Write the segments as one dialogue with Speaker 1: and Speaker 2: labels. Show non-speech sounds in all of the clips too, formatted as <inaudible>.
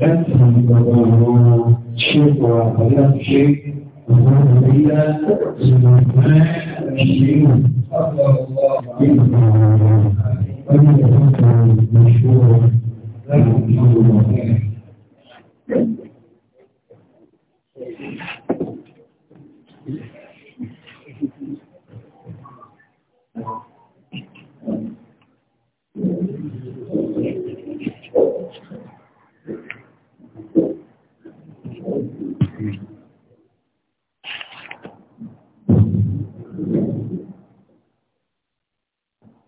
Speaker 1: láti àwọn bàbá àwọn ṣẹ́kọ̀ àbáyá ṣe àwọn àbáyá ìrìnàmọ́ ìṣẹ́yìn Thank you.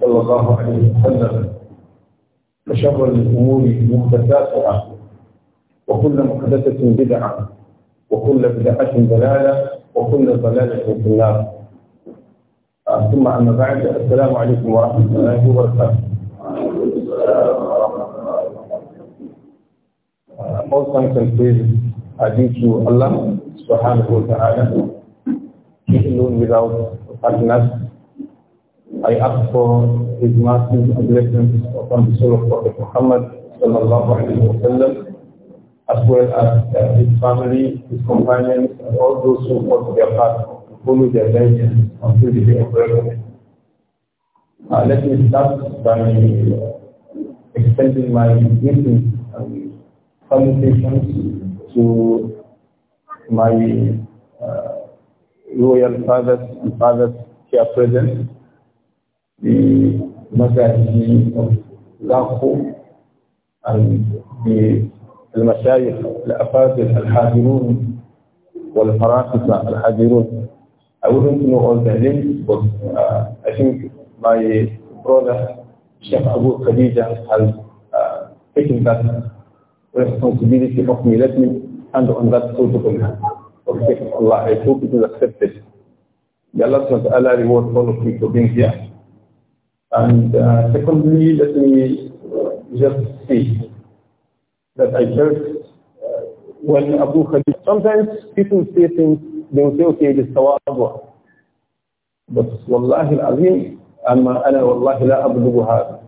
Speaker 2: صلى الله عليه وسلم وشر الأمور محدثاتها وكل محدثة بدعة وكل بدعة ضلالة وكل ضلالة في النار آه، ثم أما بعد السلام عليكم ورحمة الله وبركاته
Speaker 1: uh, All
Speaker 2: thanks and praise are due to Allah subhanahu wa ta'ala. He alone without partners I ask for His mercy
Speaker 1: and blessings
Speaker 2: upon the soul of Prophet Muhammad sallallahu alaihi wasallam, as well as uh, his family, his companions, and all those who fought their path, follow their guidance until the day of reckoning. Uh, let me start by
Speaker 1: extending my greetings and salutations to my uh,
Speaker 2: royal fathers and fathers here present. بمذاهبه لاقوا المشايخ الأفاضل الحاضرون والفرافسة الحاضرون I wouldn't know all their names, but uh, I think my brother Sheikh Abu Khadija has uh, taken that responsibility of me. Let me hand on that protocol of Allah. I hope it is accepted. May Allah reward all of you for being here. And uh, secondly, let me just say that I heard uh, when Abu Khalid, sometimes people say things, they will say, okay, this tawadwa. But wallahi al-azim, أما أنا والله لا أبلغها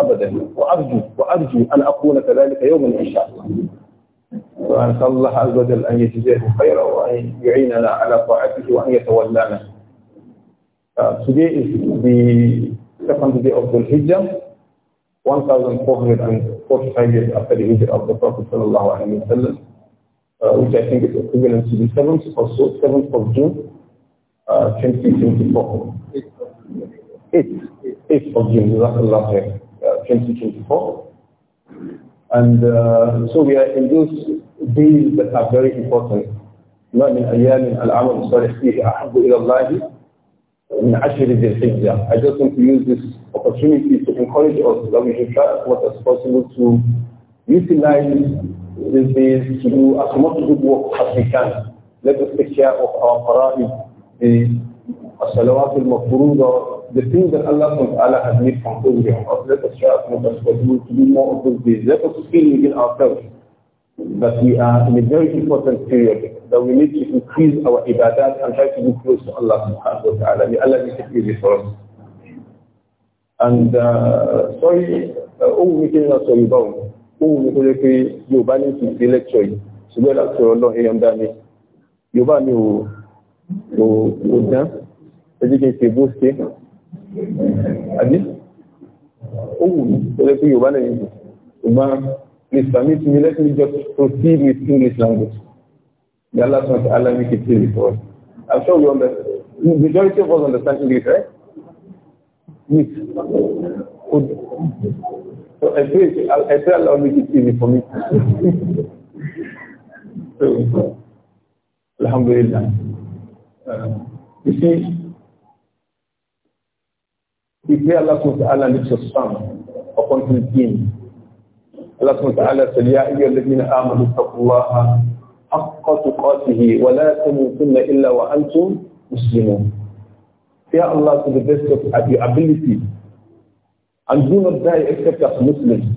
Speaker 2: أبدا وأرجو وأرجو أن أكون كذلك يوما إن شاء الله وأسأل الله عز وجل أن يجزيه خيرا وأن يعيننا على طاعته وأن يتولانا. Uh, today is the second day of the Hijjah, 1,445 years after the Hijrah of the Prophet Sallallahu Alaihi Wasallam, uh, which I think is equivalent to the 7th or so, 7th of June, uh, 2024. 8th, 8th of June, Jazakallah khair, uh, 2024. And uh, so we are in those days that are very important. ما من أيام العمل الصالح فيه أحب إلى الله in the Dhul I just want to use this opportunity to encourage us that we should try as much as possible to utilize these days to do as much good work as we can. Let us take care of our fara'id, the salawat al the things that Allah SWT has made compulsory on us. Let us try as much as possible to do more of those days. Let us feel within ourselves that we are in a very important period that we need to increase our ibadat and try to be close to Allah subhanahu wa ta'ala. May Allah make it easy for us. And uh, sorry, uh, ohun mi kí ni wọ́n sọ Yorùbá o, ohun mi kó you pé Yorùbá ní ti fi lecture yìí, ṣùgbọ́n láti ọ̀rọ̀ You èèyàn dá mi. Yorùbá mi ò ò dán, ẹjí kí n ṣe bó ṣe. you Ohun mi kó jẹ́ pé Yorùbá náà yìí, ṣùgbọ́n please permit me let me just proceed with English language. May Allah subhanahu wa ta'ala make it easy for us. I'm sure we understand. The majority of us understand English, right? Yes. So I pray, I pray Allah make it easy for me. so, Alhamdulillah. Uh, you see, we pray Allah subhanahu wa ta'ala makes us strong upon his deen. Allah subhanahu wa ta'ala said, Ya ayyuha alladhina amanu taqullaha حق تقاته ولا تموتن إلا وأنتم مسلمون Fear Allah to the best of your ability and do not die except as Muslims.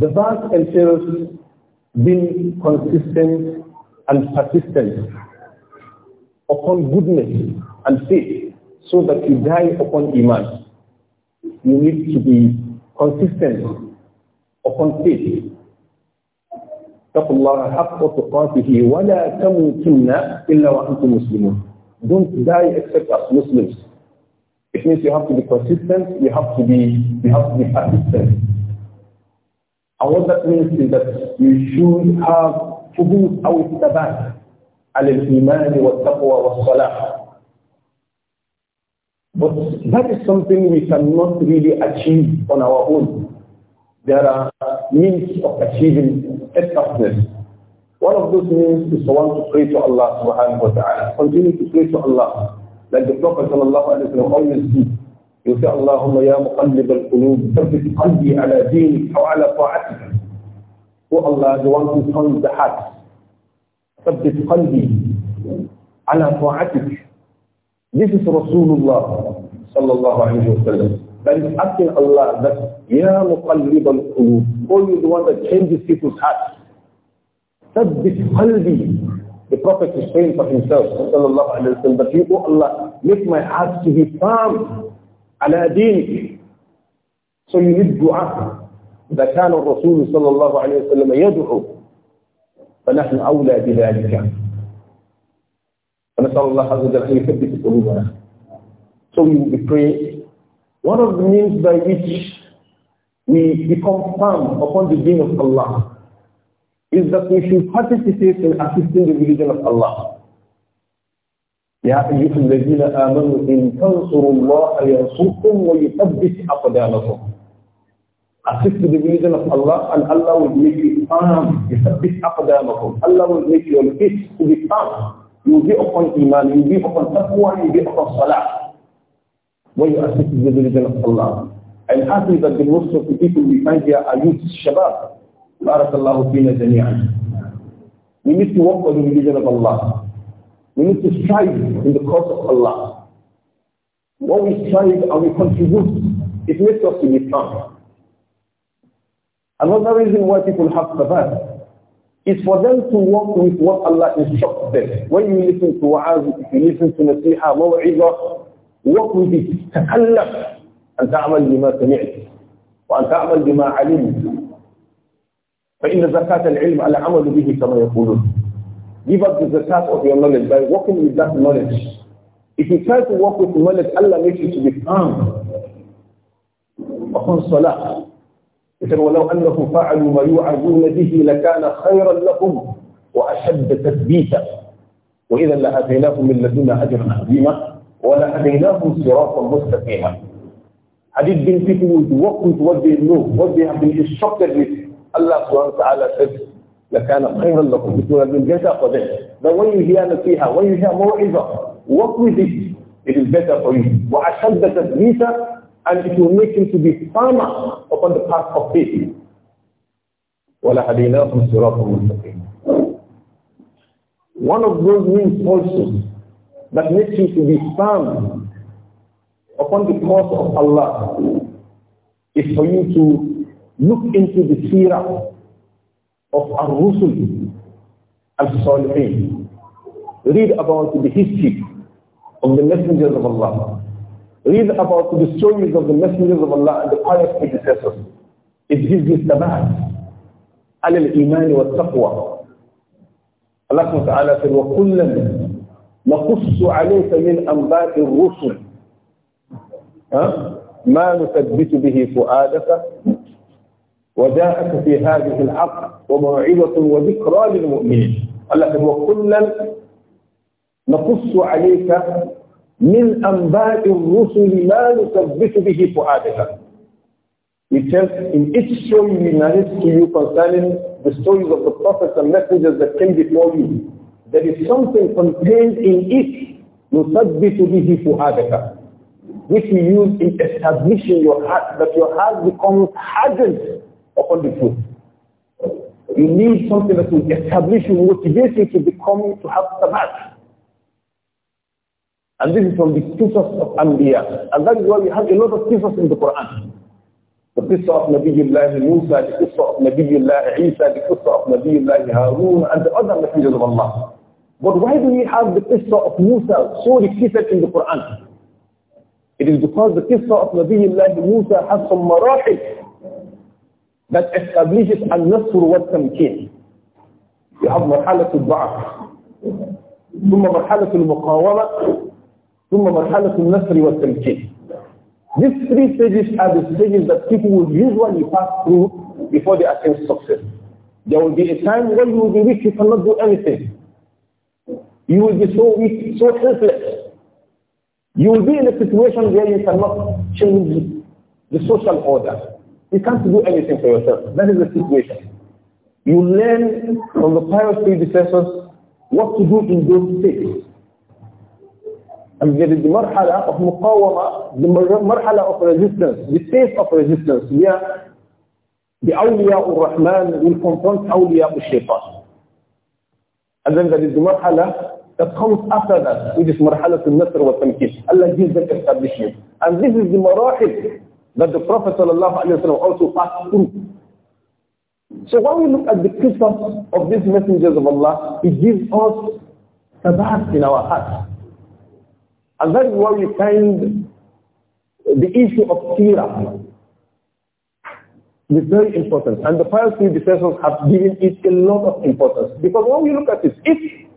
Speaker 2: The verse entails being consistent and persistent upon goodness and faith so that you die upon Iman. You need to be consistent upon faith اتقوا الله حق تقاته ولا تموتن إلا وأنتم مسلمون don't die except as Muslims it means you have to be consistent you have to be you have to be persistent and what that means is that you should have ثبوت أو الثبات على الإيمان والتقوى والصلاح But that is something we cannot really achieve on our own. there are means of achieving effectiveness. One of those means is the one to pray to Allah subhanahu wa ta'ala. Continue to pray to Allah. Like the Prophet sallallahu alayhi wa sallam always did. You say, Allahumma ya muqallib al-qulub, thabbit qalbi ala deenik wa ala ta'atik. Oh Allah, the one who turns the heart. Thabbit qalbi ala ta'atik. This is Rasulullah sallallahu alayhi wa sallam that is asking Allah that, Ya Muqallib al-Qulub, oh you the one that changes people's hearts. Sabbit qalbi. The Prophet is praying for himself, sallallahu alayhi wa sallam, that you, oh Allah, make my heart to be firm, ala deen. So you need dua. إذا كان الرسول صلى الله عليه وسلم يدعو فنحن أولى بذلك فنسأل الله عز وجل أن يثبت قلوبنا So we pray one of the means by which we become firm upon the deen of Allah is that we should participate in assisting the religion of Allah. يا أيها الذين آمنوا إن تنصروا الله ينصركم ويثبت أقدامكم Assist the religion of Allah and Allah will make you firm. يثبت أقدامكم Allah will make your feet to be firm. You will be upon Iman, you will be upon Taqwa, you will be upon Salah when you assist the religion of Allah. I'm happy that the most of the people we find here are youth, shabab. Barakallahu fina jami'an. We need to work for the religion of Allah. We need to strive in the cause of Allah. What we strive and we contribute, it makes us to be strong. Another reason why people have sabat is for them to work with what Allah instructs them. When you listen to wa'az, if you listen to nasiha, maw'idah, work with تكلف أن تعمل بما سمعت وأن تعمل بما علمت فإن زكاة العلم العمل به كما يقولون Give up the zakat of your knowledge by working with that knowledge. If you try to work with knowledge, Allah makes you to be calm. وقل صلاة إذن ولو أنهم فعلوا ما يوعدون به لكان خيرا لهم وأشد تثبيتا وإذا لآتيناكم من لدنا أجرا عظيما ولهديناه صراطا مستقيما حديث بن فيه وقت توجه النور وجه بالشق الرزق الله سبحانه وتعالى says لكان خيرا لكم بتقول من جزاء قدر But when you hear نصيحة when موعظة work with it it is better for you وأشد تدريسا and it will make him to be firmer upon the path of faith ولهديناهم صراطا مستقيما One of those means also that makes you to be firm upon the cause of Allah is for you to look into the seerah of al-Rusul al-Salihin. Read about the history of the messengers of Allah. Read about the stories of the messengers of Allah and the pious predecessors. It gives you sabat. على الإيمان والتقوى. Allah subhanahu wa ta'ala said, وَكُلًّا نقص عليك من أنباء الرسل ها؟ ما نثبت به فؤادك وجاءك في هذه الحق وموعظة وذكرى للمؤمنين قال لك وكلا نقص عليك من أنباء الرسل ما نثبت به فؤادك It says in each story we narrate to you concerning the stories of the prophets and messengers that came before you There is something contained in it, نثبت به فؤادك, which we use in establishing your heart, that your heart becomes hardened upon the truth. You need something that will establish you, motivate you to become, to have sabat. And this is from the teachers of Anbiya. And that is why we have a lot of teachers in the Quran. The qissa of Nabiullah Musa, the qissa of Nabiullah Isa, the qissa of Nabiullah Harun, and the other messengers of Allah. But why do we have the qissa of Musa so repeated in the Quran? It is because the qissa of Nabiullah Musa has some marahid that establishes al-nasr wa tamkin. You have مرحلة الضعف ثم مرحلة المقاومة ثم مرحلة wa والتمكين. These three stages are the stages that people will usually pass through before they attain success. There will be a time when you will be weak, you cannot do anything. You will be so weak, so helpless. You will be in a situation where you cannot change the social order. You can't do anything for yourself. That is the situation. You learn from the pious predecessors what to do in those states. And there is the marhala of muqawama, the marhala of resistance, the state of resistance, where the awliya ur-Rahman will confront awliya ur-Shaytan. And then there is the marhala that comes after that, which is marhala to nasr wa tamkin. Allah gives them establishment. And this is the marahil that the Prophet ﷺ also passed through. So when we look at the qisas of these messengers of Allah, it gives us sabat in our hearts. And that is why we find the issue of sirah it's very important. And the pious predecessors have given it a lot of importance. Because when we look at this, if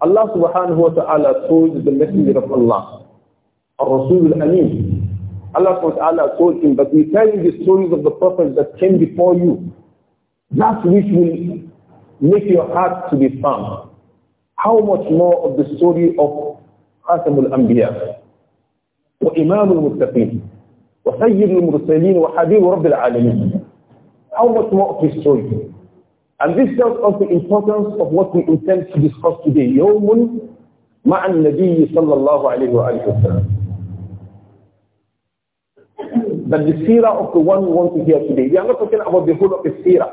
Speaker 2: Allah subhanahu wa ta'ala told the messenger of Allah, Rasul al-Amin, Allah subhanahu wa ta'ala told him, but we tell you the stories of the prophets that came before you, that which will make your heart to be firm. How much more of the story of Qasim al-Anbiya, or Imam al وسيد المرسلين وحبيب رب العالمين. How much more of his story? And this tells us the importance of what we intend to discuss today. يوم مع النبي صلى الله عليه وآله وسلم. That the seerah of the one we want to hear today. We are not talking about the whole of the seerah,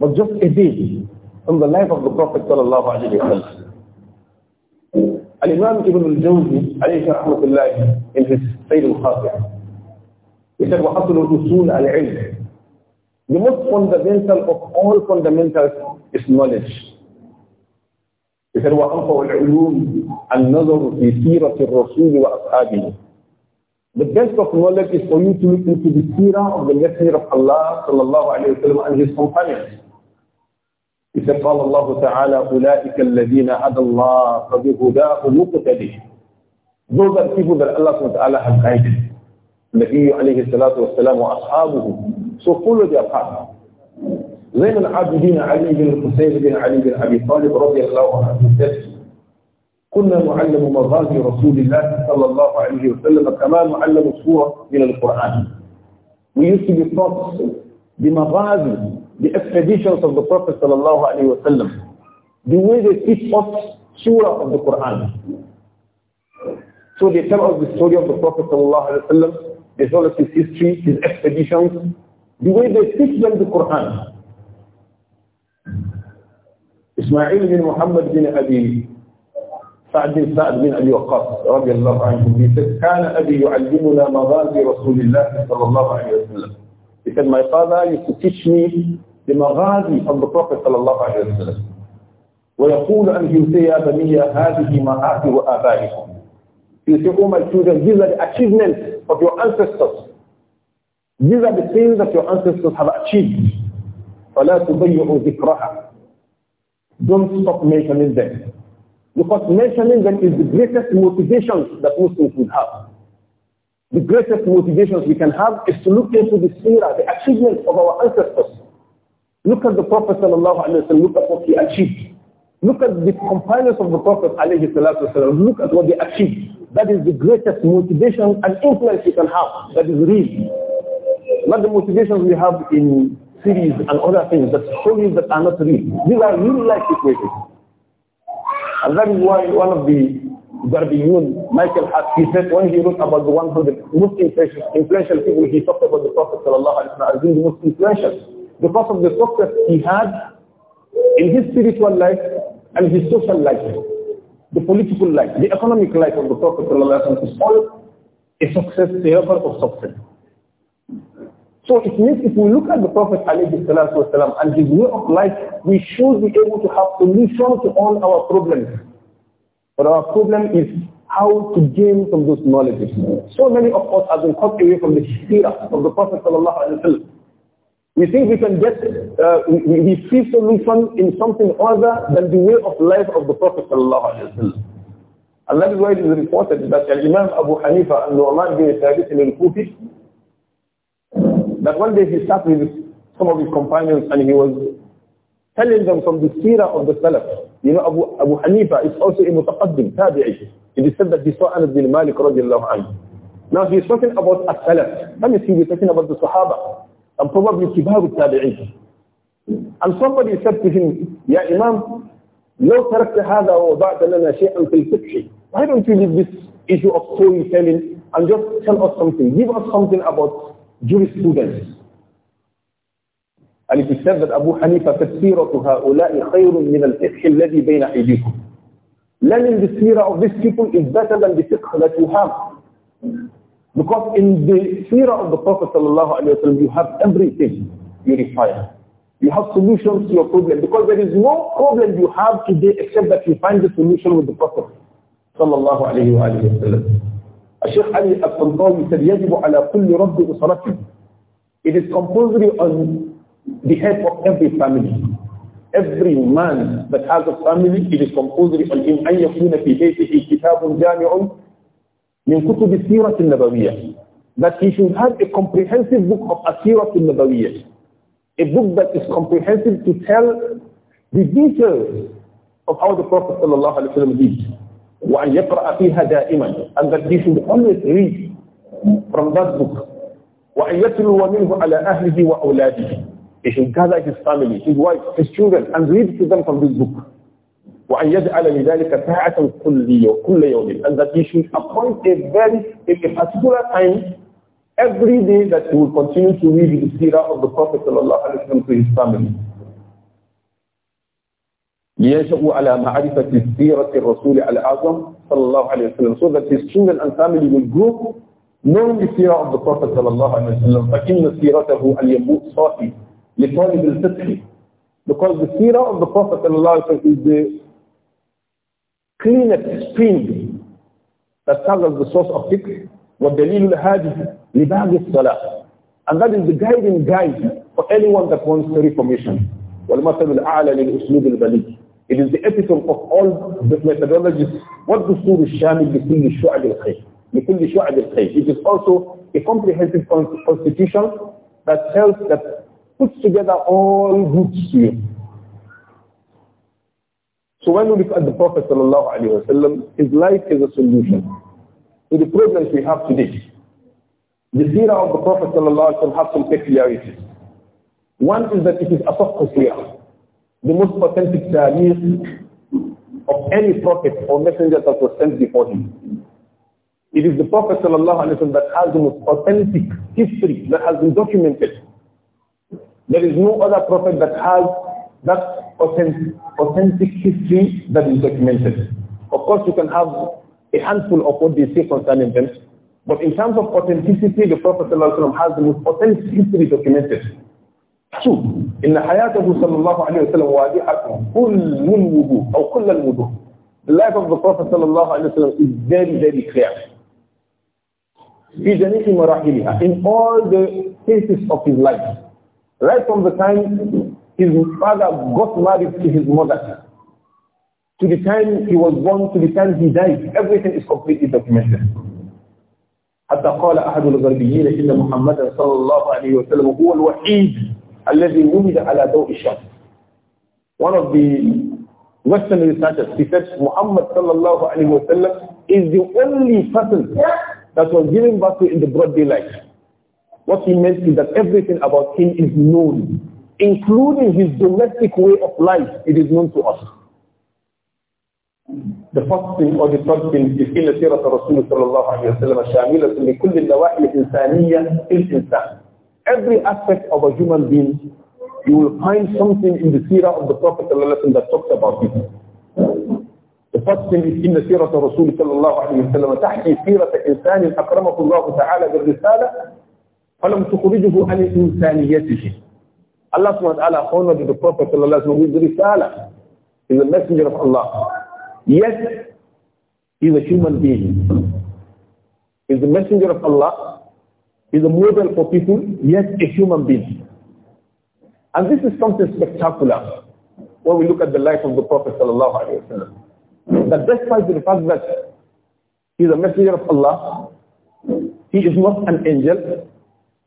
Speaker 2: but just a day from the life of the Prophet صلى الله عليه وسلم. الإمام ابن الجوزي عليه رحمة الله in his Sayyid al-Khatib He said, وَحَصُلُ أُصُولَ الْعِلْمِ The most fundamental of all fundamentals is knowledge. He said, وَأَنْفَوْ الْعُلُومِ النَّظَرُ فِي سِيرَةِ الرَّسُولِ وَأَصْحَابِهِ The best of knowledge is for you to look into the seerah of the Messenger of Allah صلى الله عليه وسلم and his companions. He said, قال الله تعالى أولئك الذين هدى الله فبهداه مقتدي Those are people that Allah subhanahu wa ta'ala has guided. Nabi alayhi salatu wasalam wa ashabuhu. So follow their path. Zain al-Abidin Ali bin Hussein bin Ali bin Abi Talib كنا نعلم مغازي رسول الله صلى الله عليه وسلم كما نعلم سورة من القرآن. We used to be taught the maghazi, the expeditions of the Prophet صلى الله عليه وسلم. The way they teach us surah of the Quran. So they tell us the story of the Prophet sallallahu alaihi wasallam They told us his history, his expeditions, the way they teach them the Quran. Ismail bin Muhammad bin Abi سعد بن سعد بن أبي وقاص رضي الله عنه كان أبي يعلمنا مغازي رسول الله صلى الله عليه وسلم He said, my father used to teach me the maghazi of the Prophet صلى الله عليه وسلم ويقول أن يوسي يا بني هذه مآتي وآبائكم He said, oh my children, these are the achievements of your ancestors. These are the things that your ancestors have achieved. فَلَا تُضَيِّعُوا ذِكْرَهَا Don't stop mentioning them. Because mentioning them is the greatest motivation that Muslims would have. The greatest motivations we can have is to look into the seerah, the achievements of our ancestors. Look at the Prophet sallallahu look at what he achieved. Look at the companions of the Prophet alayhi Look at what they achieved. That is the greatest motivation and influence you can have. That is real. Not the motivations we have in series and other things that stories that are not real. These are real life situations. And that is why one of the Garbiyun, Michael Hart, he said when he wrote about the 100 most influential, influential people, he talked about the Prophet sallallahu as being the most influential. Because of the success he had in his spiritual life and his social life the political life, the economic life of the Prophet is all a success, a level of success. So it means if we look at the Prophet والسلام, and his way of life, we should be able to have solutions to all our problems. But our problem is how to gain from those knowledges. So many of us have been cut away from the shira of the Prophet sallallahu alaihi wasallam. We think we can get, uh, we, we see solution in something other than the way of life of the Prophet And that is why it is reported that Imam Abu Hanifa and Nu'man bin Thabit in al-Kufi, that one day he sat with some of his companions and he was telling them from the seerah of the Salaf. You know, Abu, Abu Hanifa is also a mutaqaddim, tabi'i. It is said that he saw Anas bin Malik radiallahu anhu. Now he is talking about as-Salaf. me see. he is talking about the Sahaba. and probably التابعين Tabi'in. And somebody said لو تركت هذا وضعت لنا شيئا في الفقه Why don't you leave this issue of storytelling and just tell us something, give us something about jurisprudence. And it is said that Abu Hanifa تَسْفِيرَةُ هَؤُلَاءِ خَيْرٌ مِنَ الفتح الَّذِي بَيْنَ أَيْدِيكُمْ Learning the sphere of these people is better than the fiqh that you have. Because in the seerah of the Prophet wasallam, you have everything you require. You have solutions to your problem because there is no problem you have today except that you find the solution with the Prophet sallallahu alayhi wa alayhi wa sallam. Ali al said, يَجِبُ عَلَى كُلِّ رَبِّ أُسَرَةٍ It is compulsory on the head of every family. Every man that has a family, it is compulsory on him أَن يَكُونَ فِي بَيْتِهِ كِتَابٌ جَامِعٌ min that he should have a comprehensive book of asirat al-nabawiyyah a book that is comprehensive to tell the details of how the Prophet sallallahu alaihi wasallam lived وأن يقرأ iman, and that he should always read from that book he should gather his family, his wife, his children and read to them from this book وأن يجعل لذلك ساعة كل كل يوم and that he should appoint a very a, particular time every day that he will continue to read the seerah of the Prophet وسلم, to his family. لينشأوا على معرفة سيرة الرسول الأعظم صلى الله عليه وسلم so that his children and family will grow knowing the seerah of the Prophet صلى الله عليه وسلم فإن سيرته اليموت صافي لطالب الفتح because the seerah of the Prophet صلى الله عليه وسلم is the clean it, spin that covers the source of fiqh, what the lilul hadith, libagis salah. And that is the guiding guide for anyone that wants the reformation. It is the epitome of all the methodologies. What does the Shami between the Shu'ad al Khay? Between the Shu'ad al Khay. It is also a comprehensive constitution that helps, that puts together all roots to you. So when we look at the Prophet wasallam, his life is a solution to the problems we have today. The seerah of the Prophet wasallam has some peculiarities. One is that it is a seerah, the most authentic tarikh of any prophet or messenger that was sent before him. It is the Prophet wasallam that has the most authentic history that has been documented. There is no other prophet that has that authentic, authentic history that is documented. Of course, you can have a handful of what they say concerning them, but in terms of authenticity, the Prophet ﷺ has the most authentic history documented. Two, in the Hayat of Sallallahu وسلم واضحة كل الوضوء أو كل الوضوء. The life of the Prophet Sallallahu الله عليه is very, very clear. In all the phases of his life, right from the time his father got married to his mother. To the time he was born, to the time he died, everything is completely documented. حتى قال أحد الغربيين إن صلى الله عليه وسلم هو الوحيد الذي ولد على ضوء الشمس. One of the Western researchers, he said Muhammad صلى الله عليه وسلم is the only person that was given birth to in the broad daylight. What he meant is that everything about him is known including his domestic way of life, it is known to us. The first thing or the third thing is of Rasulullah sallallahu alayhi wa sallam وسلم شاملة لكل النواحي الإنسانية في الإنسان. Every aspect of a human being, you will find something in the seerah of the Prophet that talks about it. The first thing is Sirah of Rasulullah sallallahu alayhi wa sallam تحكي سيرة إنسان أكرمه الله تعالى بالرسالة فلم تخرجه عن إنسانيته. Allah subhanahu honored the Prophet sallallahu alaihi wasallam He's a messenger of Allah. Yet, he's a human being. He's a messenger of Allah. He's a model for people, yet a human being. And this is something spectacular when we look at the life of the Prophet sallallahu alaihi wasallam. That despite the fact that he's a messenger of Allah, he is not an angel,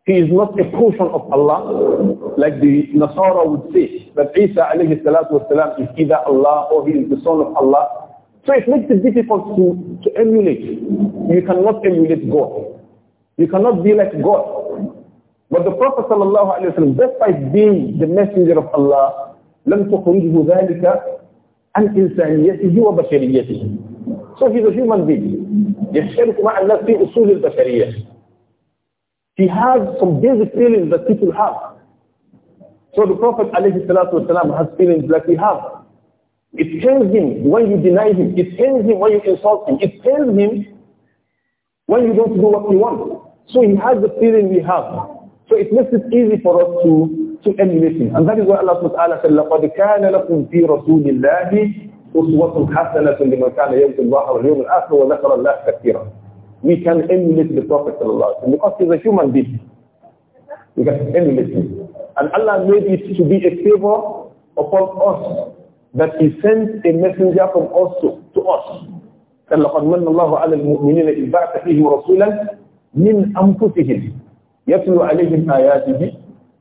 Speaker 2: he is not a portion of Allah, like the Nasara would say, that Isa alayhi salatu wasalam is either Allah or he is the son of Allah. So it makes it difficult to, to emulate. You cannot emulate God. You cannot be like God. But the Prophet sallallahu alayhi wasallam, despite being the messenger of Allah, لم تخرجه ذلك عن إنسانيته وبشريته. So he's a human being. يشترك مع الناس في أصول البشرية. He has some basic feelings that people have. So the Prophet والسلام, has feelings like we have. It pains him when you deny him. It pains him when you insult him. It pains him when you don't do what he wants. So he has the feeling we have. So it makes it easy for us to, to emulate him. And that is why Allah SWT said, لَقَدْ كَانَ لَكُمْ فِي رَسُولِ اللَّهِ أُسْوَةٌ حَسَنَةٌ لِمَنْ كَانَ يَرْجُ اللَّهَ وَالْيَوْمَ الْآخِرَ وَذَكَرَ اللَّهَ كَثِيرًا We can emulate the Prophet ﷺ because he's a human being. We can emulate him. And Allah made it to be a favor upon us that He sent a messenger from us to, to us. لقد من الله على المؤمنين إذ بعث فيهم رسولا من أنفسهم يتلو عليهم آياته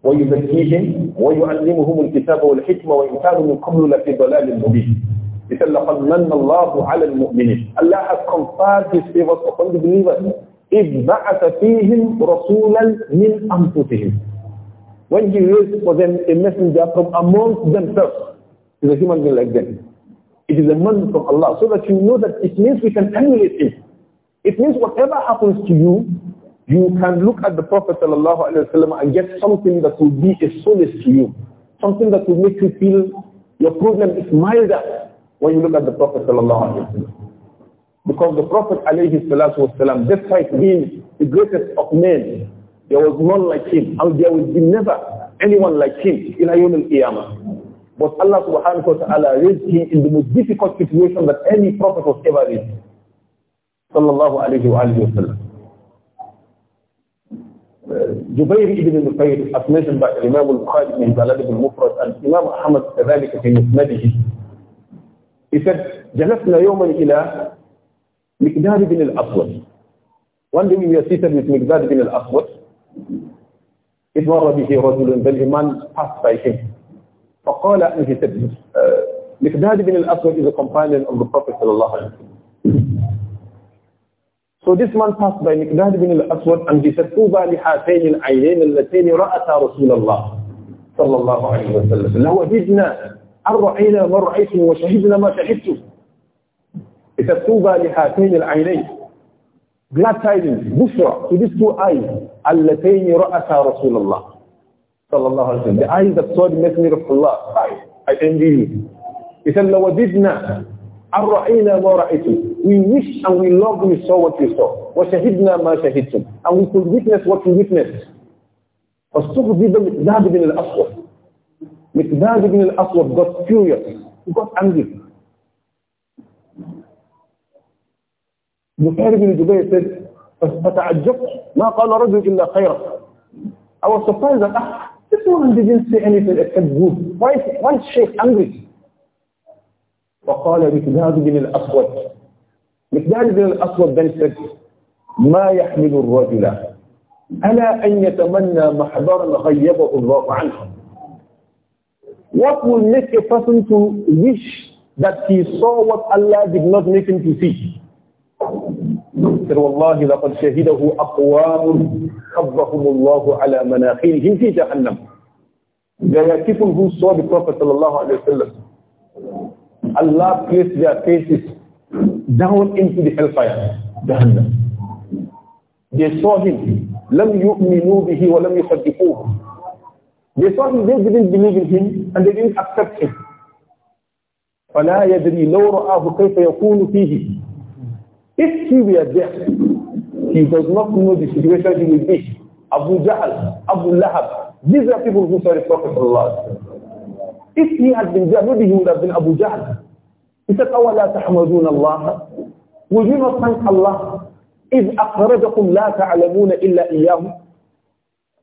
Speaker 2: ويزكيهم ويعلمهم الكتاب والحكمة وإن كانوا من قبل لفي ضلال مبين. He said, لقد من الله على المؤمنين. Allah has conferred His favors upon the believers. إذ بعث فيهم رسولا من أنفسهم. when he raised for them a messenger from amongst themselves, is a human being like them. It is a man from Allah, so that you know that it means we can emulate it. It means whatever happens to you, you can look at the Prophet wasallam and get something that will be a solace to you, something that will make you feel your problem is milder when you look at the Prophet wasallam. Because the Prophet ﷺ, despite being the greatest of men, There was none like him, and there will be never anyone like him in Ayom al-Qiyamah. But Allah subhanahu wa ta'ala raised him in the most difficult situation that any prophet was ever in. Sallallahu alayhi wa alayhi wa sallam. ibn al-Nufayr as mentioned by Imam al-Bukhari in Zalad ibn Mufrad and Imam Ahmad كذلك في مسنده he said جلسنا يوما إلى مقداد بن الأسود one day we were seated with bin بن aswad إذ مر به رجل بالإيمان passed by فقال أنه he مكداد بن الأسود is a companion of the Prophet So this man passed by Mikdad bin al-Aswad and he said al-latayni ra'ata Rasulallah sallallahu alayhi رسول الله صلى الله عليه وسلم wa وجدنا أن رأينا ما رأيتم وشهدنا ما شهدتم إذا طوبى al العينين glad tidings, bushra, to these two eyes, اللَّتَيْنِ ra'asa rasulullah sallallahu alaihi wasallam The eyes that saw the messenger of Allah. I, envy you. He said, لَوَدِدْنَا arra'ina مَا رَأَيْتُمْ We wish and we love we saw what you saw. wa shahidna ma shahidtum And we could witness what you witnessed. فَاسْتُغْضِبَ مِقْدَادِ بِنِ الْأَصْوَدِ Miqdad بن al got furious. He got angry. بسعيد بن جبير said فتعجبت ما قال رجل إلا خيرا I was surprised that this one didn't say anything except good why is, why is Sheikh angry فقال مكداد بن الأسود مكداد بن الأسود then said ما يحمل الرجل ألا أن يتمنى محضرا غيبه الله عنه What will make a person to wish that he saw what Allah did not make him to see? والله لقد شهده أقوام خضهم الله على مناخرهم في جهنم There are people who saw the Prophet sallallahu alayhi wa sallam. Allah placed their faces down into the hellfire, Jahannam. They saw him. لم يؤمنوا به ولم يصدقوه. They saw him, they didn't believe in him and they didn't accept him. فلا يدري لو رآه كيف يكون فيه If he were there, he does not know the situation he will be. Abu Jahl, Abu Lahab, these are people who saw the Prophet Allah. If he had been there, maybe he would have been Abu Jahl. He said, أَوَلَا تَحْمَدُونَ اللَّهَ Would you not thank Allah? إِذْ أَخْرَجَكُمْ لَا تَعْلَمُونَ إِلَّا إِيَّاهُ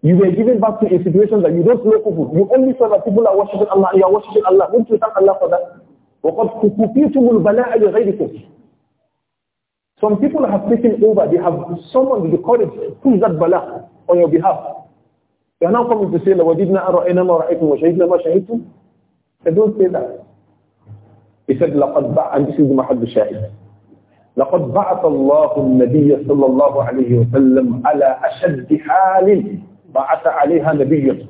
Speaker 2: You were given back to a situation that you don't know people. You only saw that people are worshiping Allah, you are worshiping Allah. Don't you thank Allah for that? وَقَدْ كُفِيتُمُ الْبَلَاءَ لِغَيْرِكُمْ Some people have taken over. They have summoned the courage to push that bala on your behalf. They are now coming to say, وَجِدْنَا أَرَأَيْنَا مَا رَأَيْتُمْ وَشَهِدْنَا مَا شَهِدْتُمْ They don't say that. He said, لَقَدْ بَعْ And this is the Mahad Shahid. لَقَدْ بَعْتَ اللَّهُ النَّبِيَّ صَلَّى اللَّهُ عَلَيْهِ وَسَلَّمْ عَلَى أَشَدِّ حَالٍ بَعَتَ عَلَيْهَا نَبِيَّةٌ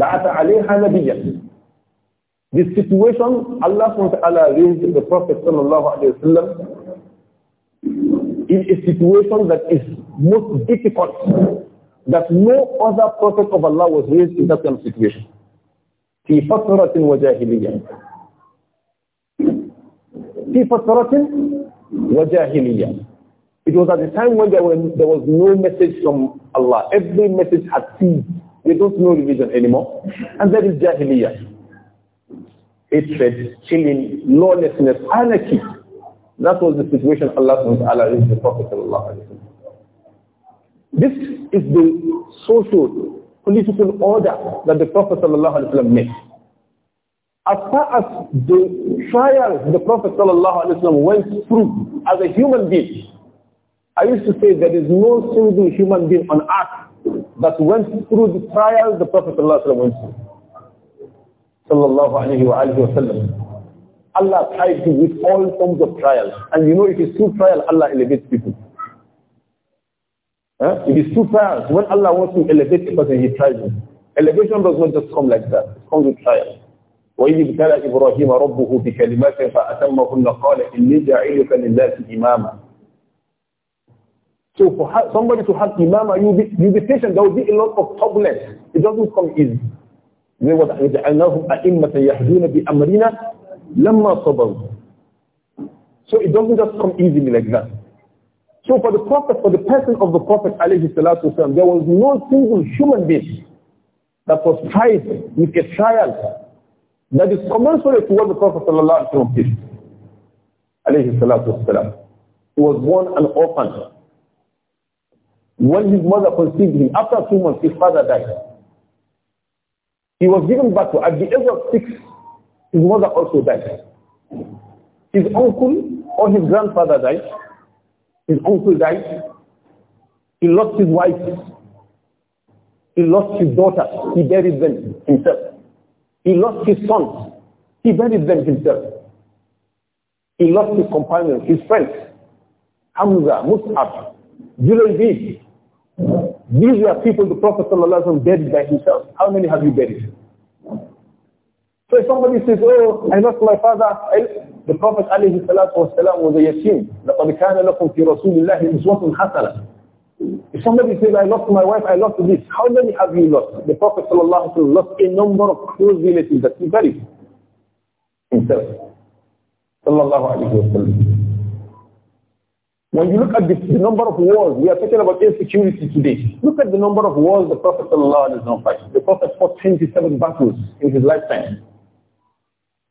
Speaker 2: بَعَتَ عَلَيْهَا نَبِيَّةٌ This situation, Allah SWT raised the Prophet sallallahu alayhi wa sallam in a situation that is most difficult, that no other prophet of Allah was raised in that same situation. في فترة وجاهلية في فترة وجاهلية It was at the time when there, were, there was no message from Allah. Every message had ceased. They don't know religion anymore. And that is jahiliyyah. Hatred, killing, lawlessness, anarchy. That was the situation Allah subhanahu is the Prophet This is the social, political order that the Prophet made. As far as the trials the Prophet went through as a human being, I used to say there is no single human being on earth that went through the trials the Prophet went through. Sallallahu alayhi wa Allah tries you with all forms of trials. And you know it is through trial Allah elevates people. Huh? It is through trials. When Allah wants to elevate a person, he tries him. Elevation does not just come like that. It comes with trials. وإذ ابتلى إبراهيم ربه بكلمات فأتمهن قال إني جاعلك للناس إماما So for somebody to have imama, you be, you be patient. There will be a lot of problems. It doesn't come easy. They were جعلناهم أئمة يهدون بأمرنا لَمَّا صَبَرُوا So it doesn't just come easily like that. So for the Prophet, for the person of the Prophet alayhi salatu wasalam, there was no single human being that was tried with a trial that is commensurate to what the Prophet sallallahu alayhi wasalam did. He was born an orphan. When his mother conceived him, after two months his father died. He was given back to, at the age of six, His mother also died. His uncle or his grandfather died. His uncle died. He lost his wife. He lost his daughter. He buried them himself. He lost his sons. He buried them himself. He lost his companions, his friends. Hamza, Mus'ab, Julaybid. These were people the Prophet ﷺ buried by himself. How many have you buried? So if somebody says, oh, I lost my father, I, the Prophet alayhi salatu wasalam was a yatim. لَقَدْ كَانَ لَكُمْ فِي رَسُولِ اللَّهِ إِسْوَةٌ حَسَنَةٌ If somebody says, I lost my wife, I lost this, how many have you lost? The Prophet sallallahu alayhi wa lost a number of close relatives that he buried himself. Sallallahu alayhi wa when you look at the, the, number of wars, we are talking about insecurity today. Look at the number of wars the Prophet ﷺ fought. The Prophet fought 27 battles in his lifetime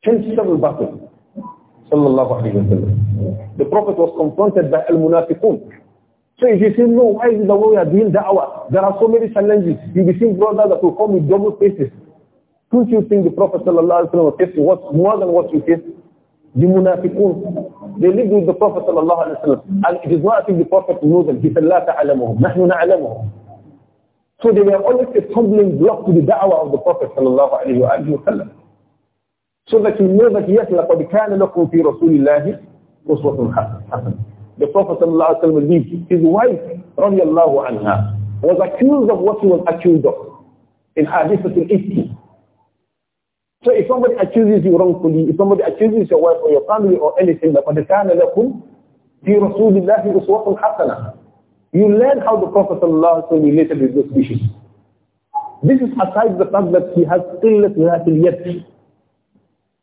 Speaker 2: sensible battle. Sallallahu alayhi wa The Prophet was confronted by al-munafiqun. So if you say, no, why is the way we are doing da'wah? There are so many challenges. You will see brothers that will come with double faces. Don't you think the Prophet sallallahu alayhi wa sallam faced more than what you faced? The munafiqun. They lived with the Prophet sallallahu alayhi wa sallam. And it is not as if the Prophet knew them. He said, لا تعلمهم. نحن نعلمهم. So they were always a stumbling block to the da'wah of the Prophet sallallahu alayhi wa sallam. So that you know that yes, لَقَدْ كَانَ لَكُمْ the Prophet اللَّهِ أُسْوَةٌ حَسَنٌ The Prophet ﷺ, his wife, رضي الله عنها, was accused of what he was accused of in Hadithatul Ifti. So if somebody accuses you wrongfully, if somebody accuses your wife or your family or anything, لَقَدْ كَانَ لَكُمْ فِي رَسُولِ اللَّهِ أُسْوَةٌ حَسَنًا You learn how the Prophet ﷺ related with those issues. This is aside the fact that he has still قِلَّةُ ذَاتِ yet.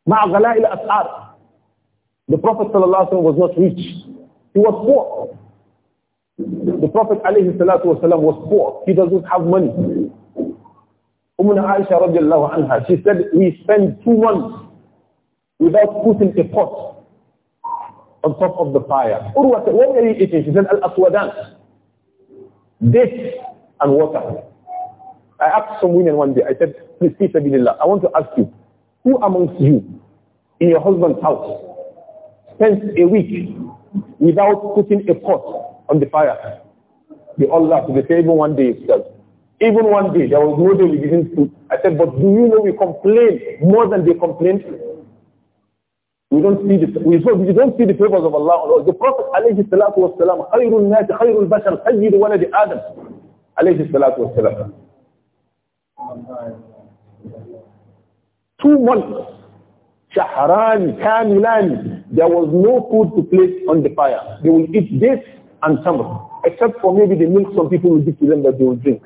Speaker 2: The Prophet ﷺ was not rich. He was poor. The Prophet ﷺ was poor. He doesn't have money. Ummuna Aisha radiallahu anha, she said, we spend two months without putting a pot on top of the fire. Urwa said, what are you eating? She said, al-aswadan. Dates and water. I asked some women one day, I said, please, I want to ask you, who amongst you in your husband's house spends a week without putting a pot on the fire? They all laughed. They said, even one day itself. Even one day, there was no day we didn't cook. I said, but do you know we complain more than they complain? We don't see the we, we don't see the favors of Allah. The Prophet alayhi salatu was salam, khayrul nati khayrul bashar, sayyid waladi Adam alayhi salatu was salam two months. Shahran, Kamilan. There was no food to place on the fire. They will eat this and tamr, except for maybe the milk some people will give to them that they will drink.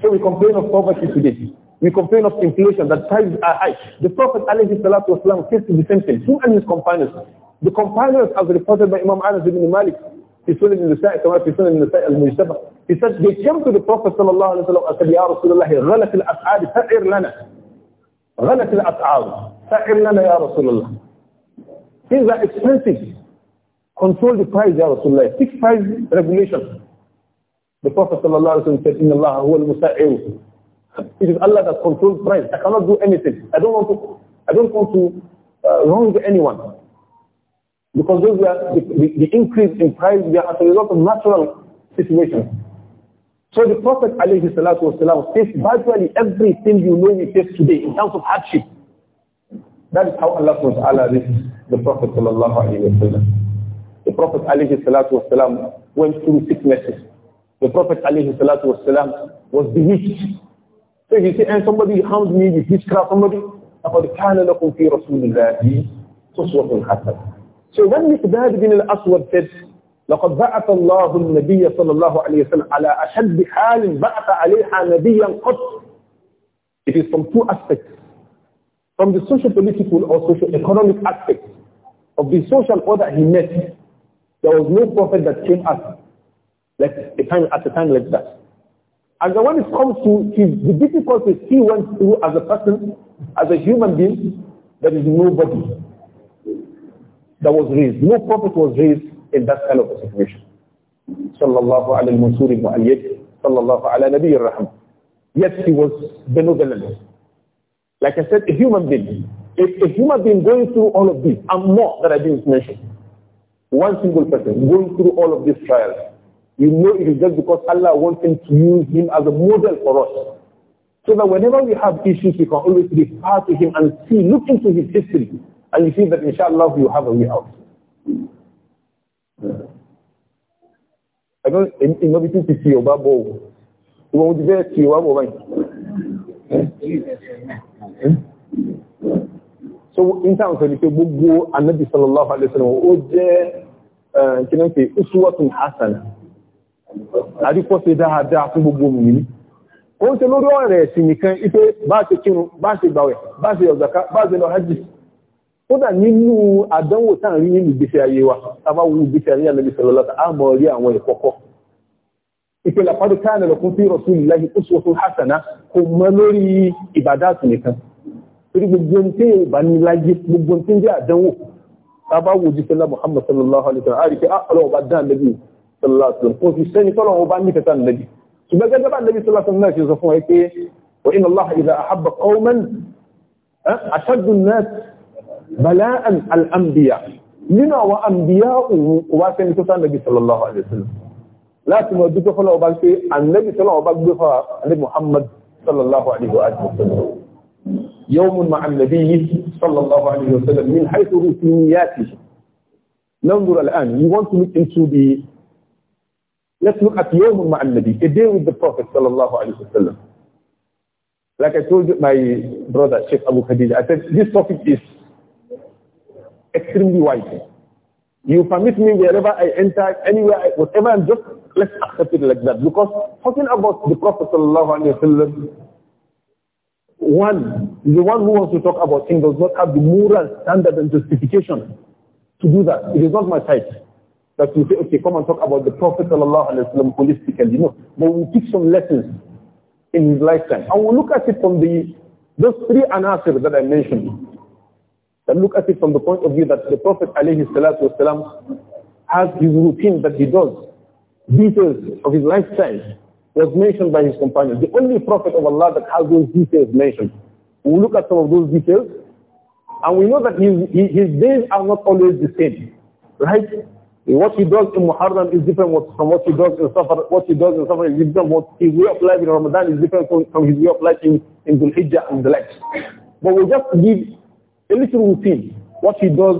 Speaker 2: So we complain of poverty today. We complain of inflation, that prices are high. The Prophet والسلام, says the same thing. Who are his companions? The companions, as reported by Imam Anas ibn Malik, في سنن النساء كما في سنن النساء المجتمع. He said, they came to the Prophet صلى الله and said, يا رسول غلت الأسعار فأعر لنا. غلت الأسعار سعر لنا يا رسول الله Things are expensive. Control the price, Ya Rasulullah. Fix price regulation. The Prophet ﷺ said, إِنَّ اللَّهَ هُوَ الْمُسَعِّرُ It is Allah that controls price. I cannot do anything. I don't want to, I don't want to uh, wrong anyone. Because those are the, the, the increase in price, they are as a result of natural situations. So the Prophet alayhi salatu says virtually everything you know we face today in terms of hardship. That is how Allah Ta'ala the Prophet sallallahu alayhi wasallam. The Prophet alayhi went through sicknesses. The Prophet alayhi was bewitched. So if you say, and somebody harmed me with witchcraft, somebody, فَقَدْ كَانَ لَكُمْ فِي رَسُولِ اللَّهِ تُسْوَةٌ حَسَنَةٌ So when Miqdad bin al-Aswad said, لقد بعث الله النبي صلى الله عليه وسلم على أشد حال بعث عليها نبيا قط. It is from two aspects. From the social political or social economic aspect of the social order he met, there was no prophet that came at, like, a time, at a time like that. And when it comes to his, the difficulties he went through as a person, as a human being, there is nobody that was raised. No prophet was raised in that kind of a situation. Sallallahu alayhi al-mansur ibn sallallahu alayhi nabi Yet he was benevolent. Like I said, a human being. If a human being going through all of this, and more that I didn't mention, one single person going through all of these trials, you know it is just because Allah wants him to use him as a model for us. So that whenever we have issues, we can always refer to him and see, look into his history, and you see that inshallah you have a way out. ẹgbẹ́ ìmọ̀bí tí ti fi ọba bọ̀ babo ìwọ̀n ojú bẹ́ẹ̀ ti ọba bọ̀ báyìí so in town sọ ni pé gbogbo anabi sallallahu alaihi wasallam ó jẹ́ kìnnìkì uh, uswatun hasana àdípọ́sẹ̀ dáadáa fún gbogbo mìírí o ń ṣe lórí ọ̀rẹ̀ ẹ̀sìn nìkan ipé bá ṣe kírun bá ṣe gbàwẹ̀ bá ṣe ọ̀zàká bá ṣe lọ hajji kódà nínú àdánwò tá à ń rí nínú ìgbésẹ̀ ayé wa tàbá wu ìgbésẹ̀ ayé àlẹ́bí sọ̀rọ̀lọ́ta a mọ̀ rí àwọn ìkọ̀kọ́ ìpìlẹ̀ pàdé káàlẹ̀ lọ́kún sí rasulillahi uswatun hasana kò mọ́ lórí ìbádàtù nìkan torí gbogbo tí ìbá ní láyé gbogbo tí ń jẹ́ àdánwò tàbá wu ìgbésẹ̀ lá Muhammad sallallahu alaihi wa sallam a rí pé ah, ọlọ́wọ́ bá dán lẹ́bí sallallahu alaihi wa sallam kò sì sẹ́ni tọ́lọ́wọ́ bá ní kẹta بلاء الانبياء nínú àwọn àmbíyá òun kò wá sẹ́ni tó sáà nàbí sallallahu alaihi wasallam láti mọ̀ dúpẹ́ fọ́lọ́ ọba pé ànẹ́bí sọ́lọ́ ọba gbé fà ní muhammad sallallahu alaihi wasallam yawmun ma'a nabiyyi sallallahu alaihi wasallam min haythu rutiniyatihi you want to look into the let's look at يوم مع النبي a day with the prophet الله عليه وسلم like I told my brother Sheikh Abu Khadija I said this topic is extremely wise. You permit me wherever I enter, anywhere, I, whatever, I'm just, let's accept it like that. Because talking about the Prophet sallallahu alaihi wasallam, one, the one who wants to talk about things does not have the moral standard and justification to do that. It is not my type that you say, okay, come and talk about the Prophet sallallahu alaihi wasallam sallam holistically. You know, but we take some lessons in his lifetime. And we look at it from the, those three anasir that I mentioned that look at it from the point of view that the Prophet والسلام, has his routine that he does. Details of his lifestyle was mentioned by his companions. The only Prophet of Allah that has those details mentioned. We look at some of those details and we know that his, his days are not always the same. Right? What he does in Muharram is different from what he does in Safar. What he does in Safar is different. What his way of life in Ramadan is different from, from his way of life in, in Dhul Hijjah and the like. But we just give a little routine, what he does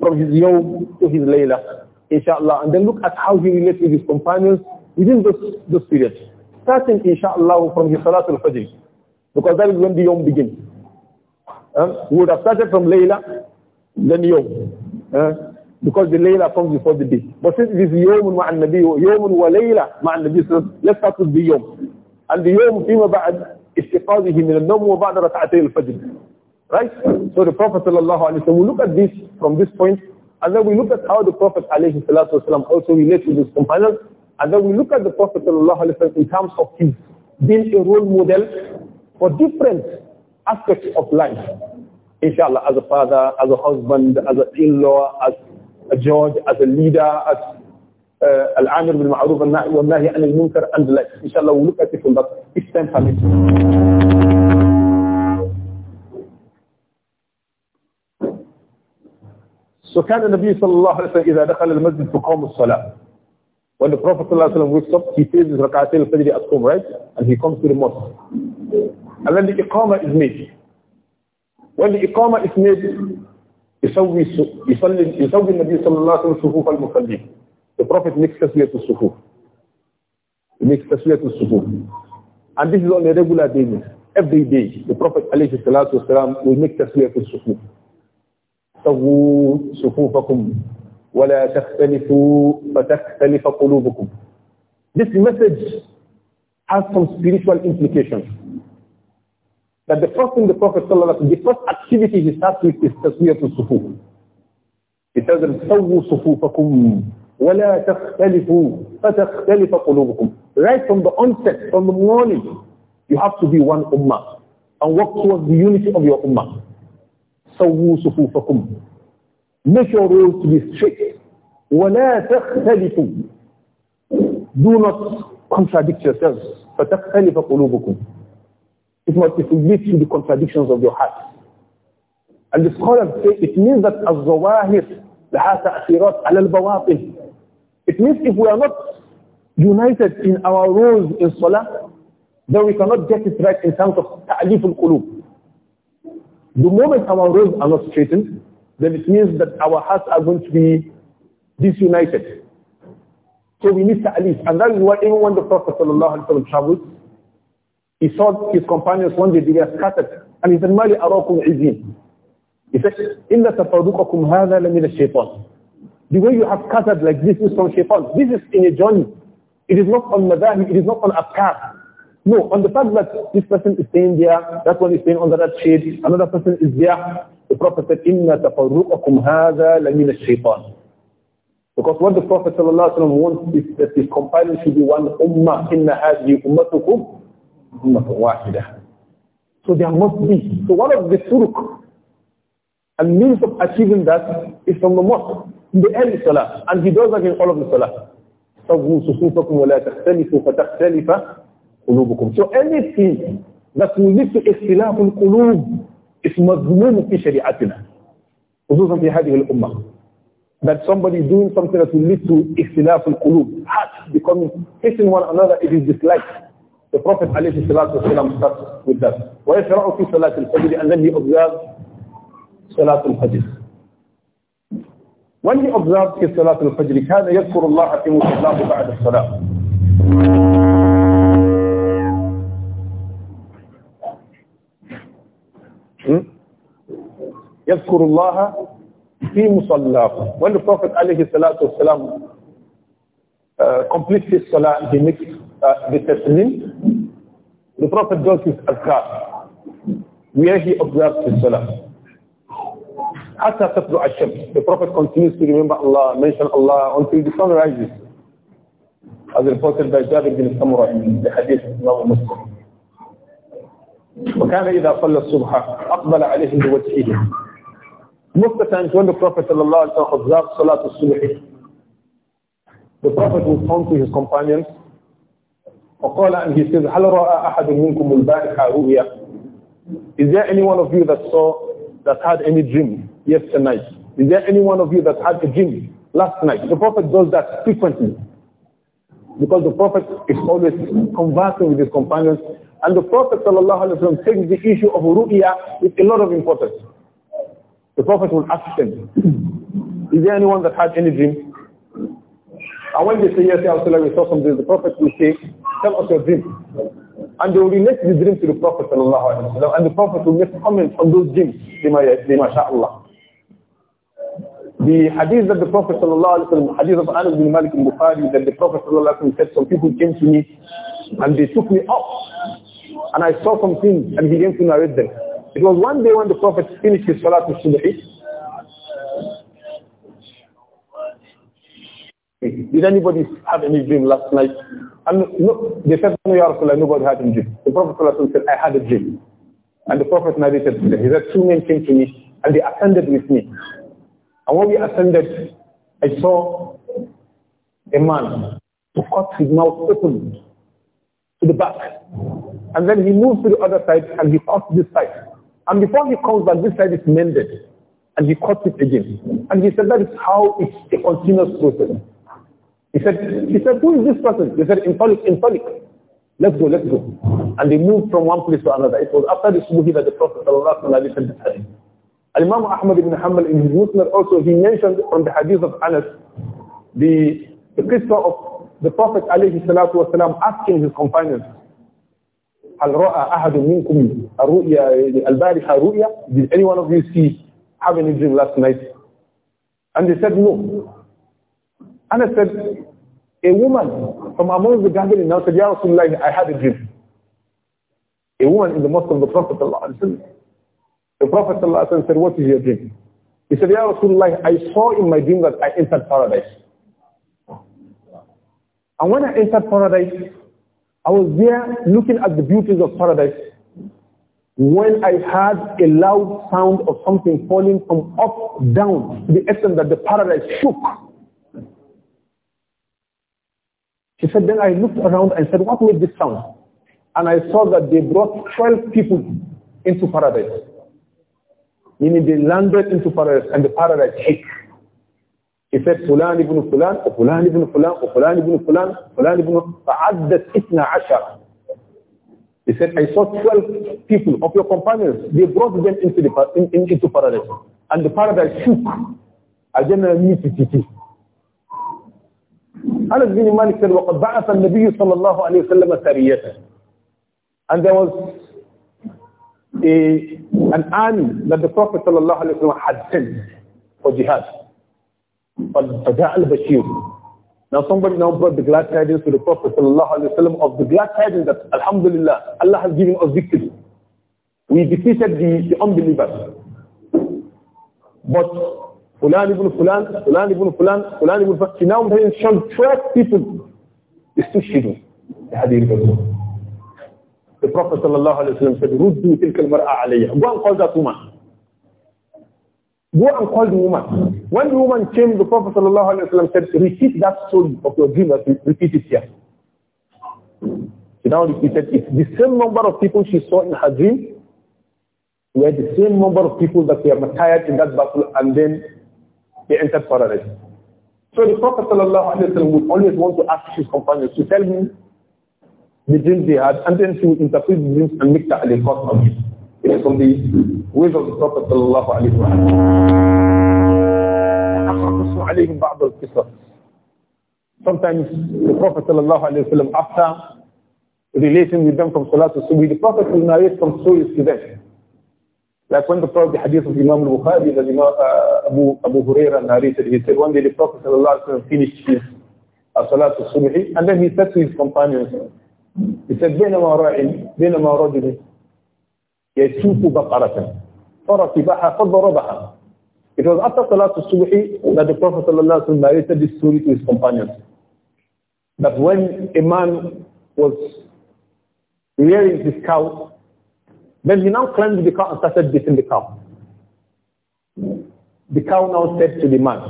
Speaker 2: from his yawm to his layla, inshallah, and then look at how he relates with his companions within this, this period. Starting, inshallah, from his Salatul Fajr, because that is when the yawm begins. Uh, we would have started from layla, then yawm, uh, because the layla comes before the day. But since it is yawm wa nabi yawm wa layla ma nabi so let's start with the yawm. And the yawm فيما بعد استيقاظه من النوم وبعد ركعتي الفجر Right? So the Prophet ﷺ, we look at this from this point, and then we look at how the Prophet ﷺ also relates with his companions, and then we look at the Prophet ﷺ in terms of his being a role model for different aspects of life. Inshallah, as a father, as a husband, as an in-law, as a judge, as a leader, as uh, Al-Amir bil Ma'ruf, Al-Nahi, Al-Munkar, and the like. Inshallah, we'll look at it from that, if time So النبي صلى الله عليه وسلم إِذَا دَخَلَ الْمَسْجِدْ تُقَوْمُ الصَّلَاةِ When the Prophet صلى الله عليه وسلم wakes up, he says his rak'at al-fajr at home, right? And he comes to the mosque. And then the iqama is made. When the iqama is made, يسوي يصلي يسوي النبي صلى الله عليه وسلم صفوف المصلين. The Prophet makes taswiyat al-sufuf. He makes taswiyat al-sufuf. And this is on a regular basis. Every day, the Prophet عليه الصلاة والسلام will make taswiyat al-sufuf. تطغوا صفوفكم ولا تختلفوا فتختلف قلوبكم. This message has some spiritual implications. That the first thing the Prophet صلى الله عليه وسلم, the first activity he starts with is تسوية الصفوف. He tells them, سَوُّوا صُفُوفَكُمْ وَلَا تَخْتَلِفُوا فَتَخْتَلِفَ قُلُوبُكُمْ Right from the onset, from the morning, you have to be one ummah and work towards the unity of your ummah. سووا صفوفكم make your rules to be strict ولا تختلفوا do not contradict yourselves فتختلف قلوبكم it must it lead to the contradictions of your heart and the scholars say it means that الظواهر لها تأثيرات على البواطن it means if we are not united in our rules in salah then we cannot get it right in terms of ta'lif al-qulub The moment our roads are not straightened, then it means that our hearts are going to be disunited. So we need at least, And that is why even when the Prophet ﷺ traveled, he saw his companions one day, they were scattered. And he said, مَالِ arakum izin." He said, "Inna تَفَرُّقَكُمْ هَذَا لَمِنَ الشَّيْطَانِ The way you have scattered like this is from shaitan. This is in a journey. It is not on madahim, it is not on afkar. No, on the fact that this person is staying there, that one is staying under that shade, another person is there, the Prophet said, إِنَّ تَفَرُّقَكُمْ هَذَا لَمِنَ الشَّيْطَانِ Because what the Prophet ﷺ wants is that his companions should be one ummah, إِنَّ هَذِهِ أُمَّتُكُمْ أُمَّةٌ وَاحِدَةٌ So there must be. So one of the suruk and means of achieving that is from the mosque, in the early salah, and he does that in all of the salah. قلوبكم so anything that will lead to اختلاف القلوب is مظلوم في شريعتنا خصوصا في هذه الأمة that somebody doing something that will lead to اختلاف القلوب hearts becoming facing one another it is disliked the Prophet عليه الصلاة والسلام starts with that ويشرع في صلاة الفجر and then he observes صلاة الفجر when he observes his صلاة الفجر كان يذكر الله في مصلاه بعد الصلاة يذكر الله في مصلاه when the prophet عليه الصلاه والسلام uh, completes his salah he makes uh, the tasleem the prophet does his azkar where he observes his salah حتى تطلع الشمس the prophet continues to remember Allah mention Allah until the sun rises as reported by Jabir bin Samurah in the hadith of Imam Muslim وكان إذا صلى الصبح أقبل عليه بوجهه most of the times when the Prophet ﷺ صلاة Salat the Prophet would turn to his companions وقال, and he says, هل رأى أحد منكم البارحة رؤيا? Is there any one of you that saw, that had any dream yesterday night? Is there any one of you that had a dream last night? The Prophet does that frequently. Because the Prophet is always conversing with his companions and the Prophet ﷺ takes the issue of ru'ya with a lot of importance. The Prophet will ask them, is there anyone that had any dream? And when they say yes, Rasulullah, we saw something, the Prophet will say, tell us your dream. And they will relate the dream to the Prophet ﷺ, and the Prophet will make comments on those dreams, masha'Allah. The hadith that the Prophet ﷺ, hadith of Anas bin Malik in Bukhari, that the Prophet ﷺ said, some people came to me and they took me up and I saw some things and he began to narrate them. It was one day when the Prophet finished his salat with Subhi. Did anybody have any dream last night? And no, they said, no, Ya Rasulullah, nobody had a dream. The Prophet said, I had a dream. And the Prophet narrated to them. He said, two men came to me and they ascended with me. And when we ascended, I saw a man who cut his mouth open to the back and then he moves to the other side and he cuts this side. And before he comes back, this side is mended and he cuts it again. And he said that is how it's a continuous process. He said, he said, who is this person? They said, in public. Let's go, let's go. And they moved from one place to another. It was after this movie that the Prophet said this hadith. Imam Ahmad ibn Hanbal in his Muslim also, he mentioned from the hadith of Anas, the, the qissa of the Prophet alayhi asking his companions, هل رأى أحد منكم الرؤيا البارحة رؤيا did any one of you see having a dream last night and they said no and I said a woman from among the gathering now said Ya Rasulullah I had a dream a woman in the mosque of the Prophet the Prophet said what is your dream he said Ya Rasulullah I saw in my dream that I entered paradise and when I entered paradise I was there looking at the beauties of paradise when I heard a loud sound of something falling from up down to the extent that the paradise shook. She said, then I looked around and said, what made this sound? And I saw that they brought 12 people into paradise. Meaning they landed into paradise and the paradise shook. كتاب فلان ابن فلان وفلان ابن فلان وفلان ابن فلان وفلان ابن فعدت عشر He said, I saw 12 people of your companions. They brought them into, the, in, in, into paradise. And the paradise shook. I didn't to أجمع ميتتي Anas bin Malik said, وَقَدْ بَعَثَ النَّبِيُّ صلى الله عليه وسلم سَرِيَّةً And there was a, an army that the Prophet صلى الله عليه وسلم had sent for jihad. Now somebody now brought the glad tidings to the Prophet ﷺ of the glad tidings that Alhamdulillah, Allah has given us victory. We defeated the, the unbelievers. But Fulan ibn Fulan, Fulan ibn Fulan, Fulan ibn Fulan, he now mentioned 12 people. It's too shitty. The hadith The Prophet ﷺ said, Ruddu tilka al-mar'a alayya. Go and call that woman. Go and call the woman. When the woman came, the Prophet ﷺ said, repeat that story of your dream, repeat it here. She now repeated it. The same number of people she saw in her dream were the same number of people that were martyred in that battle and then they entered paradise. So the Prophet ﷺ would always want to ask his companions to tell him the dreams they had and then he would interpret the dreams and make the a of it know, from the ways of the sallallahu alayhi wa sallam. Sometimes the Prophet sallallahu alayhi wa sallam, after relating with them from Salatul Subhi, the Prophet will narrate from stories to them. Like when the Prophet, the hadith of Imam al-Bukhari, that Imam, uh, Abu, Abu Huraira narrated, he said one day the Prophet sallallahu alayhi wa sallam finished his uh, Salatul Subhi, and then he said to his companions, he said, بينما راع بينما رجل يشوف بقرة فركبها فضربها It was after Salat al-Subhi that the Prophet ﷺ narrated this story to his companions. That when a man was rearing his cow, then he now climbed the cow and started beating the cow. The cow now said to the man,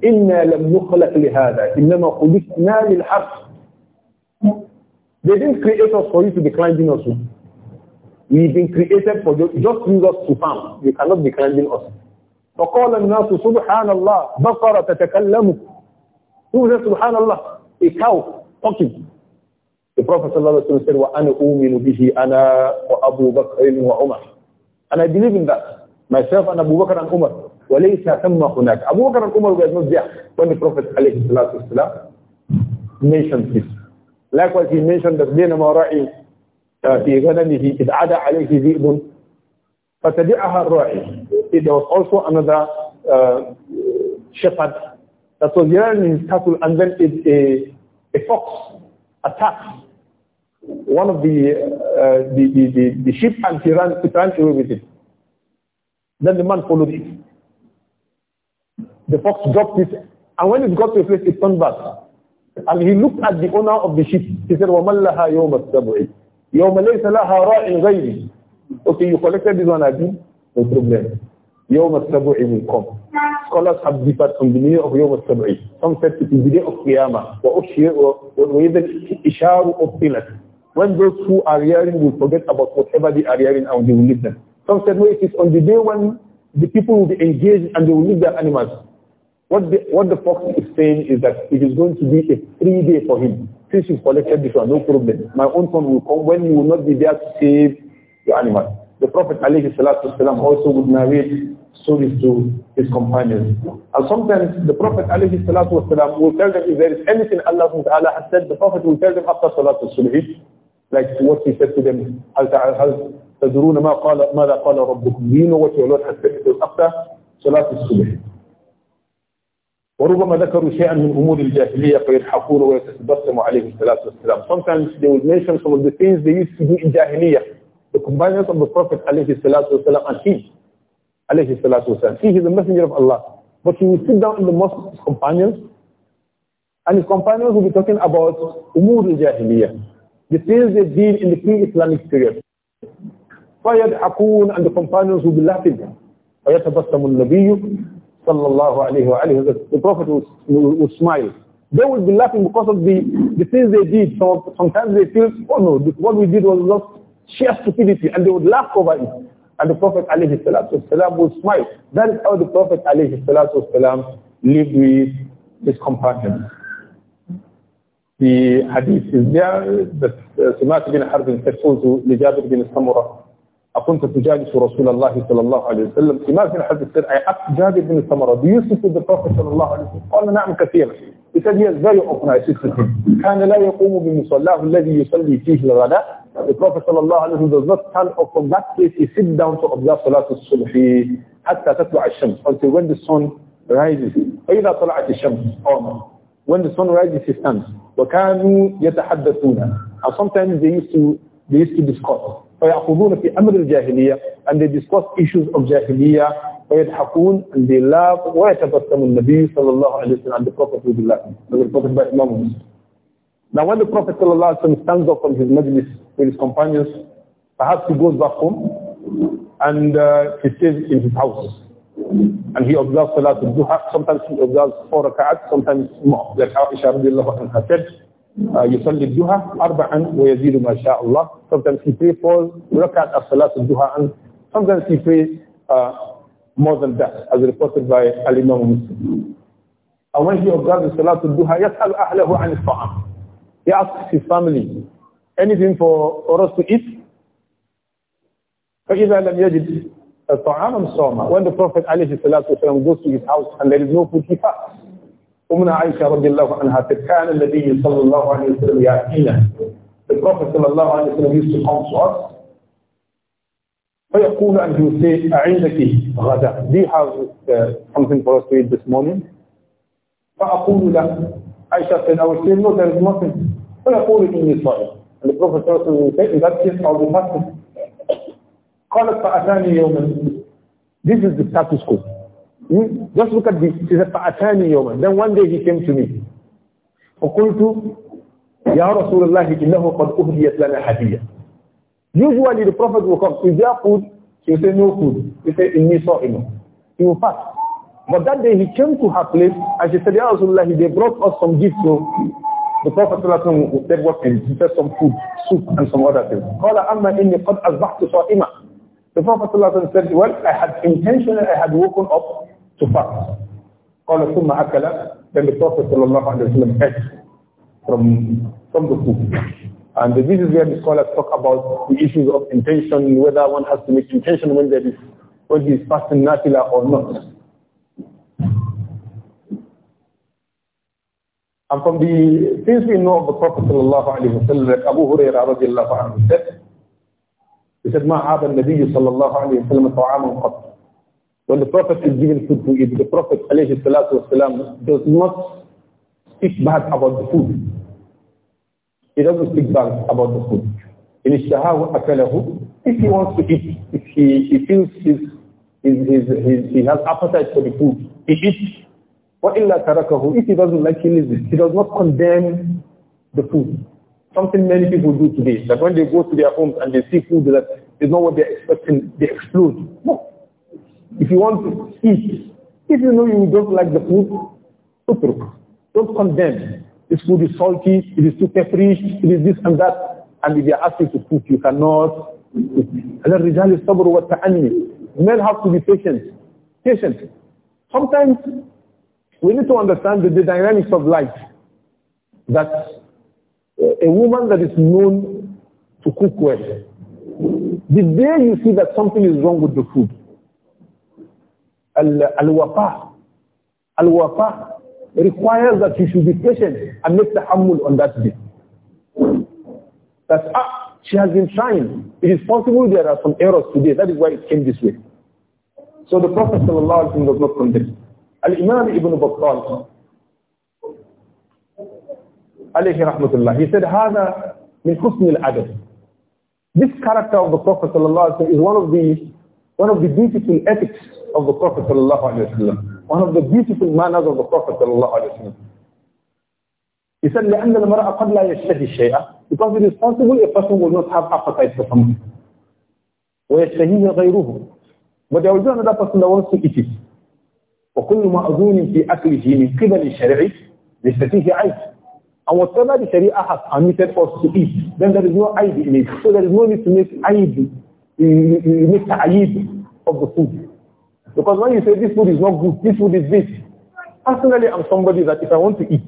Speaker 2: إِنَّا لَمْ نُخْلَقْ لِهَذَا إِنَّمَا خُلِقْنَا لِلْحَقِّ They didn't create us for you to be climbing us. We've been created for just, just use us to farm. You cannot be climbing us. فقال الناس سبحان الله بقرة تتكلم Who said سبحان الله? A cow talking. The Prophet صلى الله عليه ﷺ said, وَأَنَا أُؤْمِنُ بِهِ أَنَا وَأَبُو بَكْرٍ وَعُمَرٍ And I believe in that. Myself and Abu Bakr and Umar. وَلَيْسَ ثَمَّ هُنَاكَ Abu Bakr and Umar were not there when the Prophet عليه ﷺ mentioned this. Likewise, he mentioned that بَيْنَمَا رَعِي في غنمه إذ عاد عليه ذئب فتبعها الراعي There was also another uh, shepherd that was in his cattle and then a, a, a fox attacked one of the, uh, the, the, the, the, sheep and he ran, he ran away with it. Then the man followed it. The fox dropped it and when it got to a place it turned back. And he looked at the owner of the sheep. He said, وَمَنْ لَهَا يَوْمَ السَّبْعِ يوم ليس لها راء غيري okay you collected this one again no problem يوم السبع will come scholars have departed from the meaning of يوم السبع some said it is the day of Qiyamah وإذا الإشار أبطلت when those who are hearing will forget about whatever they are hearing and they will leave them some said no it is on the day when the people will be engaged and they will leave their animals what the, what the fox is saying is that it is going to be a free day for him since you collected this one, no problem. My own son will come when you will not be there to save your animal. The Prophet والسلام, also would narrate stories to his companions. And sometimes the Prophet والسلام, will tell them if there is anything Allah SWT has said, the Prophet will tell them after Salatul Sulhi, like what he said to them, Do you know what your Lord has said to after Salatul Sulhi? وربما ذكروا شيئا من أمور الجاهلية فيضحكون ويتبسم عليه الصلاة والسلام. Sometimes they would mention some of the things they used to do in Jahiliyyah. The companions of the Prophet عليه الصلاة والسلام and he عليه الصلاة والسلام. He is the messenger of Allah. But he would sit down in the mosque with his companions and his companions will be talking about أمور الجاهلية. the things they did in the pre-Islamic period. فيضحكون and the companions will be laughing. وَيَتَبَسَّمُ النَّبِيُّ sallallahu alayhi wa alayhi, the Prophet would, smile. They would be laughing because of the, the things they did. So sometimes they feel, oh no, what we did was just sheer stupidity, and they would laugh over it. And the Prophet alayhi salatu would smile. That is how the Prophet alayhi salatu lived with his companions. The hadith is there that uh, Sumat bin Harb said to Lijabir bin Samurah أكنت تجالس رسول الله صلى الله عليه وسلم في ماذا this said, I asked Jabir bin Samara, do you sit with the صلى الله عليه وسلم? قال نعم كثيرا. He said, yes, very often I sit with him. كان لا يقوم بمصلاه الذي يصلي فيه الغداء. The Prophet صلى الله عليه وسلم does not stand up from that place. He sits down to observe صلاة الصبح حتى تطلع الشمس until when the sun rises. فإذا طلعت الشمس قام. When the sun rises, he stands. وكانوا يتحدثون. And sometimes they used to they used to discuss. فيأخذون في أمر الجاهلية and they discuss issues of جاهلية ويضحكون and they laugh ويتبسم النبي صلى الله عليه وسلم and the Prophet will be laughing the Prophet by Imam Muslim now when the Prophet صلى الله عليه وسلم stands up from his majlis with his companions perhaps he goes back home and uh, he stays in his house and he observes Salat al-Duha sometimes he observes four rakaat sometimes more like Aisha رضي الله عنها said يصلي الدها أربعا ويزيد ما شاء الله sometimes he pray for ركعت الصلاة الدها and sometimes he pray uh, more than that as reported by Ali imam Muslim and when he observes the Salat duha يسأل أهله عن الطعام he asks his family anything for, for us to eat فإذا لم يجد طعاما صوما when the Prophet عليه الصلاة والسلام goes to his house and there is no food he fasts أمنا عائشة رضي الله عنها كان النبي صلى الله عليه وسلم يأتينا The Prophet صلى الله عليه وسلم used to come to us فيقول and he would say عندك غدا Do you have uh, something for us to eat this morning? فأقول له عائشة said I will say no there is nothing فيقول إني صائم And the Prophet صلى الله عليه وسلم said say in that case I'll be fasting قالت فأتاني يوما This is the status quo Hmm? just look at this. He said, فَأَتَانِي يَوْمًا Then one day he came to me. فَقُلْتُ ya Rasulullah, اللَّهِ إِنَّهُ قَدْ أُهْدِيَتْ لَنَا Usually the Prophet will come. Is there food? He will say, no food. He will say, إِنِّي صَائِمٌ He will fast. But that day he came to her place and she said, Ya Rasulullah, they brought us some gifts. So the Prophet said what things? He said some food, soup and some other things. قَالَ أَمَّا إِنِّي قَدْ أَصْبَحْتُ The Prophet said, well, I had intentionally, I had woken up to fast. Qala summa akala, then the Prophet وسلم ate from, from the food. And this is where the scholars talk about the issues of intention, whether one has to make intention when there is when he is fasting nafila or not. And from the things we know of the Prophet sallallahu alaihi wasallam, Abu Hurairah radiallahu anhu said, he said, "ما عاب النبي صلى الله عليه وسلم طعاما قط." When the Prophet is giving food to eat, the Prophet والسلام, does not speak bad about the food. He doesn't speak bad about the food. In Ishtahahu if he wants to eat, if he, he feels his, his, his, his, he has appetite for the food, he eats. وَإِلَّا تَرَكَهُ If he doesn't like, he it. He does not condemn the food. Something many people do today, that when they go to their homes and they see food that is not what they're expecting, they explode. No. If you want to eat, if you know you don't like the food, utruk. Don't condemn. This food is salty, it is too pepperish, it is this and that. And if they ask you to cook, you cannot. Men have to be patient. Patient. Sometimes we need to understand the, dynamics of life. That uh, a woman that is known to cook well, the day you see that something is wrong with the food, al waqf al requires that you should be patient and make the tahammul on that day. That's, ah, she has been trying. It is possible there are some errors today. That is why it came this way. So the Prophet ﷺ was not condemned. Al-Imam Ibn Battal, alayhi rahmatullah, he said, هذا من حسن الأدب. This character of the Prophet ﷺ is one of the one of the beautiful ethics of the Prophet ﷺ. One of the beautiful manners of the Prophet ﷺ. He said, لأن المرأة قد لا يشتهي الشيء Because it is possible a person will not have appetite for something. ويشتهيه غيره. But there will be another person that wants to eat it. وكل مأذون في أكله من قبل الشرع لستيه عيب. And whatever the Sharia has permitted us to eat, then there is no id in it. So there is no need to make id." you, you, you need of the food. Because when you say this food is not good, this food is this. Personally, I'm somebody that if I want to eat,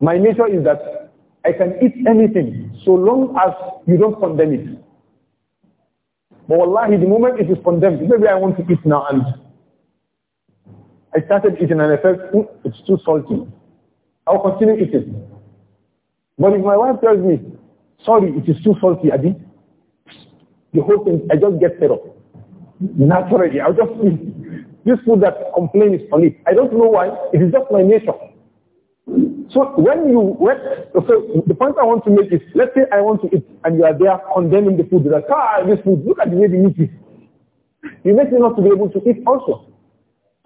Speaker 2: my nature is that I can eat anything so long as you don't condemn it. But wallahi, the moment it is condemned, maybe I want to eat now and I started eating and I felt, hmm, it's too salty. I'll continue eating. But if my wife tells me, sorry, it is too salty, I Adi, the whole thing, I just get fed up. Naturally, i just feel This food that complain is on it. I don't know why. It is just my nature. So when you, when, so the point I want to make is, let's say I want to eat and you are there condemning the food. You're like, ah, this food, look at the way they eat it. You make me not to be able to eat also.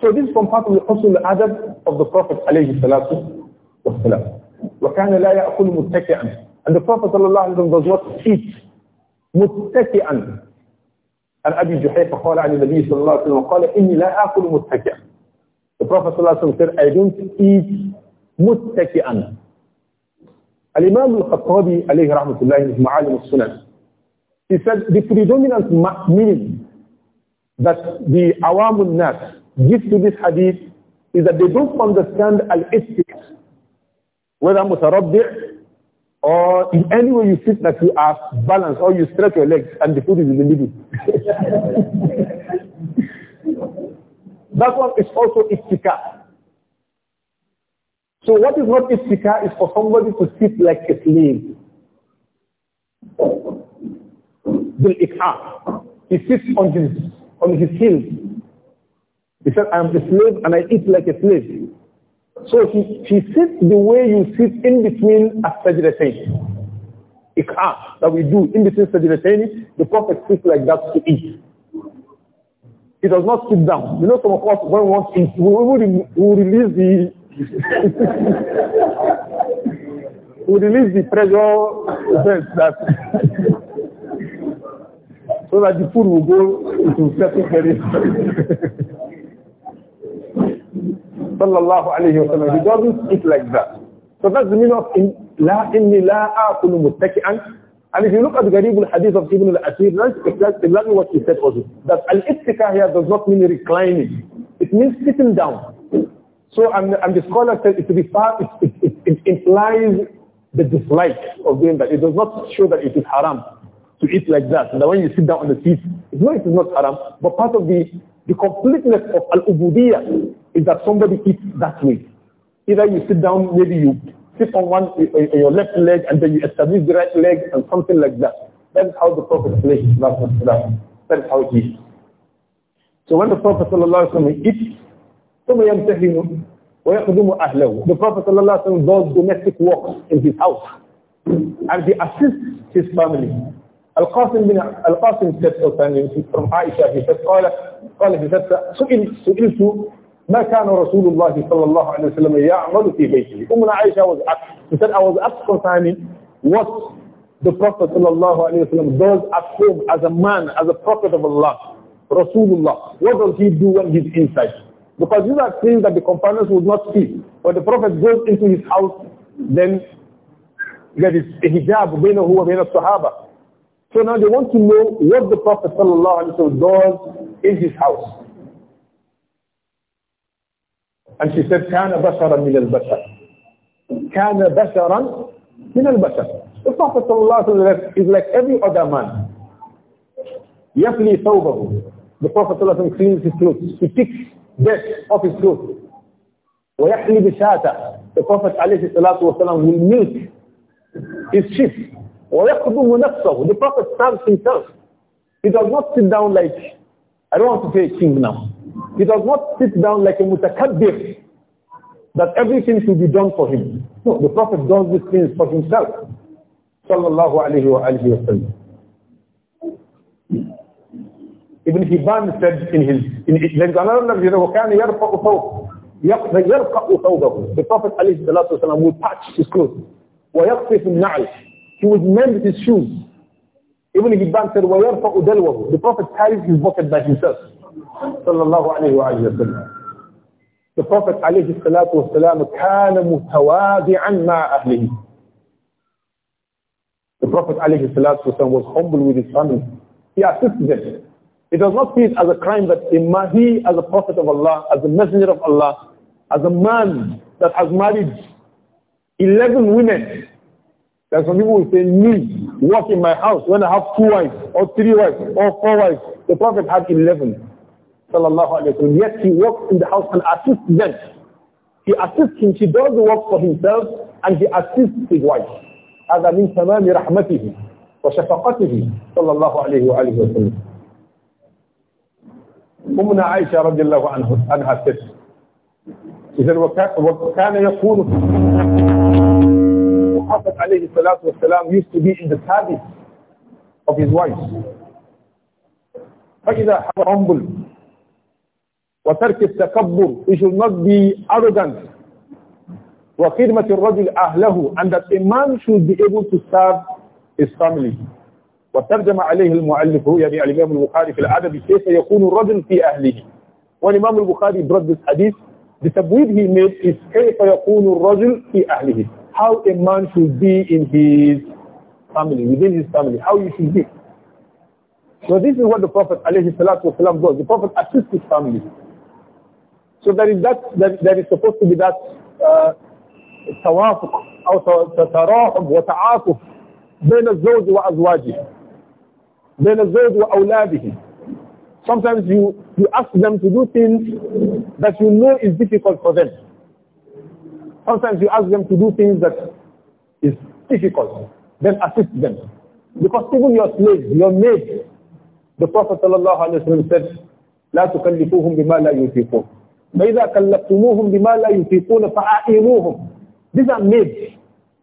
Speaker 2: So this is from part of the usul adab of the Prophet alayhi salatu wa salam. وَكَانَ لَا يَأْكُلُ مُتَّكِئًا And the Prophet sallallahu alayhi wa sallam does not eat متكئا عن ابي Juhayfa قال عن النبي صلى الله عليه وسلم قال إني لا أكل متكئا The Prophet صلى الله عليه وسلم said I don't eat متكئا الإمام الخطابي عليه رحمة الله in معالم السنن He said the predominant meaning that the awam nas give to this hadith is that they don't understand al-istiq whether mutarabbi' or in any way you sit that you are balanced or you stretch your legs and the food is in the middle. <laughs> that one is also istika. So what is not istika is for somebody to sit like a slave. Bil He sits on his on his heels. He said, I am a slave and I eat like a slave. So he, he sits the way you sit in between a as-sajdatayni. Ik'ah that we do in between sajdatayni, the Prophet sits like that to eat. He does not sit down. You know some of us, when we want to eat, we will, we will release the... <laughs> we release the pressure that... <laughs> so that the food will go into certain areas. <laughs> sallallahu alayhi wa sallam. He doesn't eat like that. So that's the meaning of la inni la akulu muttaki'an. And if you look at the Garib al-Hadith of Ibn al-Asir, that's exactly what he said also. That al-ittika here does not mean reclining. It means sitting down. So and, and the scholar said it, to be far, it, it, it, implies the dislike of doing that. It does not show that it is haram to eat like that. And that when you sit down on the seat, no, it is not haram. But part of the the completeness of al-ubudiyah is that somebody eats that way. Either you sit down, maybe you sit on one on eh, eh, eh, your left leg and then you establish the right leg and something like that. That is how the Prophet plays. That is how he So when the Prophet eats, The Prophet does domestic work in his house and he assists his family. القاسم بن القاسم كان from عائشة في فتح قال قال في فتح سئل سئلت ما كان رسول الله صلى الله عليه وسلم يعمل في بيته أمنا عائشة was asked she said I was asked concerning what the Prophet صلى الله عليه وسلم does at home as a man as a prophet of Allah Rasulullah what does he do when he's inside because these are things that the companions would not see when the Prophet goes into his house then there is hijab بينه وبين الصحابة So now they want to know what the Prophet ﷺ does in his house. And she said, كَانَ بَشَرًا مِنَ الْبَشَرِ كَانَ بَشَرًا مِنَ الْبَشَرِ The Prophet ﷺ is like every other man. يَفْلِي ثَوْبَهُ The Prophet ﷺ cleans his clothes. He picks death off his clothes. وَيَحْلِي بِشَاتَ The Prophet ﷺ will milk his sheep. The Prophet serves himself. He does not sit down like, I don't want to say a king now. He does not sit down like a mutakabbir, that everything should be done for him. No, the Prophet does these things for himself. Sallallahu alayhi wa alayhi wa sallam. Ibn Hibban said in his, in, there's another lafzi, وَكَانَ يَرْفَقُ فَوْقُ يَرْفَقُ ثَوْبَهُ The Prophet alayhi salatu wasalam will patch his clothes. وَيَقْفِفُ النَّعْلِ he would mend his shoes. Even if Ibn said, وَيَرْفَعُ دَلْوَهُ The Prophet carries his bucket by himself. The Prophet Ali salatu wa salam كَانَ مُتَوَاضِعًا مَعَ أَهْلِهِ The Prophet was humble with his family. He assisted them. It does not see it as a crime that he, as a prophet of Allah, as a messenger of Allah, as a man that has married 11 women there are some people who say, me, work in my house when I have two wives, or three wives, or four wives. The Prophet had 11, sallallahu alayhi wa sallam. Yet he works in the house and assists them. He assists him, he does the work for himself, and he assists his wife. هذا من تمام رحمته وشفقته صلى الله عليه وآله وسلم أمنا عائشة رضي الله عنها عنها ست إذا وكان يقول Prophet alayhi salatu wasalam used to be in the service of his wife. فَإِذَا حَرَمْبُلْ وَتَرْكِ التَّكَبُّرْ he should not be arrogant. وَخِدْمَةِ الرَّجُلِ أَهْلَهُ And that a man should be able to serve his family. وترجم عليه المؤلف يعني الإمام البخاري في العدد كيف يكون الرجل في أهله والإمام البخاري brought this hadith the tabweed he made is كيف يكون الرجل في أهله how a man should be in his family, within his family, how he should be. So this is what the Prophet does. The Prophet assists his family. So there is that there, there is supposed to be that uh, توافق أو تراحم وتعاطف بين الزوج وأزواجه بين wa وأولاده Sometimes you, you ask them to do things that you know is difficult for them. Sometimes you ask them to do things that is difficult. Then assist them. Because even your slaves, your maids, the Prophet ﷺ said, لا تكلفوهم بما لا يطيقون فإذا كلفتموهم بما لا يطيقون فأعينوهم These are maids.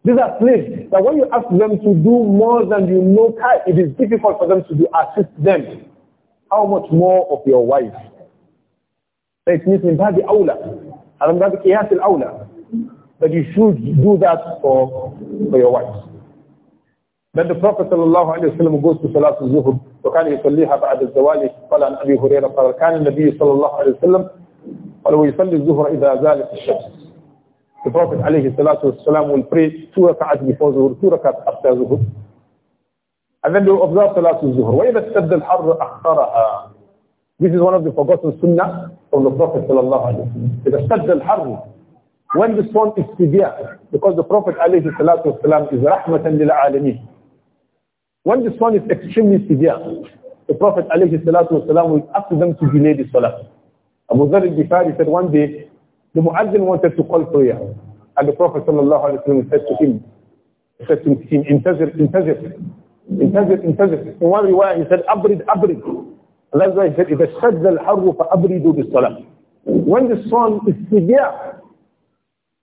Speaker 2: These are slaves. That when you ask them to do more than you know, it is difficult for them to do. Assist them. How much more of your wife? فيتنيس من باب أولى هذا من باب قياس الأولى but you should do that for, for your wife. Then the Prophet sallallahu alayhi wa sallam goes to Salat al-Zuhur. وكان يصليها بعد الزوال قال عن أبي هريرة قال كان النبي صلى الله عليه وسلم قال ويصلي الظهر إذا زالت الشمس. The Prophet عليه الصلاة will pray two rakats before zuhur, two rakats after zuhur. And then they will observe Salat al-Zuhur. وإذا اشتد الحر أخرها. This is one of the forgotten sunnah from the Prophet sallallahu alayhi wa sallam. إذا اشتد الحر when this one is severe, because the Prophet alayhi is rahmatan lil alameen. When this one is extremely severe, the Prophet alayhi salatu will ask them to delay the salah. Abu Dhar al-Ghifari said one day, the Muazzin wanted to call prayer. And the Prophet sallallahu alayhi wa said to him, said to him, intazir, intazir, intazir, intazir. In one riwayah he said, abrid, abrid. And that's why he said, إِذَا شَدَّ الْحَرُّ فَأَبْرِدُوا بِالصَّلَةِ When the storm is severe,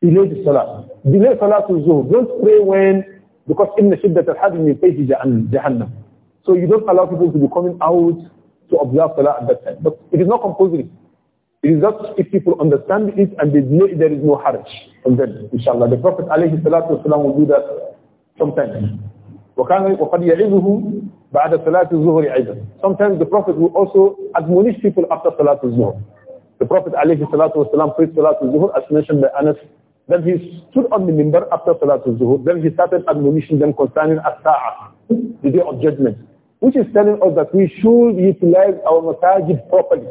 Speaker 2: Delay the salah. Delay salah to zuhr. Don't pray when, because in the shiddat al-hadim will face jahannam. So you don't allow people to be coming out to observe salah at that time. But it is not compulsory. It is just if people understand it and they know there is no haraj from them, inshallah. The Prophet alayhi salatu wasalam will do that sometimes. وَقَدْ بَعْدَ صَلَاةِ الظُّهْرِ Sometimes the Prophet will also admonish people after Salatul Zuhr. The Prophet alayhi salatu wasalam prayed Salatul Zuhr as mentioned by Anas then he stood on the member after Salatul Zuhur. Then he started admonishing them concerning As-Sa'ah, the day of judgment, which is telling us that we should utilize our masajid properly.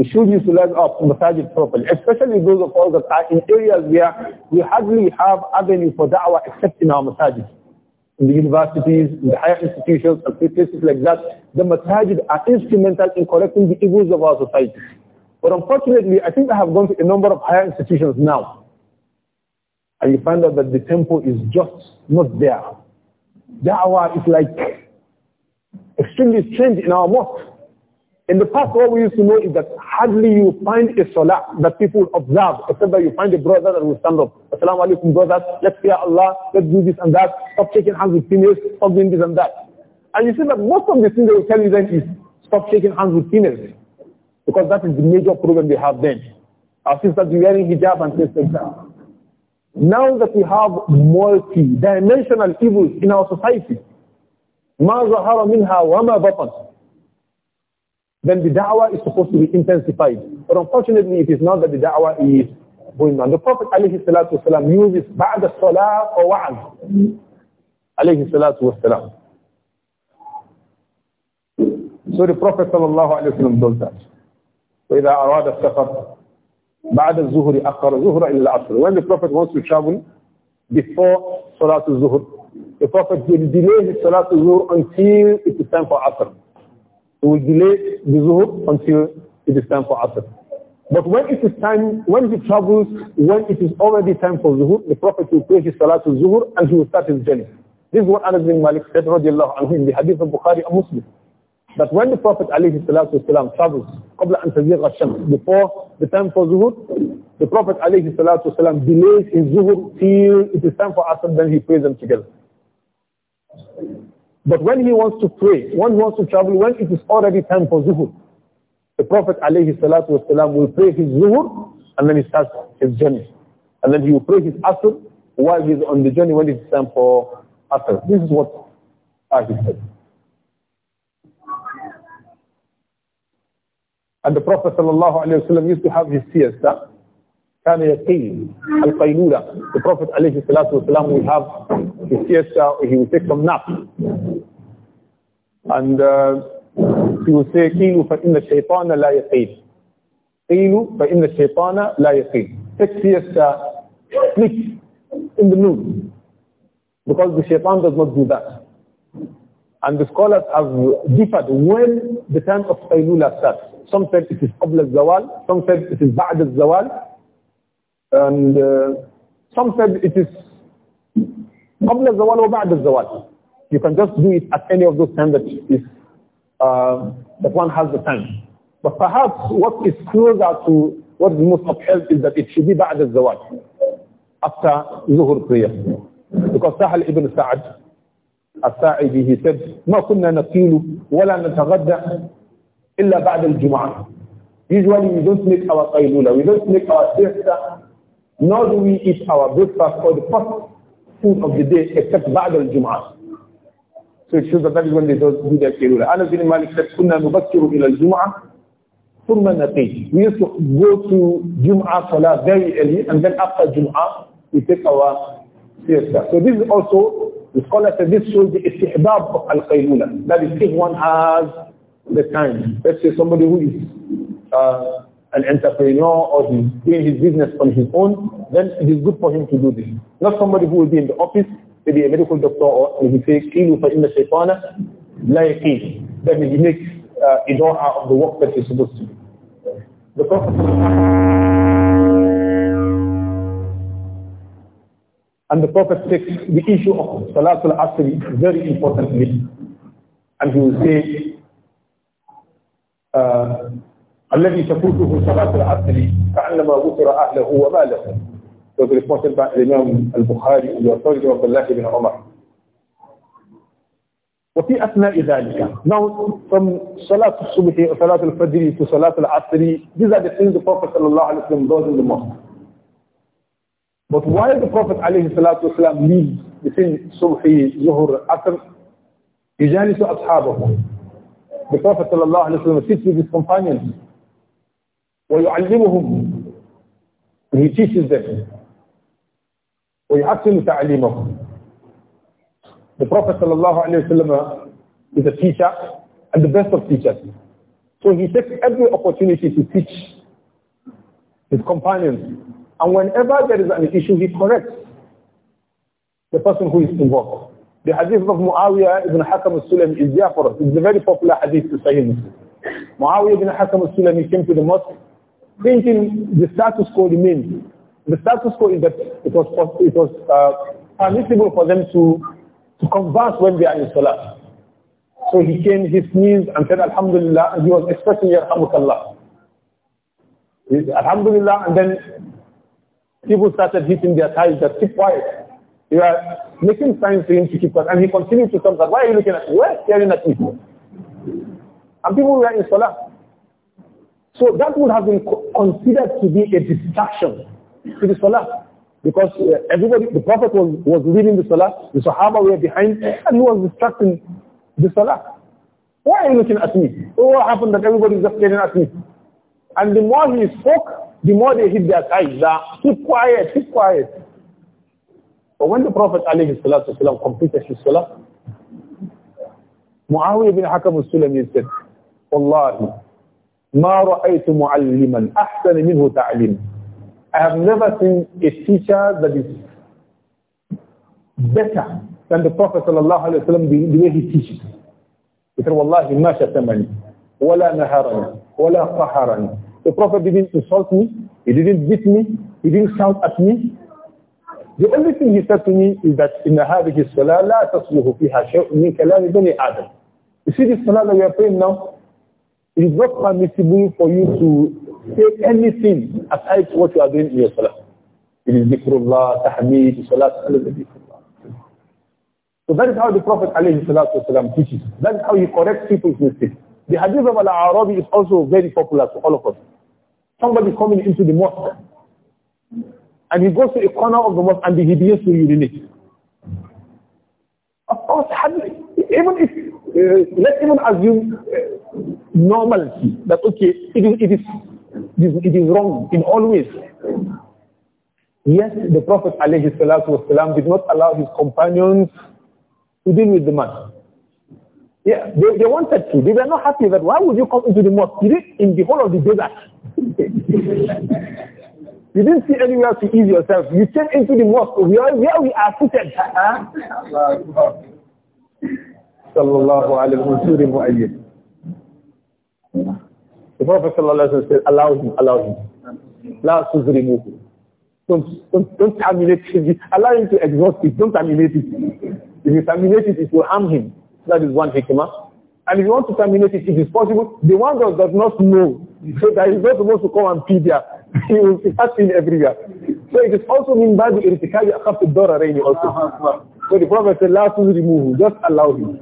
Speaker 2: We should utilize our masajid properly, especially those of us that are in areas where we hardly have avenue for da'wah except in our masajid. In the universities, in the higher institutions, and places like that, the masajid are instrumental in correcting the evils of our society. But unfortunately, I think I have gone to a number of higher institutions now. And you find out that the tempo is just not there. Da'wah is like extremely strange in our mosque. In the past, what we used to know is that hardly you find a salah that people observe, except that you find a brother that will stand up. Assalamu alaikum brothers, let's fear Allah, let's do this and that, stop shaking hands with females, stop doing this and that. And you see that most of the things they will tell you then is stop shaking hands with females. Because that is the major problem we have then. Our sisters wearing hijab and things like that. Now that we have multi-dimensional evils in our society, Then the da'wah is supposed to be intensified. But unfortunately, it is not that the da'wah is going on. The Prophet alayhi salatu wasalam uses بعد الصلاة or وعد alayhi salatu wasalam. So the Prophet sallallahu alayhi wa sallam does that. وإذا أراد السفر بعد الظهر أخر الظهر إلى العصر when the prophet wants to travel before Salat al the prophet will delay his Salat al until it is time for Asr he will delay the Zuhur until it is time for Asr but when it is time when he travels when it is already time for Zuhur, the prophet will pray his Salat al and he will start his journey this is what Anas bin Malik said الله عنه in the hadith of Bukhari and Muslim that when the Prophet والسلام, travels, before the time for Zuhur, the Prophet والسلام, delays his Zuhur till it is time for Asr, then he prays them together. But when he wants to pray, when he wants to travel, when it is already time for Zuhur, the Prophet والسلام, will pray his Zuhur and then he starts his journey. And then he will pray his Asr while he is on the journey when it is time for Asr. This is what I said. And the Prophet alayhi ﷺ used to have his siesta. كان يقيل القيلولة. The Prophet ﷺ would have his siesta, he would take some nap. And uh, he would say, قيلوا فإن الشيطان لا يقيل. قيلوا فإن الشيطان لا يقيل. Take siesta, sleep in the noon. Because the shaitan does not do that. And the scholars have differed when the time of Qaylula starts. Some said it is Qabla Zawal, some said it is Ba'd Zawal, and uh, some said it is Qabla Zawal or Ba'd Zawal. You can just do it at any of those times that is uh, that one has the time. But perhaps what is closer to what is most upheld is that it should be Ba'd Zawal, after Zuhur prayer. Because Sahal ibn Sa'ad, الساعي به سد ما كنا نقيل ولا نتغدى إلا بعد الجمعة Usually we don't make our qailula, we don't make our siesta, nor do we eat our breakfast or the first food of the day except بعد الجمعة. So it shows that that is when they do their qailula. أنا bin Malik said, كنا نبكر إلى الجمعة ثم نقيل. We used to go to جمعة صلاة very early and then after جمعة we take our siesta. So this is also The scholar said this shows the istihbab of al-qaylula. That is if one has the time. Let's say somebody who is uh, an entrepreneur or he's doing his business on his own, then it is good for him to do this. Not somebody who will be in the office, maybe a medical doctor or he says, Kilu fa inna shaytana la yaqeen. That means he makes uh, a out of the work that he's supposed to do. The Prophet And the Prophet takes the issue of Salatul Asr very importantly. And he will say, الذي تفوته صلاة العصر كأنما غفر أهله وماله. So the reported by Imam Al-Bukhari, the authority of Allah ibn Umar. وفي أثناء ذلك now from صلاة الصبح صلاة الفجر to صلاة العصر these are the things the Prophet صلى الله عليه وسلم does in the mosque But why the Prophet والسلام, leaves between Subhi, Zuhur, Asr, يجالس أصحابه The Prophet ﷺ sits with his companions ويعلمهم He teaches them ويحسن تعليمهم The Prophet ﷺ is a teacher and the best of teachers. So he takes every opportunity to teach his companions and whenever there is an issue, he corrects the person who is involved. The hadith of Muawiyah ibn Hakam al-Sulam is there for us. It's a very popular hadith to say in Muawiyah ibn Hakam al-Sulam, he came to the mosque thinking the status quo remains. The status quo is that it was, it was uh, permissible for them to, to converse when they are in Salah. So he came, he sneezed and said, Alhamdulillah, and he was expressing, Ya Alhamdulillah. Alhamdulillah, and then people started hitting their thighs that keep quiet. You are making signs for him to keep quiet. And he continued to come that, why are you looking at me? Why are you staring at me? And people were in Salah. So that would have been considered to be a distraction to the Salah. Because uh, everybody, the Prophet was, was leading the Salah, the Sahaba were behind, and he was distracting the Salah. Why are you looking at me? Oh, what happened that everybody is just staring at me? And the more he spoke, the more they hid their sides. Keep quiet, keep quiet. But when the Prophet والسلام, completed his salah, Muawiyah bin Hakam al-Sulami said, Wallahi, ما رأيت معلما أحسن منه تعليم. I have never seen a teacher that is better than the Prophet sallallahu alayhi wa the, the way he teaches. He said, Wallahi, ما شتمني ولا نهرني ولا قهرني the Prophet didn't insult me. He didn't beat me. He didn't shout at me. The only thing he said to me is that in the الصلاة لا تصلح فيها شيء من You see this salah that we are praying now? It is not permissible for you to say anything aside what you are doing in your salah. It is dhikrullah, tahmid, salat, So that is how the Prophet والسلام, teaches. That is how he corrects people's mistakes. The hadith of Al-Arabi is also very popular to all of us. Somebody coming into the mosque. And he goes to a corner of the mosque and he begins to urinate. Of course, even if, uh, let's even assume uh, normality, that okay, it is, it, is, it is wrong in all ways. Yes, the Prophet ﷺ did not allow his companions to deal with the man. Yeah, they, they wanted to. They were not happy that why would you come into the mosque? You in the whole of the desert. <laughs>
Speaker 1: you
Speaker 2: didn't see anywhere to ease yourself. You came into the mosque where, where we are seated. sallallahu alayhi wa sallam. The Prophet sallallahu alayhi wa said, allow him, allow him. remove suzrimuhu. Don't, don't, don't terminate him. Allow him to exhaust it. Don't terminate it. If you terminate it, it will harm him. That is one hikmah. And if you want to terminate it, it is possible. The one that does not know, so <laughs> that is not supposed to come and pee there. <laughs> he will be fasting everywhere. So it is also mean by the irtikabi akhaf al-dararaini also. So the Prophet said, last will remove just allow him.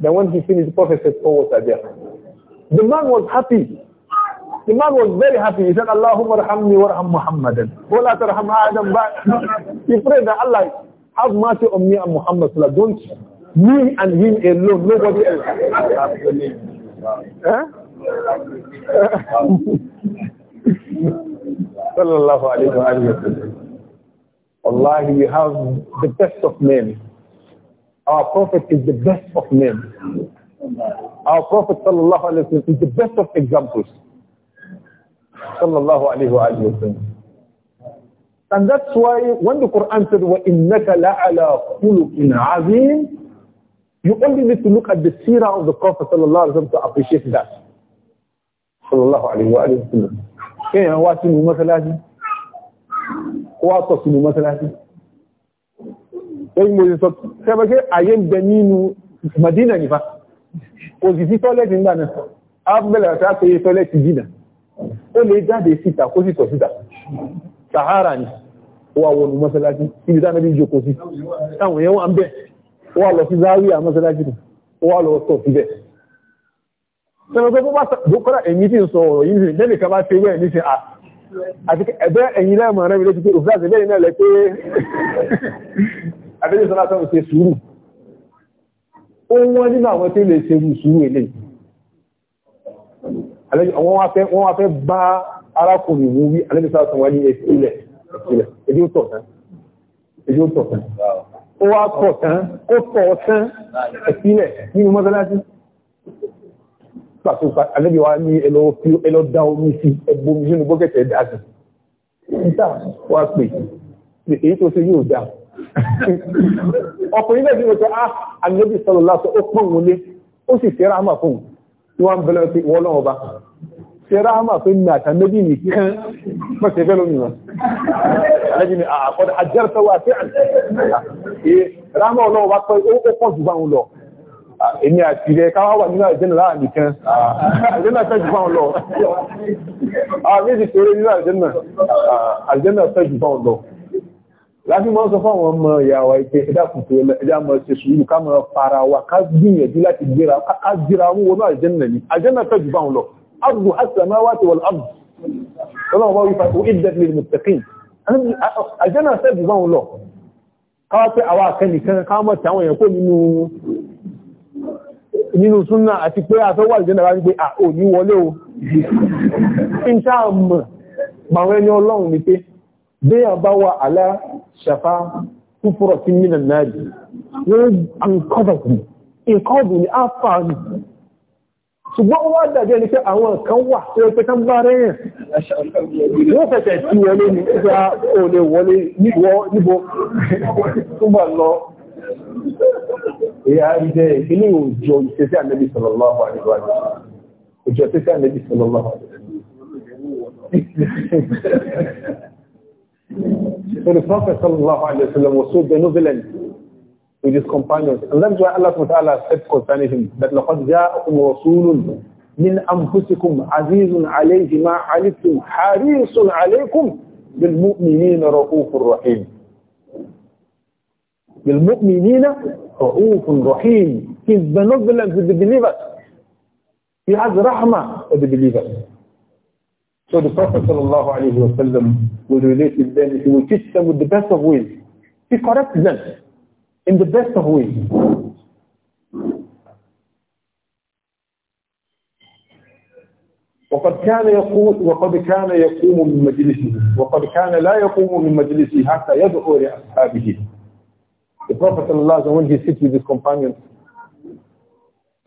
Speaker 2: Then when he finished, the Prophet said, oh, water there. The man was happy. The man was very happy. He said, Allahumma rahamni warham Muhammadan. Wala oh, tarham Adam. <laughs> He prayed that Allah, have mercy on me and Muhammad. Don't me and him alone, nobody else. Huh? <laughs> Sallallahu alayhi wa Allah, you have the best of men. Our Prophet is the best of men. Our Prophet sallallahu alayhi wa is the best of examples. Sallallahu alayhi wa And that's why when the Quran said, وَإِنَّكَ لَعَلَى خُلُقٍ عَظِيمٍ You only need to look at the seerah of the Prophet sallallahu to appreciate that. Sallallahu alaihi wa sallam. Kéèyàn wá sínú mọ́sálásí, wá tọ̀ sínú mọ́sálásí. Èyí mo sọ, ṣẹ́bẹ̀ pé àyè ń bẹ nínú Madina nìfà, kò sì sí tọ́lẹ̀tì ńgbà náà. A bẹ̀rẹ̀ àti àpèyẹ tọ́lẹ̀tì jìnà. Ó lè jáde síta kó sì tọ̀ síta. Sahara ni, wà wọnú mọ́sálásí, ibi táwọn ẹbí jókòó sí. Táwọn yẹn wà ń bẹ̀ wà lọ sí zárí àmọ́sẹ́lájì nù wà lọ sọ síbẹ̀ sẹ́lọ́gbẹ́ bó bá sọ́kọ́lá èyí tí ń sọ ọ̀rọ̀ yìí nìyí lẹ́nì kan bá ṣe wẹ́ ní ṣe à àti ẹ̀bẹ́ ẹ̀yìn lẹ́mọ̀ rẹ̀ létí pé òfúláṣẹ́ lẹ́yìn náà lẹ pé abẹ́lẹ́ sọ́lá sọ́rọ̀ ṣe sùúrù ó wọ́n nínú àwọn tí lè ṣe rú sùúrù èlé wọ́n wá fẹ́ bá arákùnrin wú wí alẹ́bí sọ́lá sọ́rọ̀ wá ní ẹ̀sílẹ̀ ẹ̀dí ó tọ̀ ó wá pọ̀ tán ó pọ̀ tán ẹ̀sílẹ̀ nínú mọ́sálásí pàtó alẹ́bí wa ní ẹlọ dá omi sí ẹgbó omi sínú bọ́kẹ̀tẹ̀ ẹ̀dá sí níta wá pè èyí tó ṣe yóò dá ọkùnrin bẹ́ẹ̀ bí mo sọ ah alẹ́bí sọ̀rọ̀ lásán ó pọ̀ wọlé ó sì fẹ́ràn àmà fún un tí wọ́n ń bẹ̀rẹ̀ pé wọ́n lọ́wọ́ bá ṣe ráhámà pé ní àtàmẹ́bì nìkan mọ́sẹ̀ fẹ́ lómi wọn alẹ́bí ni ah, àkọ́dá àjẹ́rẹ́sọ́wọ́ àti ráhámà ọlọ́wọ́ wá pẹ́ ó pọ̀ jù báhùn lọ ah, èmi àti rẹ̀ káwà wà nínú àjẹ́nà láàrín nìkan ah, àjẹ́nà fẹ́ jù báhùn lọ àwọn èsì tó rí nínú àjẹ́nà àjẹ́nà fẹ́ jù báhùn lọ láti mọ́ sọ fáwọn ọmọ ìyàwó ìpé ẹ̀dàkùn tó ẹjá mọ́ ṣe sùúrù ká lọ ardu as-samawati wal ard ọlọ́run bá wí fa uiddat lil muttaqin àjẹ́nà sẹ́ẹ̀dì bá wọn lọ káwá pé àwa akẹ́nìkan káwá mọ̀ tí àwọn èèyàn kó nínú nínú súnà àti pé àfẹ́wà ìjẹ́nà bá ń gbé à ò ní wọlé o ìta mọ̀ màwọn ẹni ọlọ́run ni pé bí a bá wà alá ṣàfá kúfúrọ̀ sí mínà náà jù wọ́n ń kọ́dọ̀ kù ìkọ́dù ni á fà á ṣùgbọ́n wọ́n wá dàbí ẹni pé àwọn kan wà tí ó pé tán bá rẹ̀yàn wọ́n fẹ̀fẹ̀ tí wọlé ní ìgbà ò lè wọlé níbo tó bà lọ ìyá jẹ́ ilé òjò ìṣẹ́sí ànẹ́bí sallallahu alaihi wa sallam òjò ìṣẹ́sí ànẹ́bí sallallahu with his companions. And that's why Allah SWT said concerning him that لَقَدْ جَاءَكُمْ رَسُولٌ مِنْ أَنفُسِكُمْ عَزِيزٌ عَلَيْهِ مَا عَلِدْتُمْ حَرِيصٌ عَلَيْكُمْ بِالْمُؤْمِنِينَ رَؤُوفٌ رَحِيمٌ بِالْمُؤْمِنِينَ رَؤُوفٌ رَحِيمٌ He's benevolent with the believers. He has rahmah with the believers. So the Prophet صلى الله عليه وسلم will relate with them. He will teach them with the best of ways. He corrects them. in the best of ways. وقد كان يقول وقد كان يقوم من مجلسه وقد كان لا يقوم من مجلسه حتى يدعو لأصحابه The Prophet صلى الله عليه وسلم when he sits with his companions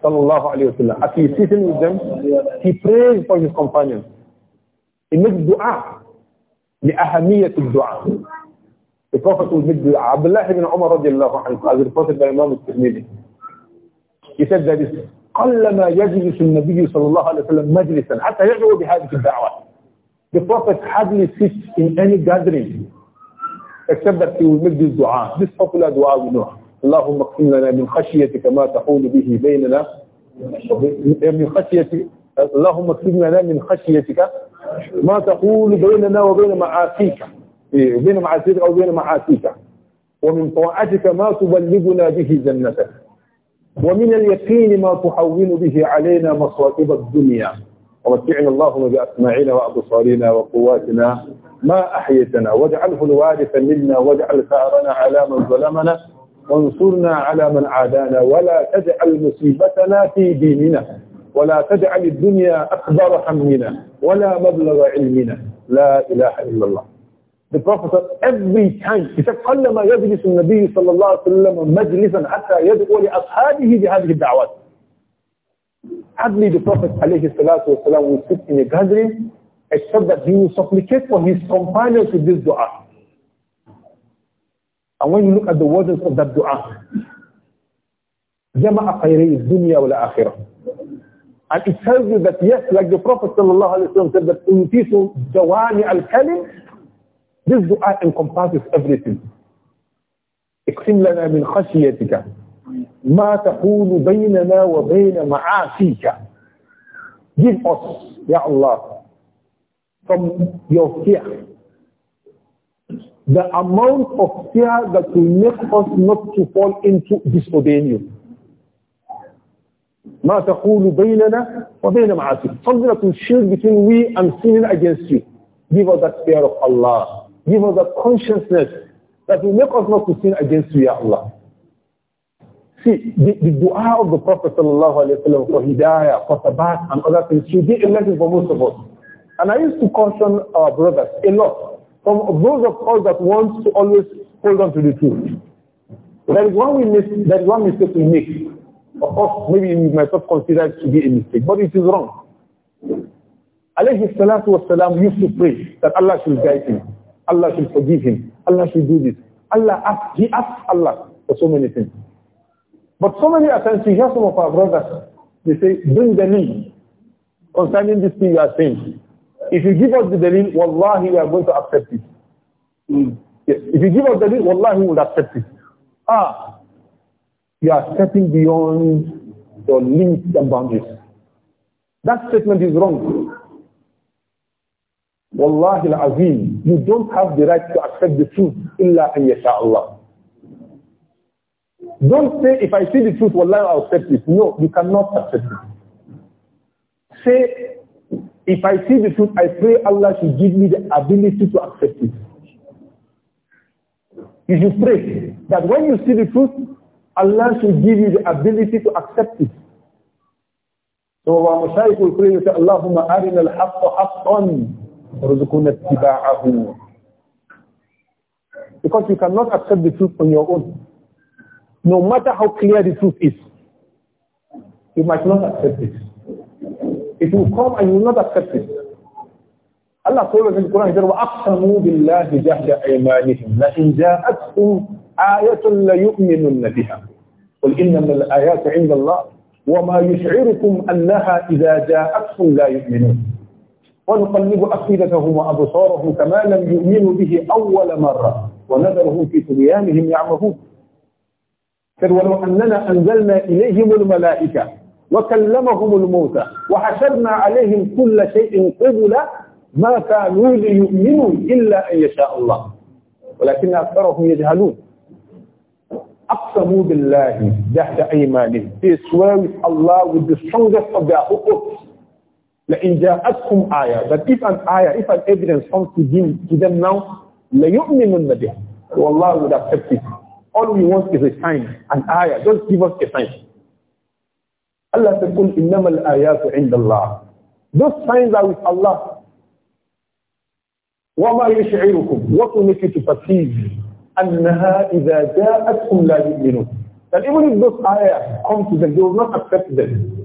Speaker 2: صلى الله عليه وسلم as he sitting with them he prays for his companions he makes dua لأهمية الدعاء The Prophet would meet Abdullah ibn Umar radiallahu anhu as reported by Imam al-Tirmidhi. He said that is قَلَّمَا يَجْلِسُ النَّبِيُّ صلى الله عليه وسلم مَجْلِسًا حتى يدعو بهذه الدعوة. The Prophet hardly sits in any gathering except that he will make this dua. This popular dua we know. اللهم اقسم لنا من خشيتك ما تحول به بيننا من خشيتك اللهم اقسم لنا من خشيتك ما تحول بيننا وبين معاصيك إيه، بين معاصيك أو بين معاصيك ومن طاعتك ما تبلغنا به جنتك ومن اليقين ما تحول به علينا مصائب الدنيا ومتعنا اللهم بأسماعنا وأبصارنا وقواتنا ما أحيتنا واجعله الوارث منا واجعل ثأرنا على من ظلمنا وانصرنا على من عادانا ولا تجعل مصيبتنا في ديننا ولا تجعل الدنيا أكبر همنا ولا مبلغ علمنا لا إله إلا الله The Prophet every time, he said, قَلَّمَا يَجْلِسُ النَّبِيُّ صَلَّى اللَّهُ عَلَيْهِ وَسَلَّمَ مَجْلِسًا حَتَّى يَدْعُوا لِأَصْحَابِهِ بِهَذِهِ الدَّعْوَاتِ Hardly the Prophet alayhi salatu wasalam will sit in a gathering except that he will supplicate for his companions with this dua. And when you look at the words of that dua, جَمَعَ خَيْرِي الدُّنْيَا وَالْآخِرَةِ And it tells you that yes, like the Prophet sallallahu said that in people, al الْكَلِمِ this dua encompasses everything. اقسم لنا من خشيتك ما تقول بيننا وبين معاصيك. Give us, Ya Allah, from your fear. The amount of fear that will make us not to fall into disobeying you. ما تقول بيننا وبين معاصيك. Something that will shield between we and sinning against you. Give us that fear of Allah. Give us a consciousness that will make us not to sin against you, Ya Allah. See, the, the dua of the Prophet sallallahu for hidayah, for sabat and other things should be a lesson for most of us. And I used to caution our brothers a lot from those of us that want to always hold on to the truth. There is one, we miss, there is one mistake we make. Of course, maybe we might not consider it to be a mistake, but it is wrong. Alayhi salatu wasalam used to pray that Allah should guide him. Allah should forgive him. Allah should do this. Allah asks, he asks Allah for so many things. But so many times we hear some of our brothers, they say, bring the need concerning this thing you are saying. If you give us the dalil, wallahi, we are going to accept it. Mm. Yes. If you give us the dalil, wallahi, we will accept it. Ah, you are stepping beyond your limits and boundaries. That statement is wrong. Wallahi al-azim, you don't have the right to accept the truth, illa an Allah. Don't say, if I see the truth, wallahi I'll accept it. No, you cannot accept it. Say, if I see the truth, I pray Allah should give me the ability to accept it. You should pray that when you see the truth, Allah should give you the ability to accept it. So our Mashayikh will pray and say, Allahumma arina al-haqqa haqqan رزقنا اتباعه because you cannot accept the truth on your own no matter how clear the truth is you might not accept it it will come and you will not accept it Allah told us in the Quran وَأَقْسَمُوا بِاللَّهِ جَهْدَ أَيْمَانِهِمْ لَإِنْ جَاءَتْهُمْ آيَةٌ لَيُؤْمِنُنَّ بِهَا قل إنما الآيات عند الله وما يشعركم أنها إذا جاءتهم لا يؤمنون ونقلب أفئدتهم وأبصارهم كما لم يؤمنوا به أول مرة ونذرهم في طغيانهم يعمهون كذ ولو أننا أنزلنا إليهم الملائكة وكلمهم الموتى وحشرنا عليهم كل شيء قبلا ما كانوا ليؤمنوا إلا أن يشاء الله ولكن أكثرهم يجهلون أقسموا بالله جهد أيمانهم This swear with Allah with the strongest of their hukuk لَإِنْ جَاءَتْهُمْ آيَةً That if an ayah, if an evidence comes to him, to them now, لَيُؤْمِنُنَّ بِهِ So Allah would accept it. All we want is a sign, an ayah. Just give us a sign. Allah said, قُلْ إِنَّمَا الْآيَاتُ عِنْدَ اللَّهِ Those signs are with Allah. وَمَا يُشْعِرُكُمْ What will make you to perceive أَنَّهَا إِذَا جَاءَتْهُمْ لَا يُؤْمِنُونَ That even if those ayah come to them, they will not accept them.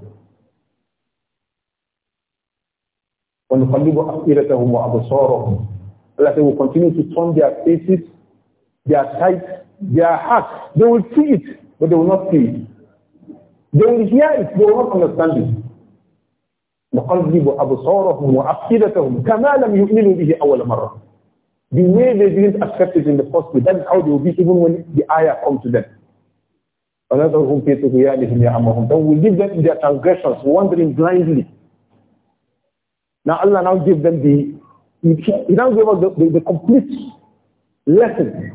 Speaker 2: وَنُقَلِّبُ أَفْئِرَتَهُمْ وَأَبْصَارَهُمْ that they will continue to turn their faces, their sight, their heart. They will see it, but they will not see it. They will hear it, they will not understand it. نقلب أبصارهم وأفئدتهم كما لم يؤمنوا به أول مرة. The way they didn't accept it in the first place, that is how they will be even when the ayah comes to them. فَنَذَرْهُمْ فِي طُغْيَانِهِمْ يَعْمَهُمْ Then we leave them in their transgressions, wandering blindly. Now Allah now gave them the, He now gave us the, the, the complete lesson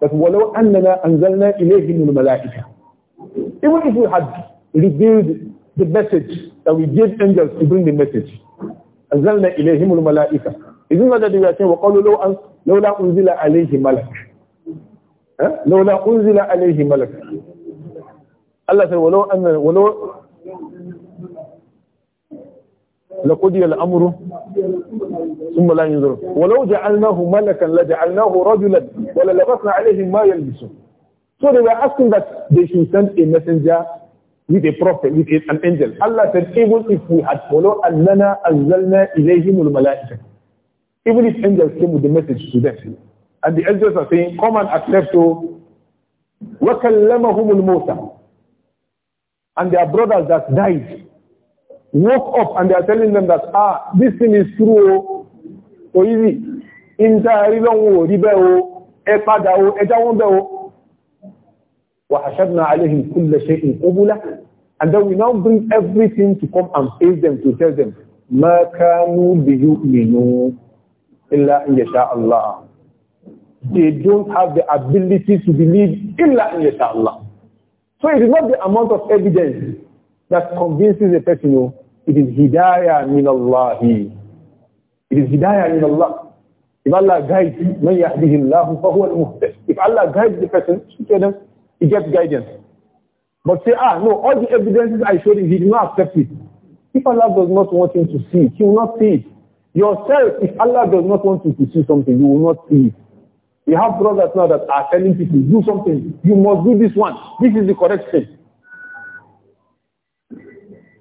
Speaker 2: that وَلَوْ أَنَّنَا أَنزَلْنَا إِلَيْهِمُ الْمَلَائِكَةِ Even if we had revealed the message that we gave angels to bring the message, أَنزَلْنَا إِلَيْهِمُ الْمَلَائِكَةِ Isn't that they were saying وَقَالُوا لَوْ أَنْ لَوْلَا أُنزِلَ عَلَيْهِ مَلَكٌ لَوْلَا أُنزِلَ عَلَيْهِ مَلَكٌ Allah said وَلَوْ أَنَّ وَلَوْ لقضي الأمر ثم لا ينظر ولو جعلناه ملكا لجعلناه رجلا لبسنا عليهم ما يلبسون So they were asking that they should send a messenger with a prophet, with an angel. Allah said, even if we had followed annana azalna ilayhim الْمَلَائِكَةِ Even if angels came with the message to them. And the angels are saying, come and accept to وَكَلَّمَهُمُ الْمَوْتَى And their brothers that died, woke up and they are telling them that ah this thing is true o easy in ta rí lọ́wọ́ ò rí bẹ́ẹ̀ o ẹ padà o ẹ jáwọ́ bẹ́ẹ̀ o wa hashabna alayhim kulla shay'in qubula and then we now bring everything to come and face them to tell them ma kanu bi yu'minu illa in yasha Allah they don't have the ability to believe illa in yasha Allah so it is not the amount of evidence that convinces a person you know, It is hidayah min Allah. It is hidayah min Allah. If Allah guides man yahdihi Allah fahuwa al-muhtad. If Allah guides the person, to them, he gets guidance. But say, ah, no, all the evidences I showed him, he did not accept it. If Allah does not want him to see he will not see it. Yourself, if Allah does not want you to see something, you will not see it. We have brothers now that are telling people, do something. You must do this one. This is the correct thing.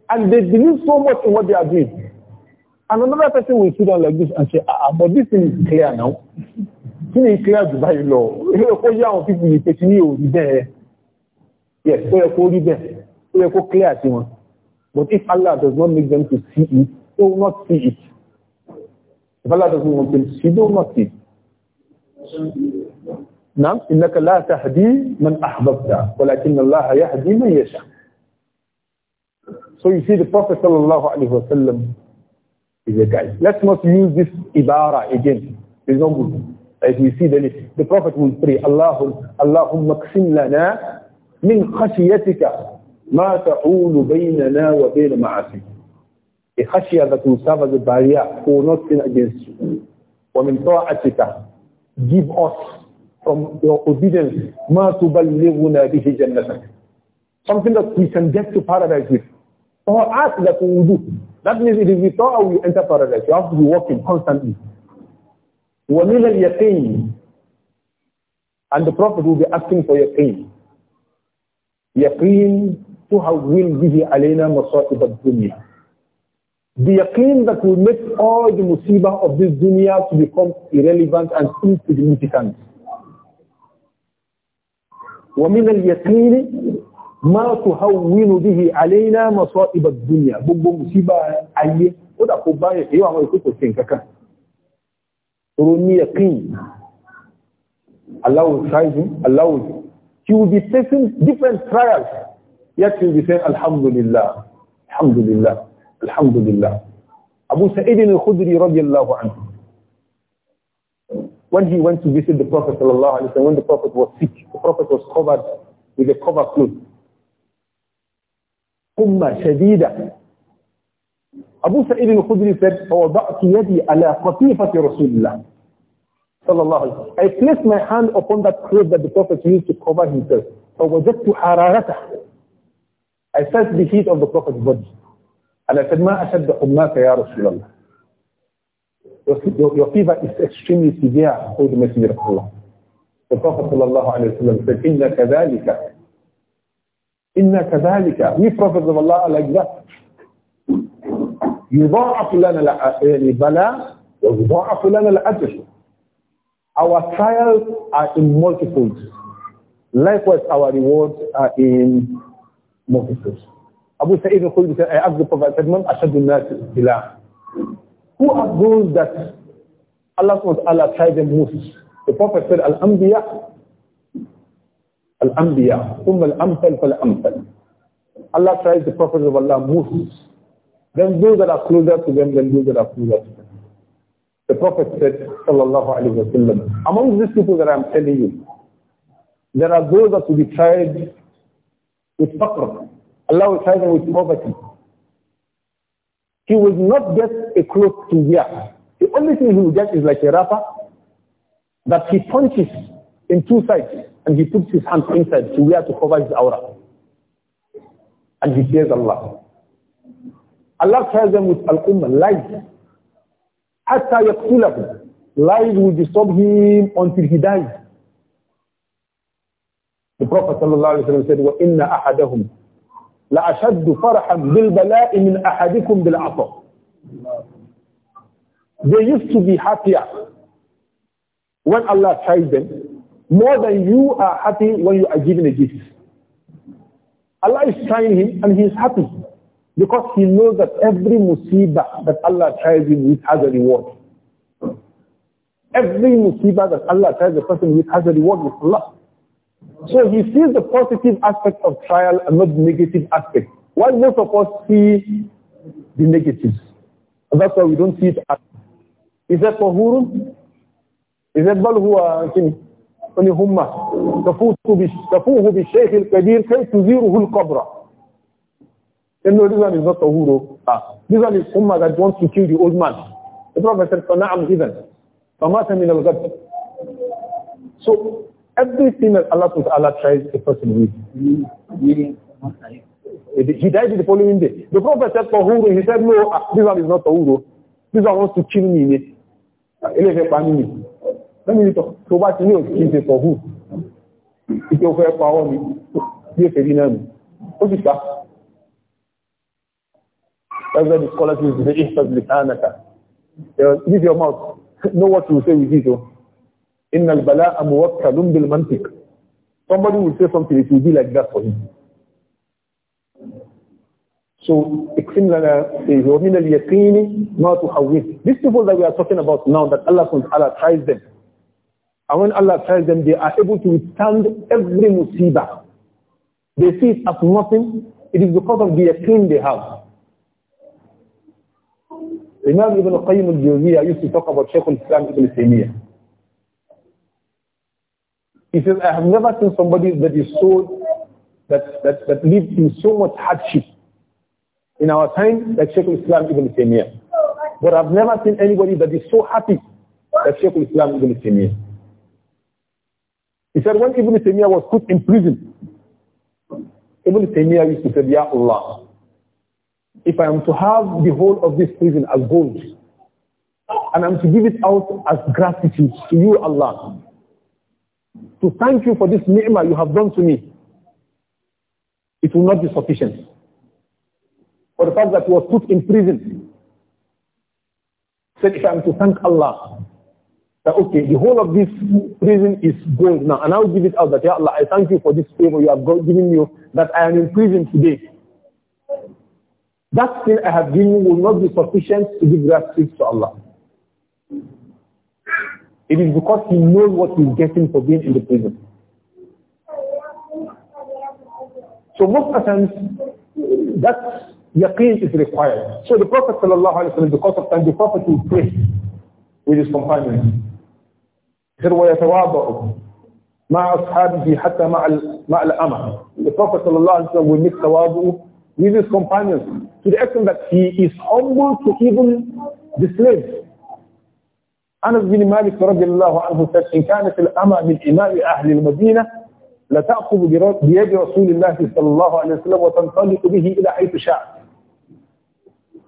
Speaker 2: And they believe so much in what they are doing. And another person will sit down like this and say, ah, ah but this thing is clear now. This thing is clear to by law. Ó yá àwọn people yìí pèsè me over there. Yes, ó yẹ kó rí bẹ́ẹ̀. Ó yẹ clear sí wọn. But if Allah does not make them to see it, they will not see it. If Allah does not want them to see, they will not see it. نعم إنك لا تهدي من أحببت ولكن الله يهدي من يشاء So you see the Prophet sallallahu alaihi wasallam is a guy. Let's not use this ibara again. It's not good. As we see the the Prophet will pray, Allahum, Allahumma qsim lana min khashiyatika ma ta'ulu baynana wa bayna ma'asik. A khashiyah that will serve as a barrier for not sin against you. ومن طاعتك give us from your obedience ما تبلغنا به جنتك something that we can get to paradise with or act that we do. That means it is we thought we enter paradise. You have to be working constantly. وَمِنَ الْيَقِينِ And the Prophet will be asking for yaqeen. Yaqeen تُحَوِّلْ بِهِ عَلَيْنَا مَصَائِبَ الدُّنْيَا The yaqeen that will make all the musibah of this dunya to become irrelevant and insignificant. وَمِنَ الْيَقِينِ ما تهون به علينا مصائب الدنيا بوبو مصيبة أي ودا كوباية يو إيوه، عمو يكتو سينككا روني يقين الله سايز الله he will be facing different trials yet he will الحمد لله الحمد لله الحمد لله أبو سعيد الخدري رضي الله عنه when he went to visit the Prophet when the Prophet was sick the Prophet was covered with a cover cloth قمة شديدة أبو سعيد الخدري said فوضعت يدي على قطيفة رسول الله صلى الله عليه وسلم I placed my hand upon that cloth that the Prophet used to cover himself فوجدت حرارته I felt the heat of the Prophet's body and I said ما أشد حماك يا رسول الله Your, fever is extremely severe, O the Messenger of Allah. The Prophet صلى الله عليه وسلم said, إِنَّ كَذَلِكَ إن كذلك We Prophet of Allah are like يضاعف لنا البلاء ويضاعف لنا الأجر. Our trials are in multiples. Likewise, our rewards are in multiples. Abu Sa'id al-Khudri said, I asked the Prophet, said, Man ashadu nas Who are those that Allah subhanahu wa ta'ala tried them most? The Prophet said, Al-Anbiya Al-Anbiya, Umm al-Amthal fal-Amthal. Allah tries the prophets of Allah most. Then those that are closer to them, then those that are closer to them. The Prophet said, Sallallahu Alaihi Wasallam, among these people that I'm telling you, there are those that will be tried with faqr. Allah will try them with poverty. He will not get a cloth to wear. The only thing he will get is like a wrapper that he punches in two sides. and he puts his hands inside to wear to cover his aura. And he fears Allah. Allah tells them with al qumma lies. Hatta yaqtulahu. Lies will disturb him until he dies. The Prophet said, وَإِنَّ أَحَدَهُمْ لَأَشَدُّ فَرَحًا بِالْبَلَاءِ مِنْ أَحَدِكُمْ بِالْعَطَى They used to be happier when Allah tried them more than you are happy when you are given a gift. Allah is trying him and he is happy because he knows that every musibah that Allah tries him with has a reward. Every musibah that Allah tries the person with has a reward with Allah. So he sees the positive aspect of trial and not the negative aspect. While most of us see the negatives. And that's why we don't see it as. Is that for Hurun? Is that Balhua? ni humma tafuhu bi sheikh al-kabir kay tuziruhu al-qabra and no this one is not tahuro ah this one is humma that wants to kill the old man the prophet said na'am idan famata min al so everything that Allah Ta'ala tries a person with he died the following day the prophet said tahuro he said no ah, this one is not tahuro this one wants to kill me ele fe lẹ́mìnítọ̀ tó bá ti ní òkú ṣe sọ hù ìpé òfẹ́ pàwọ́ mi bí èfè rí náà nù ó sì sá every the scholars use the instance with anaka use your mouth know what you say with it oh inna albala amuwakkalun bil mantik somebody will say something it will be like that for him So These people that we are talking about now that Allah subhanahu wa ta'ala tries them. And when Allah tells them, they are able to withstand every musibah. They see it as nothing. It is because of the yaqeen they have. Imam Ibn Qayyim al-Jawziyah used to talk about Shaykh al-Islam Ibn Taymiyyah. He says, I have never seen somebody that is so, that, that, that lives in so much hardship in our time like Shaykh al-Islam Ibn Taymiyyah. But I've never seen anybody that is so happy that Shaykh al-Islam Ibn Taymiyyah. He said when Ibn Taymiyyah was put in prison, Ibn Taymiyyah used to say, Ya Allah, if I am to have the whole of this prison as gold, and I'm to give it out as gratitude to you, Allah, to thank you for this ni'mah you have done to me, it will not be sufficient. For the fact that he was put in prison, said, if I am to thank Allah, that okay, the whole of this prison is gold now, and I will give it out that Allah, I thank you for this favor you have given you that I am in prison today. That thing I have given you will not be sufficient to give gratitude to Allah. It is because he knows what he's getting for being in the prison. So most of times, that yaqeen is required. So the Prophet wasallam, because of time, the Prophet will pray with his companions. غير ويتواضع مع أصحابه حتى مع مع الأمة. The Prophet صلى الله عليه وسلم will make tawabu with his companions to the extent that he is humble to even the slaves. أنس بن مالك رضي الله عنه said إن كانت الأمة من إماء أهل المدينة لتأخذ بيد رسول الله صلى الله عليه وسلم وتنطلق به إلى حيث شاء.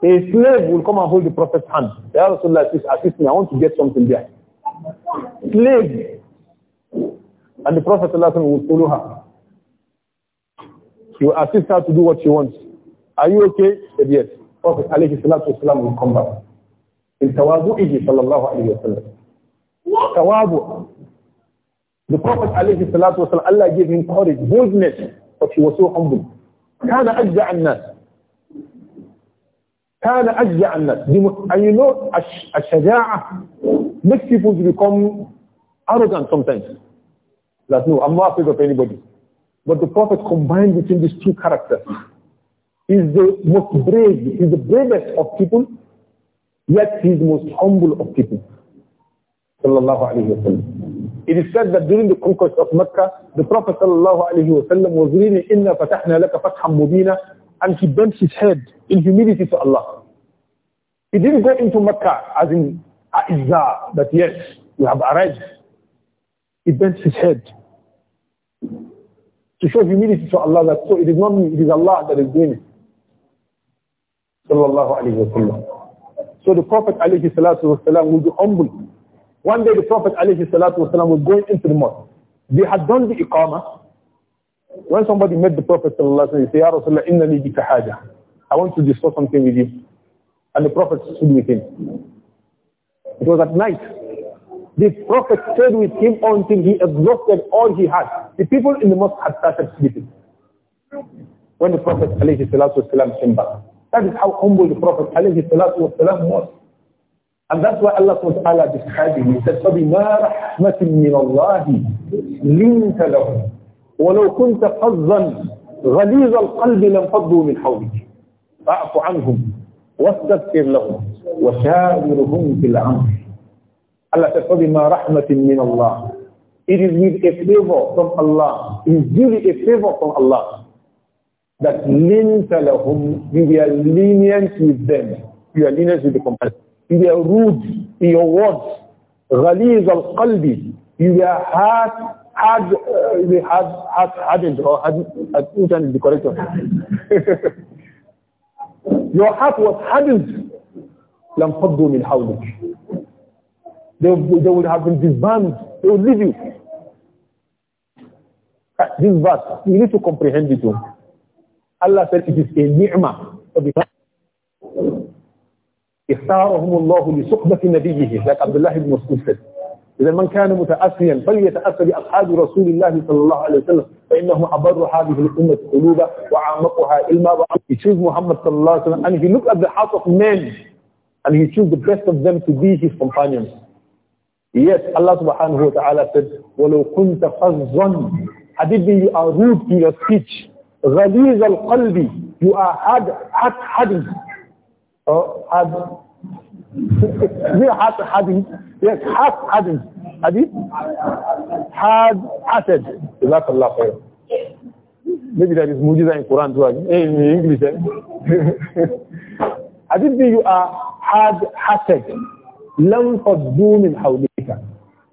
Speaker 2: A slave will come and hold the Prophet's hand. Ya Rasulullah, assist me, I want to get something there. slave. And the Prophet will follow her. He will assist her to do what she wants. Are you okay? He said yes. Prophet alayhi salatu wasalam will come back. In tawadu'ihi sallallahu alayhi wa sallam. Tawadu. The Prophet alayhi salatu wasalam, Allah gave him courage, boldness, but he was so humble. كان أجزع الناس كان الناس and you know الشجاعة makes people to become arrogant sometimes that no I'm not afraid of anybody but the Prophet combined between these two characters is the most brave is the bravest of people yet he's the most humble of people It is said that during the conquest of Mecca, the Prophet sallallahu was reading, إِنَّا فَتَحْنَا لَكَ فَتْحًا مُبِينًا and he bent his head in humility to Allah. He didn't go into Mecca as in ah, Izzah, that yes, we have arrived. He bent his head to show humility to Allah that so it is not me, it is Allah that is doing it. Sallallahu alayhi wa So the Prophet alayhi salatu wasalam will be humble. One day the Prophet alayhi salatu wasalam was going into the mosque. They had done the iqamah, when somebody met the Prophet sallallahu alaihi wasallam, he said, Ya inna li haja. I want to discuss something with you. And the Prophet stood with him. It was at night. The Prophet stayed with him until he exhausted all he had. The people in the mosque had started sleeping. When the Prophet والسلام, came back. That is how humble the Prophet والسلام, was. And that's why Allah subhanahu wa described him. He said, فَبِمَا رَحْمَةٍ مِّنَ اللَّهِ لِنْتَ لَهُمْ ولو كنت فظا غليظ القلب لانفضوا من حولك فاعف عنهم واستغفر لهم وشاورهم في الامر Allah said, ما رَحْمَةٍ مِّنَ اللَّهِ It is with a favor from Allah. It is really a favor from Allah. That لِنْتَ لَهُمْ You are lenient with them. You are lenient with the compassion. You are rude in your words. al-qalbi. You are hard had uh, they had had hadn't or hadn't had eaten is the correct one. <laughs> Your heart was hardened. لم فضوا من حولك. They, they would have been disbanded. They would leave you. Ah, this verse, you need to comprehend it. Allah said it is a ni'mah. اختارهم الله لصحبة نبيه like Abdullah ibn Musa said إذا من كان متأسيا فليتأسى بأصحاب رسول الله صلى الله عليه وسلم فإنه أبر هذه الأمة قلوبا وعمقها علما He chose Muhammad صلى الله عليه وسلم and he looked at the hearts of men and he chose the best of them to be his companions. Yes, Allah subhanahu wa ta'ala said, وَلَوْ كُنْتَ فَظًّا Hadidni, you are rude to your speech. غَلِيظَ الْقَلْبِ You are hard, hard, hard, uh, hard زي حاد حاد يس حاد حاد حديث حاد حسد جزاك الله خير maybe that is mujiza in Quran too eh? in English eh? <laughs> hadith you are had hasad lam faddu min hawlika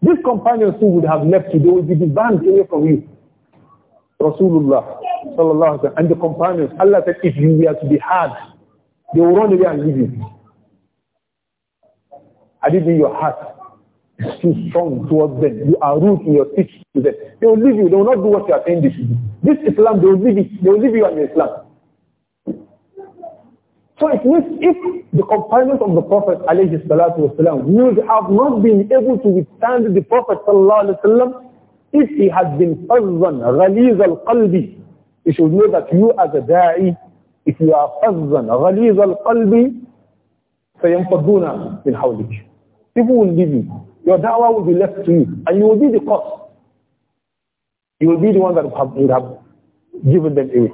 Speaker 2: This companions too would have left you they would be banned away from you Rasulullah sallallahu alaihi wasallam and the companions Allah said if you were to be hard they will run away and leave you Adidi, your heart is too strong towards them. You are rude in your speech to them. They will leave you. They will not do what you are saying This, do. This Islam, they will leave it. They will leave you and your Islam. So it means if the companions of the Prophet والسلام, would have not been able to withstand the Prophet وسلم, if he had been fazzan, ghaliz al-qalbi, you should know that you as a da'i, if you are fazzan, ghaliz al-qalbi, سينفضون من حولك People will leave you. Your dawah will be left to you. And you will be the cause. You will be the one that would have, would have given them away.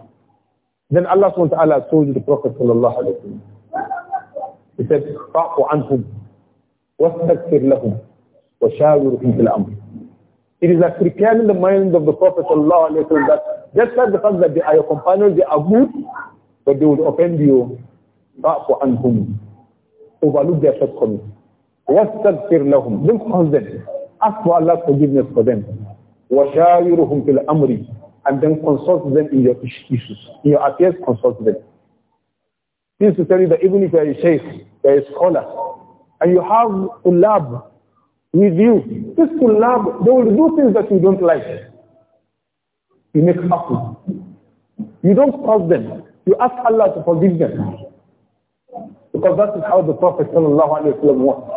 Speaker 2: Then Allah subhanahu wa ta'ala told the Prophet sallallahu He said, فَعْفُ عَنْهُمْ وَاسْتَكْفِرْ لَهُمْ وَشَاوِرُهُمْ فِي الْأَمْرِ It is like preparing the mind of the Prophet sallallahu alayhi wa sallam that despite the fact that they are your companions, they are good, but they will offend you. فَعْفُ عَنْهُمْ Overlook their shortcomings. وَاسْتَغْفِرْ لَهُمْ cause them. Ask for Allah's forgiveness for them. فِي الْأَمْرِ And then consult them in your issues. In your affairs, consult them. This is to tell you that even if you are a sheikh, you are a scholar, and you have ulab with you, this ulab, they will do things that you don't like. You make happen. You don't cause them. You ask Allah to forgive them. Because that is how the Prophet ﷺ was.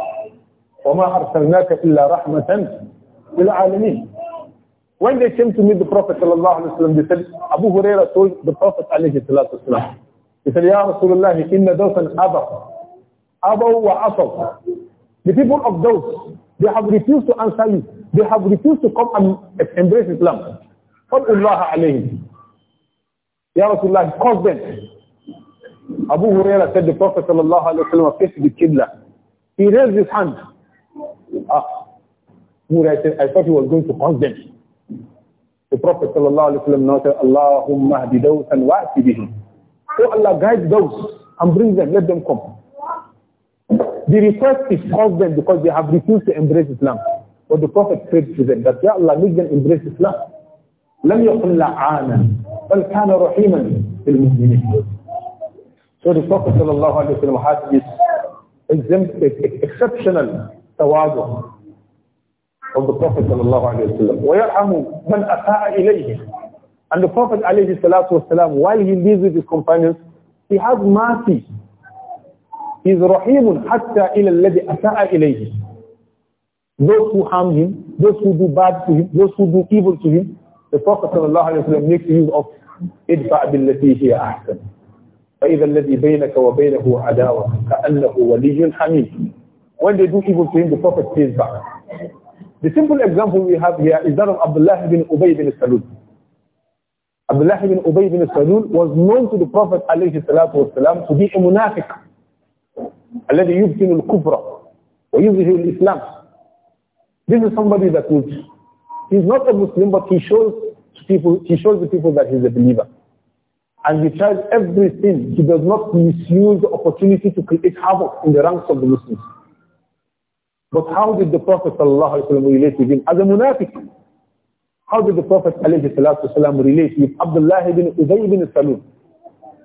Speaker 2: وما أرسلناك إلا رحمة للعالمين. When they came to meet the Prophet صلى الله عليه وسلم they said, Abu Huraira told the Prophet عليه الصلاة والسلام he said, Ya Rasulullah, inna dawsan abaw, abaw wa asaw. The people of those, they have refused to answer you. They have refused to come and embrace Islam. Fadullah alayhim. Ya Rasulullah, cause them. Abu Huraira said the Prophet صلى الله عليه وسلم faced the Qibla. He raised his hand Ah. Mura said, I thought he was going to hug them. The Prophet sallallahu alayhi wa said, Allahumma hadi those and wa'ati bihim. So Allah guide those and bring them, let them come. The request is caused them because they have refused to embrace Islam. But the Prophet said to them that, Ya Allah, make them embrace Islam. لم يكن لعانا بل كان رحيما بالمؤمنين. So the Prophet sallallahu alayhi wa sallam had this exempt, exceptional تواضع عند الصحابه صلى الله عليه وسلم ويرحم من اساء اليه and the prophet عليه الصلاه والسلام while he lives with his companions he has mercy he is rahim حتى الى الذي اساء اليه those who harm him those who do bad to him those who do evil to him the prophet صلى الله عليه وسلم makes use of ادفع بالتي هي احسن فاذا الذي بينك وبينه عداوه كانه ولي حميد When they do evil to him, the Prophet pays back. The simple example we have here is that of Abdullah ibn Ubay ibn Salul. Abdullah ibn Ubay ibn Salul was known to the Prophet والسلام, to be a munafiq. الذي يبتن الكفر ويظهر الإسلام. This is somebody that would, he's not a Muslim but he shows people, he shows the people that he's a believer. And he tries everything. He does not misuse the opportunity to create havoc in the ranks of the Muslims. But how did the Prophet ﷺ relate with him as a munafiq? How did the Prophet ﷺ relate with Abdullah ibn Ubay ibn Salul?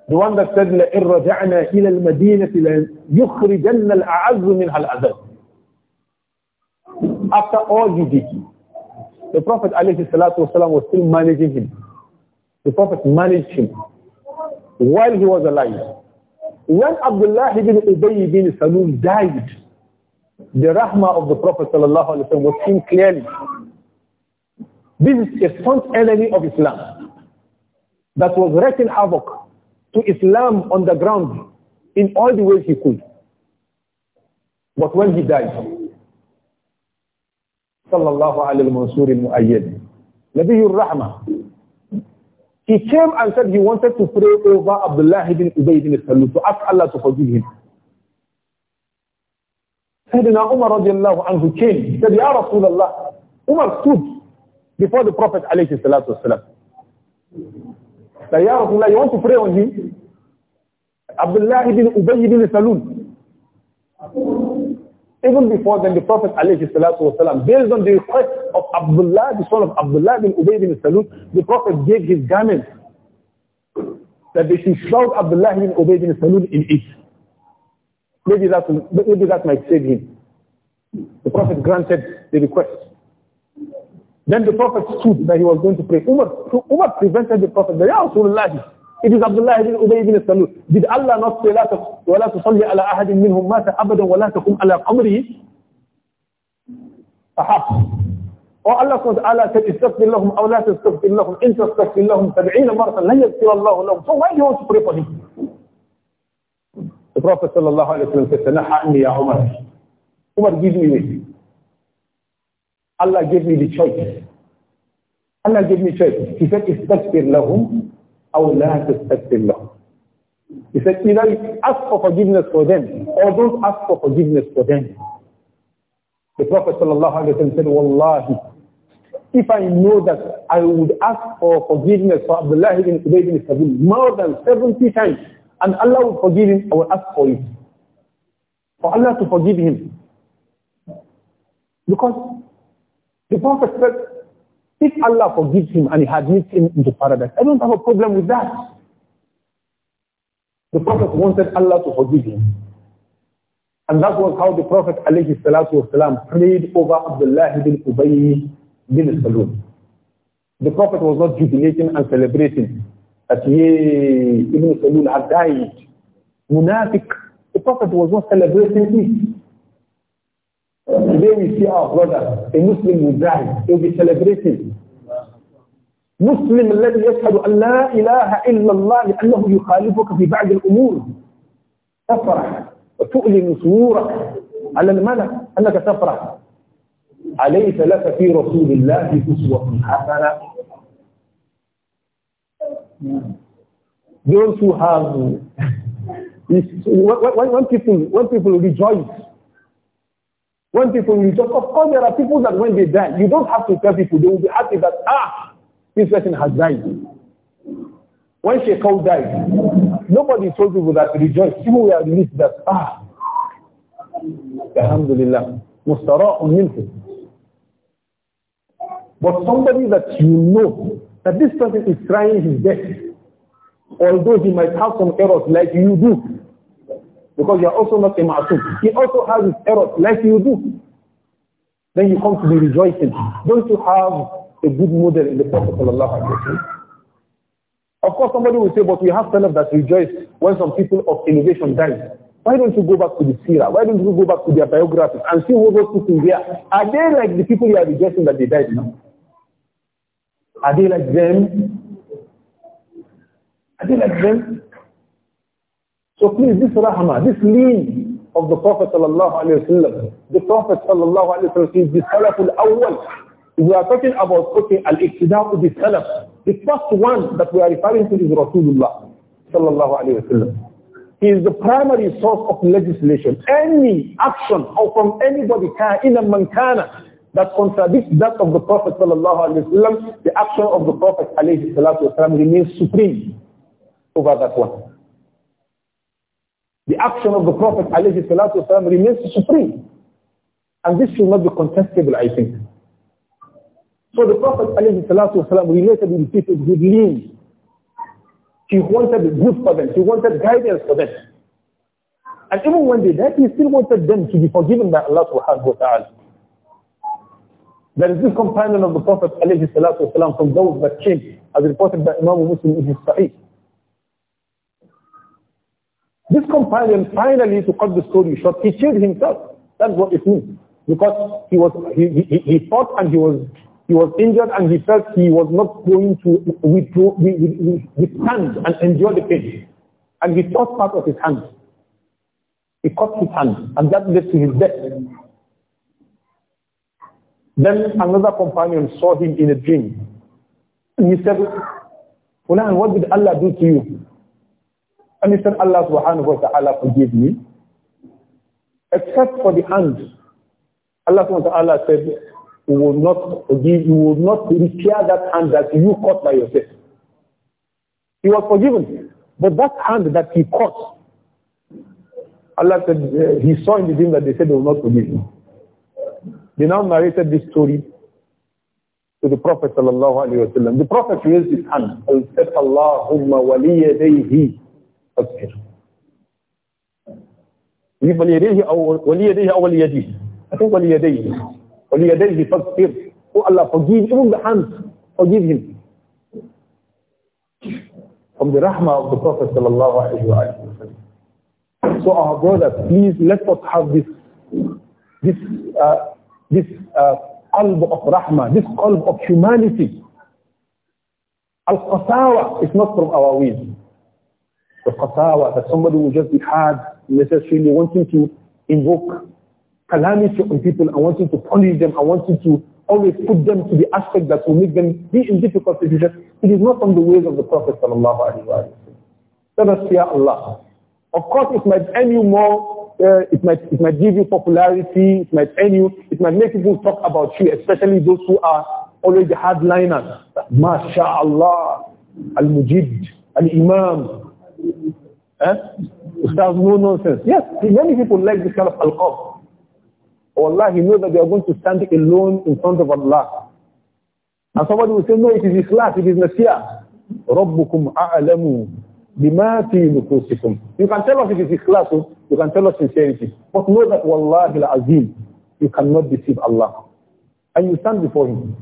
Speaker 2: The one that said, لَإِنْ رَجَعْنَا إِلَى الْمَدِينَةِ لَيُخْرِجَنَّ الْأَعَزُّ مِنْهَا الْأَذَلُ After all you did, the Prophet ﷺ was still managing him. The Prophet managed him while he was alive. When Abdullah ibn Ubay ibn Salul died, the rahmah of the Prophet ﷺ was seen clearly. This is a front enemy of Islam that was wreaking havoc to Islam on the ground in all the ways he could. But when he died, sallallahu alayhi wa sallam, Nabiyur Rahma, he came and said he wanted to pray over Abdullah ibn Ubay ibn Salul to ask Allah to forgive him. Sayyidina Umar الله عنه came. He said, رسول الله Umar stood before the Prophet alayhi salatu wasalam. That, Ya Rasulullah, you want to pray on him? Abdullah ibn Ubay ibn Salul. Even before then, the Prophet alayhi salatu wasalam, based on the request of Abdullah, the son of Abdullah ibn Ubay ibn Salul, the Prophet gave his garment that they should shroud Abdullah ibn Ubay ibn Salul in it. Maybe that, maybe that might save him. The Prophet granted the request. Then the Prophet stood that he was going to pray. Umar, Umar prevented the Prophet. Ya Rasulullah, it is Abdullah ibn Ubay ibn Salul. Did Allah not say, وَلَا تُصَلِّ عَلَىٰ أَحَدٍ مِّنْهُمْ مَاتَ Allah وَلَا تَقُمْ ala qamri? Aha. Or Allah SWT said, استغفر لهم أو لا تستغفر لهم إن تستغفر لهم سبعين مرة لن يغفر So why do you want to pray for him? The Prophet sallallahu alayhi wa sallam said, Tanahani ya Umar. Umar, give me this. Allah gave me the choice. Allah gave me choice. He said, Istakfir lahum, aw la tastaghfir lahum. He said, either ask for forgiveness for them, or don't ask for forgiveness for them. The Prophet sallallahu alayhi wa sallam said, Wallahi, if I know that I would ask for forgiveness for Abdullah ibn Ubayd ibn Sabil more than 70 times, And Allah will forgive him, I will ask for it. For Allah to forgive him. Because the Prophet said, if Allah forgives him and he admits him into paradise, I don't have a problem with that. The Prophet wanted Allah to forgive him. And that was how the Prophet والسلام, prayed over Abdullah ibn Ubayy bin Salul. The Prophet was not jubilating and celebrating. أتيه ابن سلول عدايد منافق الطفل وزوان سلبرتين فيه Today we see our brother, a Muslim who died, he will الذي يشهد أن لا إله إلا الله لأنه يخالفك في بعض الأمور. تفرح وتؤلم سرورك على المنع أنك تفرح. أليس لك في رسول الله أسوة حسنة Those who have, when, when, people, when people rejoice, when people rejoice, of course there are people that when they die, you don't have to tell people, they will be happy that, ah, this person has died. When Shekau died, nobody told people that rejoice. People were relieved that, ah, Alhamdulillah, mustara'un minhu. But somebody that you know that this person is trying his best, although he might have some errors like you do, because you are also not a ma'asum. He also has his errors like you do. Then you come to be rejoicing. Don't you have a good model in the Prophet Of course, somebody will say, but we have salaf that rejoice when some people of innovation die. Why don't you go back to the Sira? Why don't you go back to their biographies and see who those people were? Are they like the people you are rejoicing that they died now? Are they like them? Are they like them? So please, this rahma, this lean of the Prophet sallallahu alayhi wasallam, the Prophet sallallahu alayhi wasallam is the salaful awwal. We are talking about, okay, al-iqtida'u bi salaf. The first one that we are referring to is Rasulullah sallallahu alayhi wasallam. He is the primary source of legislation. Any action or from anybody, كائنا من كان, that contradicts that of the Prophet ﷺ, the action of the Prophet ﷺ remains supreme over that one. The action of the Prophet ﷺ remains supreme. And this should not be contestable, I think. So the Prophet ﷺ related with people who lean. He wanted good for them. He wanted guidance for them. And even when they died, he still wanted them to be forgiven by Allah subhanahu wa ta'ala. There is this companion of the Prophet والسلام, from those that came, as reported by Imam Muslim in his Sahih. This companion, finally, to cut the story short, he killed himself. That's what it means. Because he was, he, he, he fought and he was, he was injured and he felt he was not going to withstand and endure the pain. And he cut part of his hand. He cut his hand and that led to his death. Then another companion saw him in a dream. And he said, Fulan, what did Allah do to you? And he said, Allah subhanahu wa ta'ala forgive me. Except for the hand. Allah subhanahu wa ta'ala said, 'You will not forgive, you will not repair that hand that you caught by yourself. He was forgiven. But that hand that he caught, Allah said, uh, he saw in the dream that they said they will not forgive him. They now narrated this story to the Prophet sallallahu alaihi wasallam. The Prophet raised his hand. Allahumma waliyadayhi asbir. Waliyadayhi or waliyadayhi or waliyadayhi. I think waliyadayhi. Waliyadayhi fasbir. Oh Allah, forgive even the hands. Forgive him. From the rahmah of the Prophet sallallahu alaihi wasallam. So our brothers, please let us have this this uh, this uh, qalb of rahmah, this qalb of humanity. Al-qasawa is not from our ways. The qasawa, that somebody will just be hard, necessarily wanting to invoke calamity on people and wanting to punish them and wanting to always put them to the aspect that will make them be in difficult situations. It is not from the ways of the Prophet sallallahu alaihi wasallam. Let us fear Allah. Of course, it might end you more uh, it might it might give you popularity, it might earn you, it might make people talk about you, especially those who are already hardliners. MashaAllah, Al-Mujib, Al-Imam, eh? Ustaz, no nonsense. Yes, many people like this kind of alqab. Allah, he knows that they are going to stand alone in front of Allah. And somebody will say, no, it is Islam. it is Nasir. رَبُّكُمْ أَعْلَمُ بِمَا فِي نُفُوسِكُمْ You can tell us if it is Ikhlas, You can tell us sincerity. But know that Wallahi al-Azim, you cannot deceive Allah. And you stand before Him.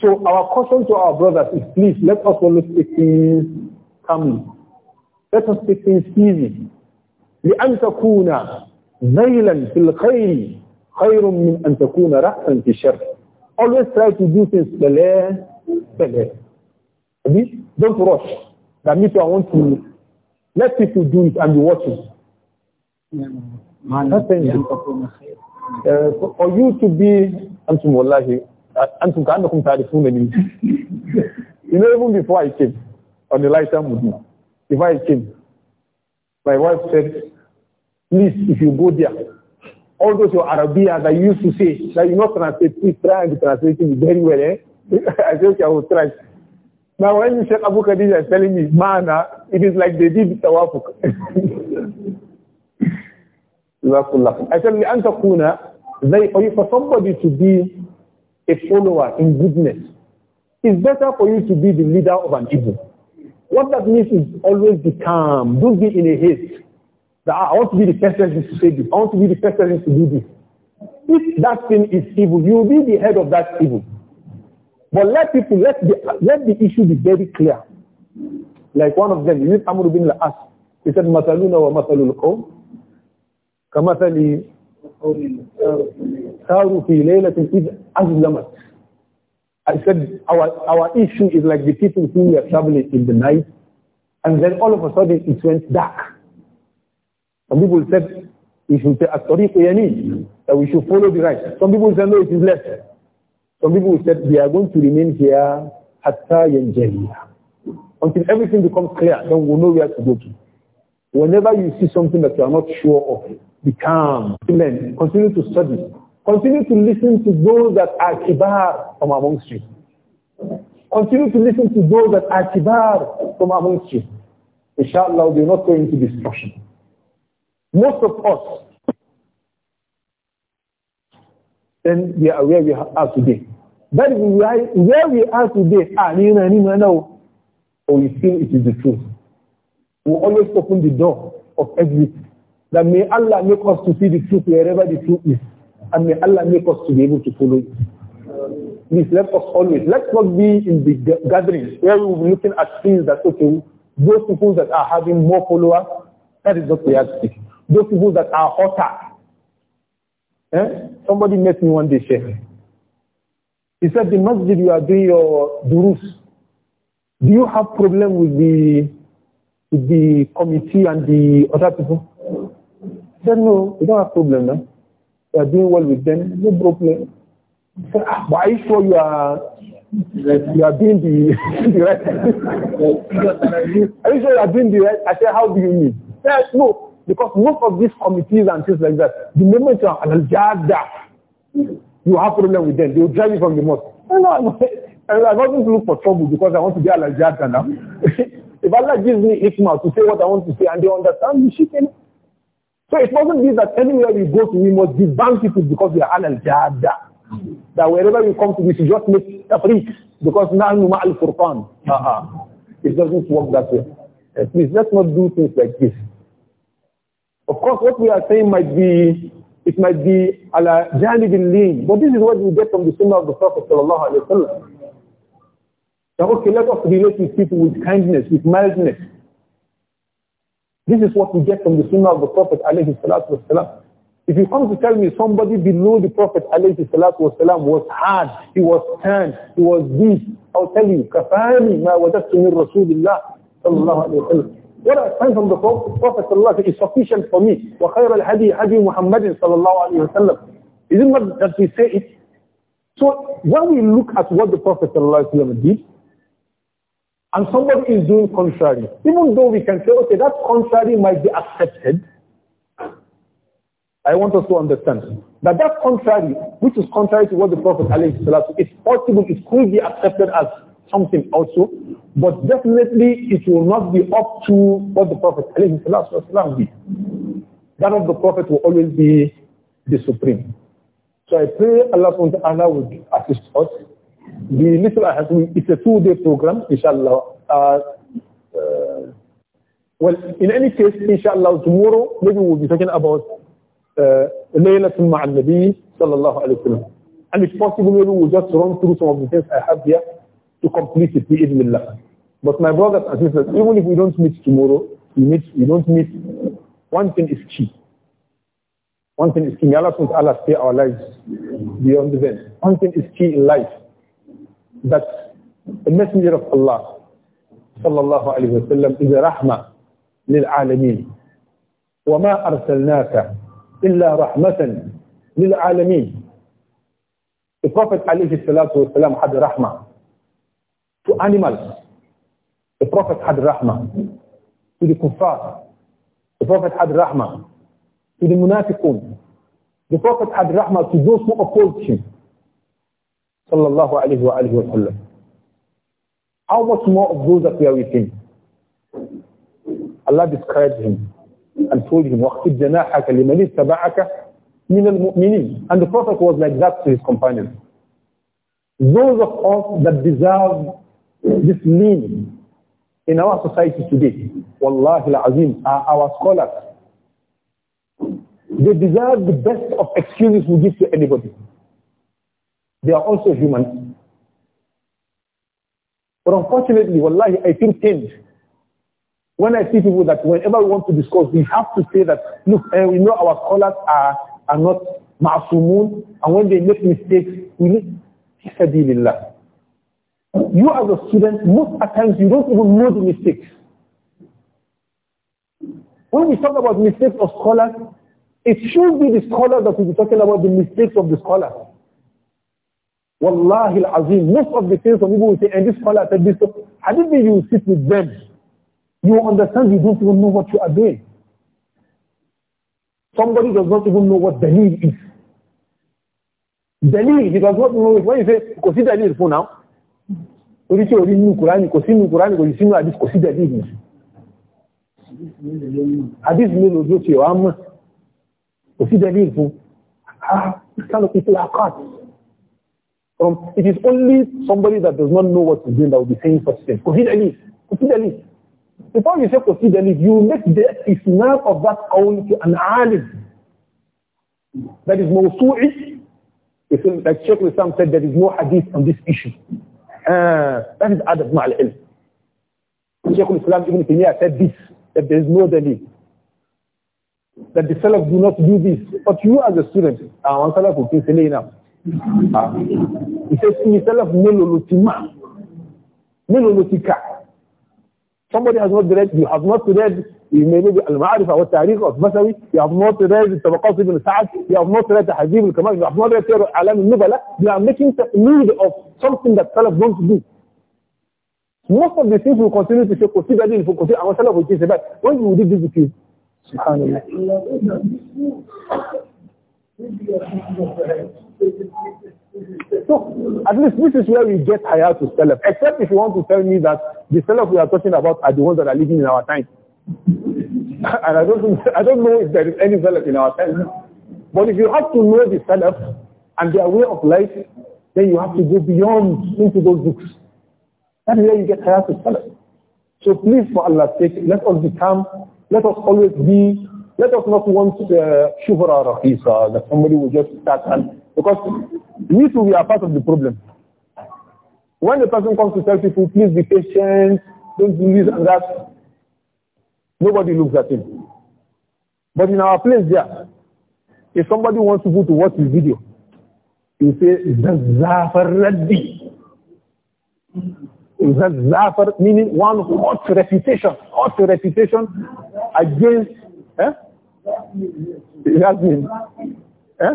Speaker 2: So our caution to our brothers is please let us always speak things calmly. Let us speak things easy. لأن تكون ذيلا في الخير خير من أن تكون رأسا في الشر. Always try to do things better, better. Don't rush. That means I want to let people do it and be watching. Uh, for you to be, Antum Wallahi, Antum Ka'andakum Ta'arifunani. You know, even before I came, on the lighter Mudna, if I came, my wife said, please, if you go there, all those your Arabia that you used to say, that you not translate, please try and translate it very well, eh? <laughs> I said, okay, I will try. Now when Sheikh Abu Khadija is telling me, Mana, it is like they did Tawafuk. <laughs> I said, لأن تكون they, for, you, for somebody to be a follower in goodness, it's better for you to be the leader of an evil. What that means is always be calm. Don't be in a haste. That ah, I want to be the first person to say this. I want to be the first person to do this. If that thing is evil, you will be the head of that evil. But let people, let the, let the issue be very clear. Like one of them, you need Amr bin al-As. He said, مَثَلُونَ وَمَثَلُ الْقَوْمِ كمثل ساروا في ليلة إذ أظلمت I said our, our issue is like the people who were traveling in the night and then all of a sudden it went dark. Some people said we should say At-Tariq that we should follow the right. Some people said no, it is left. Some people said we are going to remain here Hatta Yanjaliya. Until everything becomes clear, then we'll know where to go to. Whenever you see something that you are not sure of, Be calm. Amen. Continue to study. Continue to listen to those that are kibar from amongst you. Continue to listen to those that are kibar from amongst you. Inshallah, we are not going to destruction. Most of us, then we are where we are today. That is where we are today. Ah, you know, you know, or we feel it is the truth. We always open the door of exit That may Allah make us to see the truth wherever the truth is. And may Allah make us to be able to follow it. Please let us always, let us be in the gatherings where we will be looking at things that, okay, those people that are having more followers, that is not realistic. Those people that are hotter. Eh? Somebody met me one day, Sheikh. He said, the masjid you are doing your durus, do you have problem with the, with the committee and the other people? Then no, you don't have problem now. You are doing well with them, no problem. Ah, but are you sure you are you are doing the, <laughs> the right Are you sure you are doing the right? I said, how do you mean? Yes, no, because most of these committees and things like that, the moment you are an you have problem with them. They will drive you from the mosque. No, I'm not going to look for trouble because I want to be al now. <laughs> if Allah gives me hikmah to say what I want to say and they understand, you should So it mustn't be that anywhere we go to, we must debunk people because we are al-jada. That wherever we come to, we should just make tafriq because nahnu ma'al furqan. Uh-huh. It doesn't work that way. Uh, please, let's not do things like this. Of course, what we are saying might be, it might be ala janib but this is what we get from the sunnah of the Prophet sallallahu alayhi wa sallam. okay, let us relate with people with kindness, with mildness. This is what we get from the sunnah of the Prophet alayhi salatu wasalam. If you come to tell me somebody below the Prophet alayhi salatu wasalam was hard, he was tanned, he was this, I'll tell you, kafani ma min Rasulillah sallallahu alayhi What I find from the Prophet, Prophet sallallahu is sufficient for me. Wa khayr al-hadi hadi Muhammadin sallallahu alayhi Is not that we say it? So when we look at what the Prophet sallallahu alayhi wasallam did, and somebody is doing contrary, even though we can say, okay, that contrary might be accepted, I want us to understand that that contrary, which is contrary to what the Prophet us, it's possible it could be accepted as something also, but definitely it will not be up to what the Prophet ﷺ did. That of the Prophet will always be the supreme. So I pray Allah will assist us the Nisr has been. It's a two-day program, inshallah. Uh, uh, well, in any case, inshallah, tomorrow maybe we'll be talking about uh, Laylatul uh, Ma'al Nabi, sallallahu alayhi wa And if possible, maybe we'll just run through some of the things I have here to complete it, bi'idhnillah. But my brothers and sisters, even if we don't meet tomorrow, we, meet, we don't meet, one thing is key. One thing is key. May Allah subhanahu wa ta'ala stay our lives beyond the One thing is key in life. بس the messenger الله صلى الله عليه وسلم إذا رحمة للعالمين وما أرسلناك إلا رحمة للعالمين The Prophet عليه الصلاة والسلام had rahmah to animals. The Prophet had rahma to the kuffar. The Prophet had rahma to the munafiqun. The Prophet had rahma to those who opposed him. sallallahu alayhi wa alayhi wa sallam. How much more of those that were with him? Allah described him and told him, جَنَاحَكَ مِنَ الْمُؤْمِنِينَ And the Prophet was like that to his companions. Those of us that deserve this meaning in our society today, wallahi al-azim, are our scholars. They deserve the best of excuses we give to anybody. They are also human, But unfortunately, wallahi, I think change. When I see people that whenever we want to discuss, we have to say that, look, uh, we know our scholars are, are not ma'asumun, and when they make mistakes, we need fisabilillah. You as a student, most at times you don't even know the mistakes. When we talk about mistakes of scholars, it should be the scholar that we be talking about the mistakes of the scholar. Wallahi al-Azim, most of the things some people will say, and this scholar said this, so hadith you sit with them, you understand you don't even know what you are doing. Somebody does not even know what Dalil is. Dalil, he does not know When you say, kò sí Dalil fún now, orí tí orí nínú Kùránì, kò sí nínú Kùránì, kò sí sínú hadith, kò sí Dalil. Hadith mélòó ló ti wá mọ̀, kò sí Dalil fún. Ah, this kind of people are Um, it is only somebody that does not know what he's doing that will be saying such things. Consider this. Consider this. Before you say consider this, you make the isnad of that only to an alim. That is mawsu'i. Like Sheikh Islam said, there is no hadith on this issue. Uh, that is adab ma'al ilm. Sheikh Islam Ibn Taymiyyah said this, that there is no dalil. That the Salaf do not do this. But you as a student, our Salaf will say now, ìṣesí sẹ́lẹ̀fù mélòó ló ti máa mélòó ló ti kà somebody has not read you have not read maybe al-ma'arifa wa tarikh of Masawi you have not read tabaqat ibn Sa'd you have not read tahzib al-kamal you have not read sir alam al-nubala you are making need of something that salaf don't do most of the things we continue to say kò sí bẹ́ẹ̀ ní kò sí àwọn salaf òjì ṣe báyìí when you did this with you subhanallah So at least this is where we get higher to sell up. Except if you want to tell me that the sellers we are talking about are the ones that are living in our time. <laughs> and I don't, I don't know if there is any salaf in our time. But if you have to know the sellers and their way of life, then you have to go beyond into those books. That is where you get higher to up. So please, for Allah's sake, let us become, let us always be, let us not want uh, shubra rafisa, that somebody will just start and Because we too, we are part of the problem. When the person comes to tell people, please be patient, don't do this and that, nobody looks at him. But in our place there, if somebody wants people to watch his video, he say, Zazafaradi. Zazafar meaning one hot reputation, hot reputation against, eh? Eh?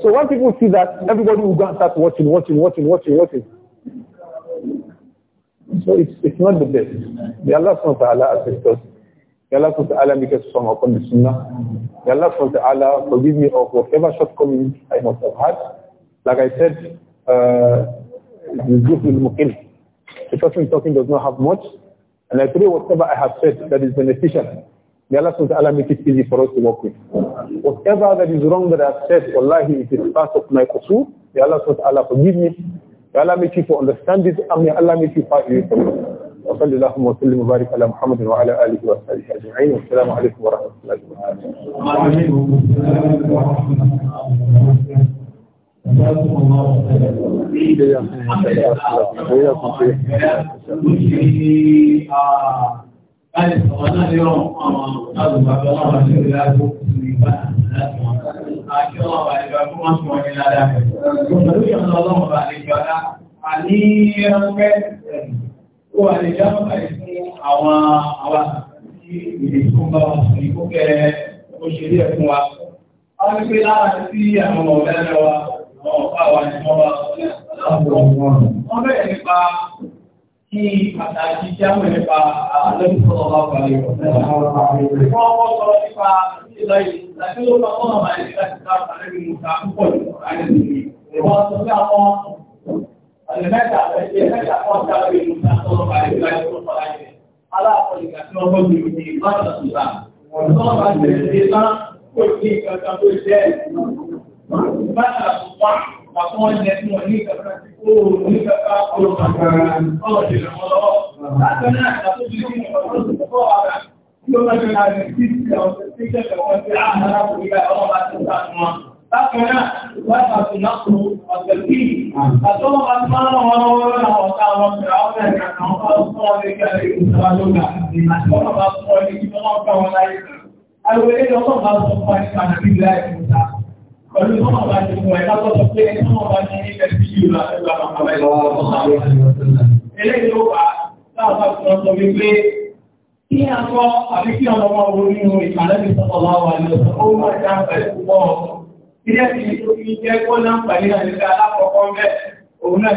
Speaker 2: so when people see that, everybody will go and start watching, watching, watching, watching, watching. So it's, it's not the best. The Allah subhanahu wa ta'ala Allah us. the Allah subhanahu wa ta'ala make us strong upon the sunnah. The Allah subhanahu wa ta'ala forgive me of whatever shortcomings I must have had. Like I said, uh, the group The person talking does not have much. And I pray whatever I have said that is beneficial, may Allah subhanahu make it easy for us to work with. Whatever that is wrong that I have said, wallahi, it is part of my qasur. May Allah subhanahu forgive me. May Allah make you to understand this, and may Allah make you far away it. وصلى اللهم وسلم وبارك على محمد وعلى اله وصحبه اجمعين والسلام عليكم ورحمه الله
Speaker 1: وبركاته.
Speaker 3: Àní ẹgbẹ́ ó wà lè dáhùn àìsí àwọn àwọn àti ìdìkúnbà ìkókẹ́ òṣèré ẹ̀kún wa. A ń pè lára sí àwọn ọ̀gá ẹ̀rọ Wọ́n bá wà ní ọba ọ̀rẹ́ nípa kí pàtàkì tí a mọ̀ nípa àlẹ́bùsọ̀rọ̀ bá parí ọ̀rẹ́. Wọ́n wọ́n sọ nípa ìlọ ìlàkí ló bá wọ́n máa ní láti bá parí nínú ká púpọ̀ jù láti ní. Wọ́n sọ pé àwọn àlẹ́mẹ́ta ẹgbẹ́ mẹ́ta kan jáde nínú ká sọ̀rọ̀ parí láti tó parí. Aláàpọ̀ ìgbà tí wọ́n gbọ́ mi ní ìbátan sùdà. Wọ́n sọ bára wá àwọn ilẹ̀ tí wọ́n ní ìkàkà ó ní ìkàkà olùkàkàrà ọ̀rọ̀ ìrànwọ́ lọ́wọ́. Látọ̀ náà àtàkùn ìlú ìkàkà ó ti kọ́ ara tí ó mẹ́rin láti sí ìkàkà tí ìkàkà tí a máa rà fún ìgbà ọmọ bá ti sá wọn. Látọ̀ náà wáyà àti náà ọ̀sẹ̀ tí àtọ́wọ́ bá ti máa ń wọ́n wọ́n àwọn ọ̀tá wọn fẹ̀rẹ̀ àwọn ọ̀tá ìkàkà wọn fọ́ fún ọ lẹ́gbẹ̀ẹ́ ìkàkà lọ́gbà àti wọ́n bá fún ọ pẹ̀lú tó máa bá ti mú ẹ̀ látọ́tọ́ pé ẹni tó máa bá ti ní ẹ̀sí yìí lọ ẹgbà máa bá ẹ̀rọ ọ̀rọ̀ sáré. Eléyìí ló wà láàbá tí wọ́n sọ wípé kí a sọ àbí kí ọmọ ọmọ wo nínú ìpàdébí sọ́tọ̀ láwà ní ọ̀sán ó máa já pẹ̀lú púpọ̀. Ilé ti ní tó fi jẹ́ kó láǹfààní àyíká alákọ̀ọ́kọ́ bẹ́ẹ̀ òun náà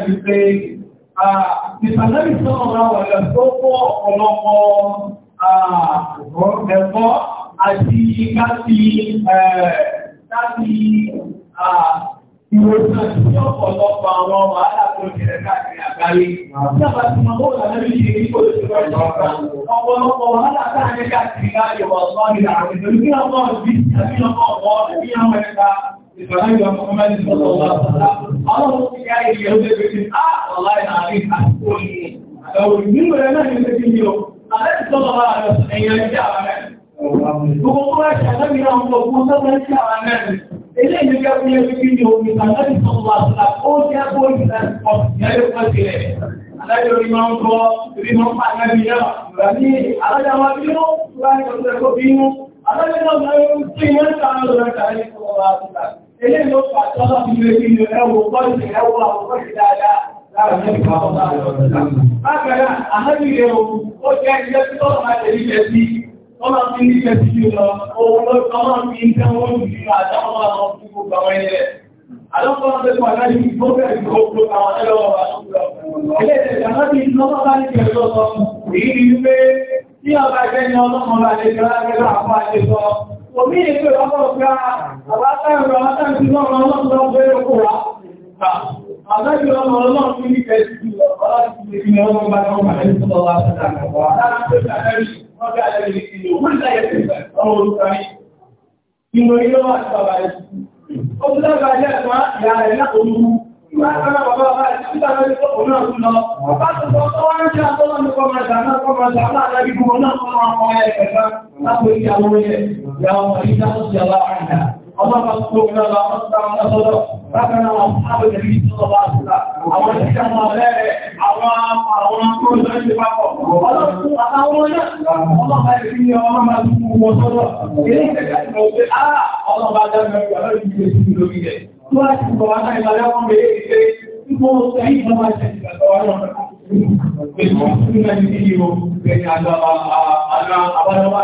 Speaker 3: ọ̀sán ó kó láti ìwòsàn tí ọ̀pọ̀lọpọ̀ àwọn ọmọ aláàbò ìṣẹ̀lẹ̀ káàkiri àgbáyé. Sábà tí mo bó wà lórí ṣe ní olùsọ̀rọ̀ ìjọba. Ọ̀pọ̀lọpọ̀ wàhálà káàkiri káàkiri láàyò ọ̀sán ní àwọn ìlú ní ọmọ ìbí tàbí ọmọ ọmọ ah, ní àwọn ẹ̀ka ìfọ̀lá ìwà Mọ́mọ́dé sọ̀rọ̀ ọ̀sán. Àwọn ọmọ ìyá ìyẹ̀ ó bẹ̀rẹ̀ sí àkọ̀lá ìrìn àti àkóyè. Àwọn ìgbìmọ̀ Gbogbo tó bá ṣe àtàbí náà ń gbogbo sọ́gbọ́n sí àwọn mẹ́rin. Ilé ìlú jẹ́ fún ẹgbẹ́ kí ni omi àtàbí sọ́gbọ́n àtàbí ó jẹ́ kó ìlànà ọ̀sìn ẹgbẹ́ fún ẹgbẹ́ rẹ̀. Adájọ́ orí máa ń kọ́ ibi máa ń pa àgbẹ̀bí náà. Ìgbà ní alájà wa bínú, ìgbà ní ọ̀sẹ̀ ẹ̀kọ́ bínú. Adájọ́ náà máa ń pín ní ẹ̀ka lọ́dọ̀ ẹ̀ka ní sọ́gbọ́n àtàbí. Ilé ìlú pàtàkì ọ̀sìn ẹgbẹ́ kí ni ẹwọ́ pọ́ìsì ẹwọ́ àwọn pọ́ìsì dáadáa lára mẹ́rin pàtàkì ọ̀sìn ẹgbẹ́. Bákan náà, àhájú ìrẹ̀ òun, ó jẹ́ ilé tí tọ́lọ̀ máa wọ́n máa fi ní ṣẹ́sí jù lọ, òun ló sọ máa fi ń tẹ́ wọ́n jù nígbà àdáwọn máa lọ fún gbogbo àwọn ilẹ̀. Àlọ́pọ̀ ọ̀sẹ̀ tó àdájú ìgbó bẹ̀rẹ̀ ìgbó gbogbo àwọn ẹlọ́wọ̀ bá tó lọ. Ilé ìjọba láti ìlọ́pọ̀ bá ní kẹ̀lú ọ̀sọ̀ èyí ni pé tí ọba ẹgbẹ́ ni ọlọ́mọ bá lè jọ lágbẹ́lá àwọn àṣẹsọ. Omi ètò ìlọ́pọ̀ gba àbátẹ́rọ àtàkì lọ́rọ̀ ọlọ́pọ̀ bẹ́rẹ̀ kó wa. Àdájú ọmọ ọlọ́run ní kẹ̀lú ọlọ́pọ̀ wọ́n bí alẹ́ mi ti lò wọ́n láyé ti fẹ́ ọmọ olùkọ́ mi. Ìmọ̀ ilé wà ní bàbá rẹ̀. Ó ti dábàá ilé ẹ̀sán ìyá rẹ̀ náà olúwu. Ìwà àkàrà bàbá bàbá rẹ̀ ti dábàá ilé ọkọ̀ náà tún lọ. Bàbá tó sọ tó wá ń اللهم اغفر لنا ما اخطانا صدر ربنا واصحاب النبي صلى الله عليه وسلم àwọn ìṣẹ́ ọmọ ọ̀lẹ́rẹ̀ àwọn àwọn tó ń lọ sí papọ̀ ọlọ́run àtàwọn náà ọlọ́run àti ìyẹn ọmọ máa ń fún wọn sọ́dọ̀ èyí kẹ̀kẹ́ tí mo gbé áà ọlọ́run bá dáná ìgbà lórí ìgbé sí lórí rẹ̀ tó wá sí bọ̀ wá náà ìgbàlẹ́ wọn bèèrè pé tí mo sọ yìí mo máa ṣe ìgbàgbọ́ wọn náà pé mo fún ẹni tí mo gbẹ̀yìn àgbà àbájọ́wà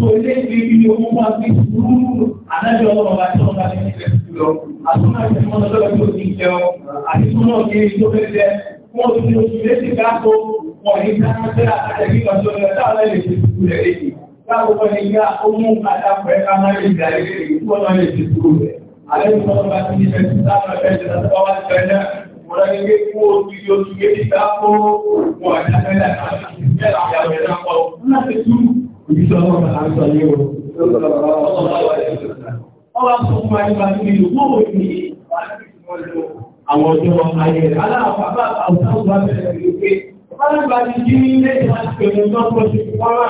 Speaker 3: tó ilé ìgbèbí ni owó máa fi sùúrù àdájọ́ ọlọ́run bá tí wọ́n bá ní ìfẹ́ sí lọ. Àtúnmọ̀ ìfẹ́ wọn lọ́dọ̀ tó ti jẹ ọ, àti tó náà kiri tó fẹ́ jẹ, wọ́n ti ní oṣù létí káàkó, wọ́n ní sáà sẹ́ra àtẹ̀bí lọ́jọ́ rẹ̀ táwọn lè fi sùúrù rẹ̀ léyìí. Láwọn ọmọ ni ya ọmú àdàpọ̀ ẹ̀ka máa lè gbà lé lè fún lè fi sùúrù Ìjọ́ ọmọ àṣà
Speaker 1: yóò. Ọba sọ fún ayé bá
Speaker 3: ní ìlú, wọ́n wọ́n ní àwọn ọjọ́ ayé rẹ̀. Aláàbà bá àwọn ọ̀sán bẹ̀rẹ̀ ìlú pé, Aláàbà ti jí ní ilé láti pẹ̀lú ọjọ́ pọ̀ sí Kwara.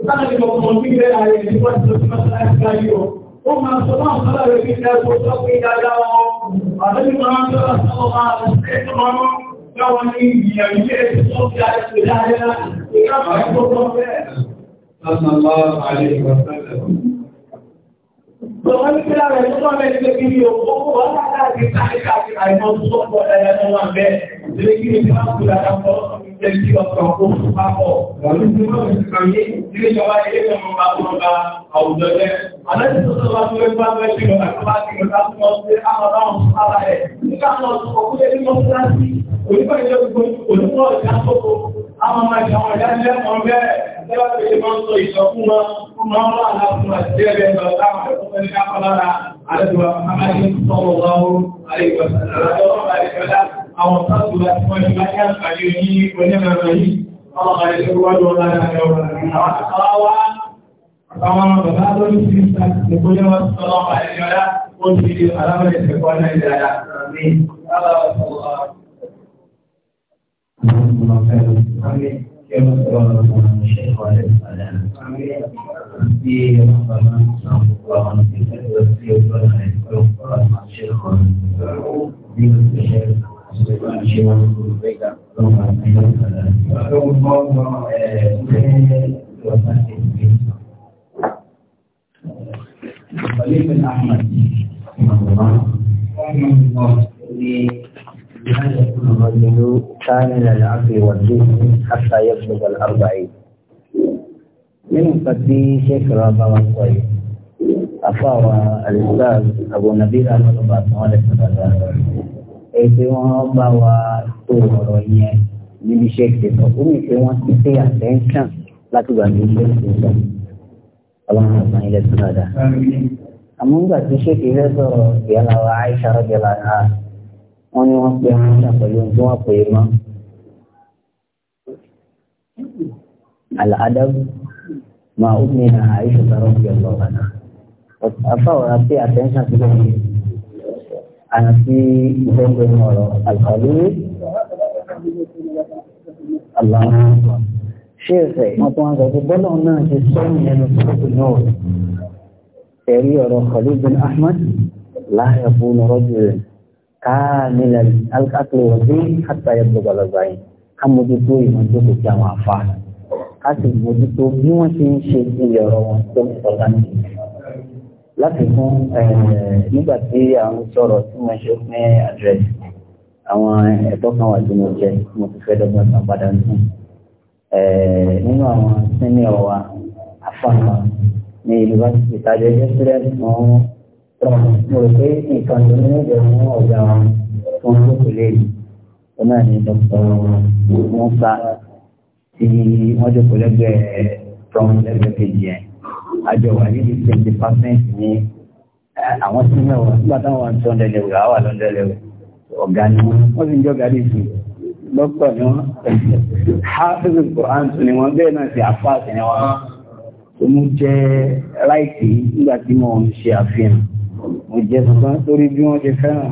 Speaker 3: Ìtàlẹ̀ ìmọ̀kùnmọ̀ sí ilé ayé rẹ̀ tí wọ́n ti sọ sí mọ́sálásí ayé o. Ó máa sọ máa ń sọ́lá rẹ̀ bí ẹgbẹ́ ọjọ́ pé dáadáa wọn.
Speaker 1: صلى الله عليه وسلم
Speaker 3: Tọ́wọ́n ní kílá rẹ̀ tó mọ́mẹ́ ilé kí ní òkú wọ́n láti káàkiri àti àìmọ́ tó sọ́pọ̀ ẹ̀yẹ tó wà bẹ́ ilé kí ní máa kú lára fọ́ ilé kí ọkọ̀ òkú pápọ̀. Wọ́n ní mọ́ ìsìnkàmí ilé ìjọba ilé ìjọba máa tó bá àwùjọ jẹ́. Àlẹ́sì tó sọ́pọ̀ tó lé bá bẹ́ kí lọ́nà tó bá kí lọ́nà tó mọ́ sí àwọn ọmọ sára ẹ̀. Nígbà náà, ọkùnrin ní mọ́ àwọn ọmọ ìjọ àwọn ìdájẹ́ kan bẹ́ẹ̀ lọ́wọ́ tó lè máa ń sọ ìṣọ̀kún wọn ó máa ń wà láàfún àti ẹgbẹ́ lọ láwọn ẹ̀kọ́ fẹ́ ní kápá lára àdúgbò amáyé sọ́wọ́ lọ́wọ́ àríkọ̀ọ́sán àwọn sáàtù láti wọ́n ní láyé àǹfààní oní onímọ̀ràn yìí àwọn àìṣẹ́wọ́dọ̀ ọlọ́dọ̀ àwọn àwọn bàbá tó ní sí ìpínlẹ̀ wọn sọ́lọ́ àìṣẹ́wọ́dá ó ti di aláwọ̀ ìṣẹ̀kọ́ náà
Speaker 1: ìdára Ahmad, Imam Allah, Imam Allah, الرجل كامل العقل والجسم حتى يبلغ الأربعين nínú nǹkan tí ṣèkìrọ bá wa sọ yìí àfàwà alistaz abu nabila lọlọba tí wọn lè sọdọ dáadáa èyí tí wọn bá wa tó ọ̀rọ̀ yẹn níbi ṣèkìrì sọ ó ní pé wọn ti pay attention láti gbà ní ṣèkìrì sọ Ọlọ́run ọsàn ilẹ tó dáadáa àmọ́ nígbà tí ṣèkìrì sọ̀rọ̀ ìyá làwọn Aisha rọjò làwọn wọ́n ní wọ́n pe àṣà pẹ̀lú tí wọ́n pè é mọ́. Al-adab máa ń mi nà àìsàn tọrọ bí ọ̀gbọ̀n kàná. Afáwọ̀ ra pé attention ti lóye àti ìfẹ́ǹgbẹ́ ọ̀rọ̀ àkàlù. Ṣé ẹ̀fẹ̀ wọ́n tún wá sọ pé bọ́lá náà ti sọ ìyẹn lọ sí náà? Ẹ̀rí ọ̀rọ̀ Khalid bin Ahmad láàyè fún ọ̀rọ̀ jùlọ kamilan al-aklu wasi hatta yablugha al-zain ká mójútó ìmọ̀jọ́ kò sí àwọn àfa ká sì mójútó bí wọ́n ṣe ń ṣe ilẹ̀ ọ̀rọ̀ wọn tó ń sọ láti láti fún eh, nígbà tí àwọn sọ̀rọ̀ tí wọ́n ṣe fún àdírẹ́sì àwọn ẹ̀tọ́ kan wà tí mo jẹ mo ti fẹ́ dọ́gbọ́n san padà nù eh, nínú àwọn sẹ́ni ọ̀wà afáàmà ní yunifásitì tàbí ẹgbẹ́ sílẹ̀ fún mo rò pé nǹkan tó ní ìjọ ní ọ̀gá tó ń lókè léyìí tó náà ní dr musa tí wọ́n jókòó lẹ́gbẹ̀ẹ́ from lẹ́gbẹ̀ẹ́ kejì yẹn àjọ wà níbi state department ní àwọn sínú ọ̀rọ̀ nígbà táwọn wà ní two hundred level àwọn àlọ́ hundred level ọ̀gá ni wọ́n wọ́n sì ń jọ́ gàdí sí ni wọ́n quran ni wọ́n bẹ́ẹ̀ náà ni wọ́n tó mú jẹ́ láìsí nígbà tí mo وجه سلطان تريد بيوم جفاء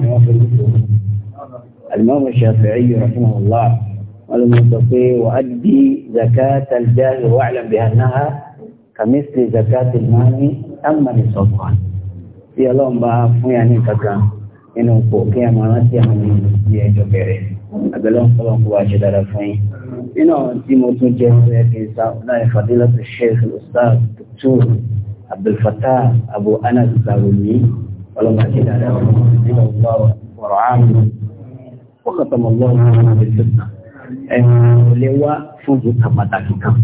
Speaker 1: الإمام الشافعي رحمه الله والمتقي وأدي زكاة الجاهل واعلم بأنها كمثل زكاة المال أما للسلطان في اللهم بقى يعني كذا inú kò kí a máa rántí àwọn ìlú ẹjọ́ bẹ̀rẹ̀ abẹ́lọ́n fọlọ́n kó wá ṣe dára fún yín nínú àwọn tí mo tún jẹ́ fún ẹ kí n sá láì fàdílà tó ṣe é fún ustaz tó Abdul abdulfatah abu anas sarumi kalau àti dáadáa nínú Allah ọ̀rọ̀ ààrùn wọ́kàtàmọ́ lọ́wọ́ ẹ̀rùn lè wá fún ìta pàtàkì kan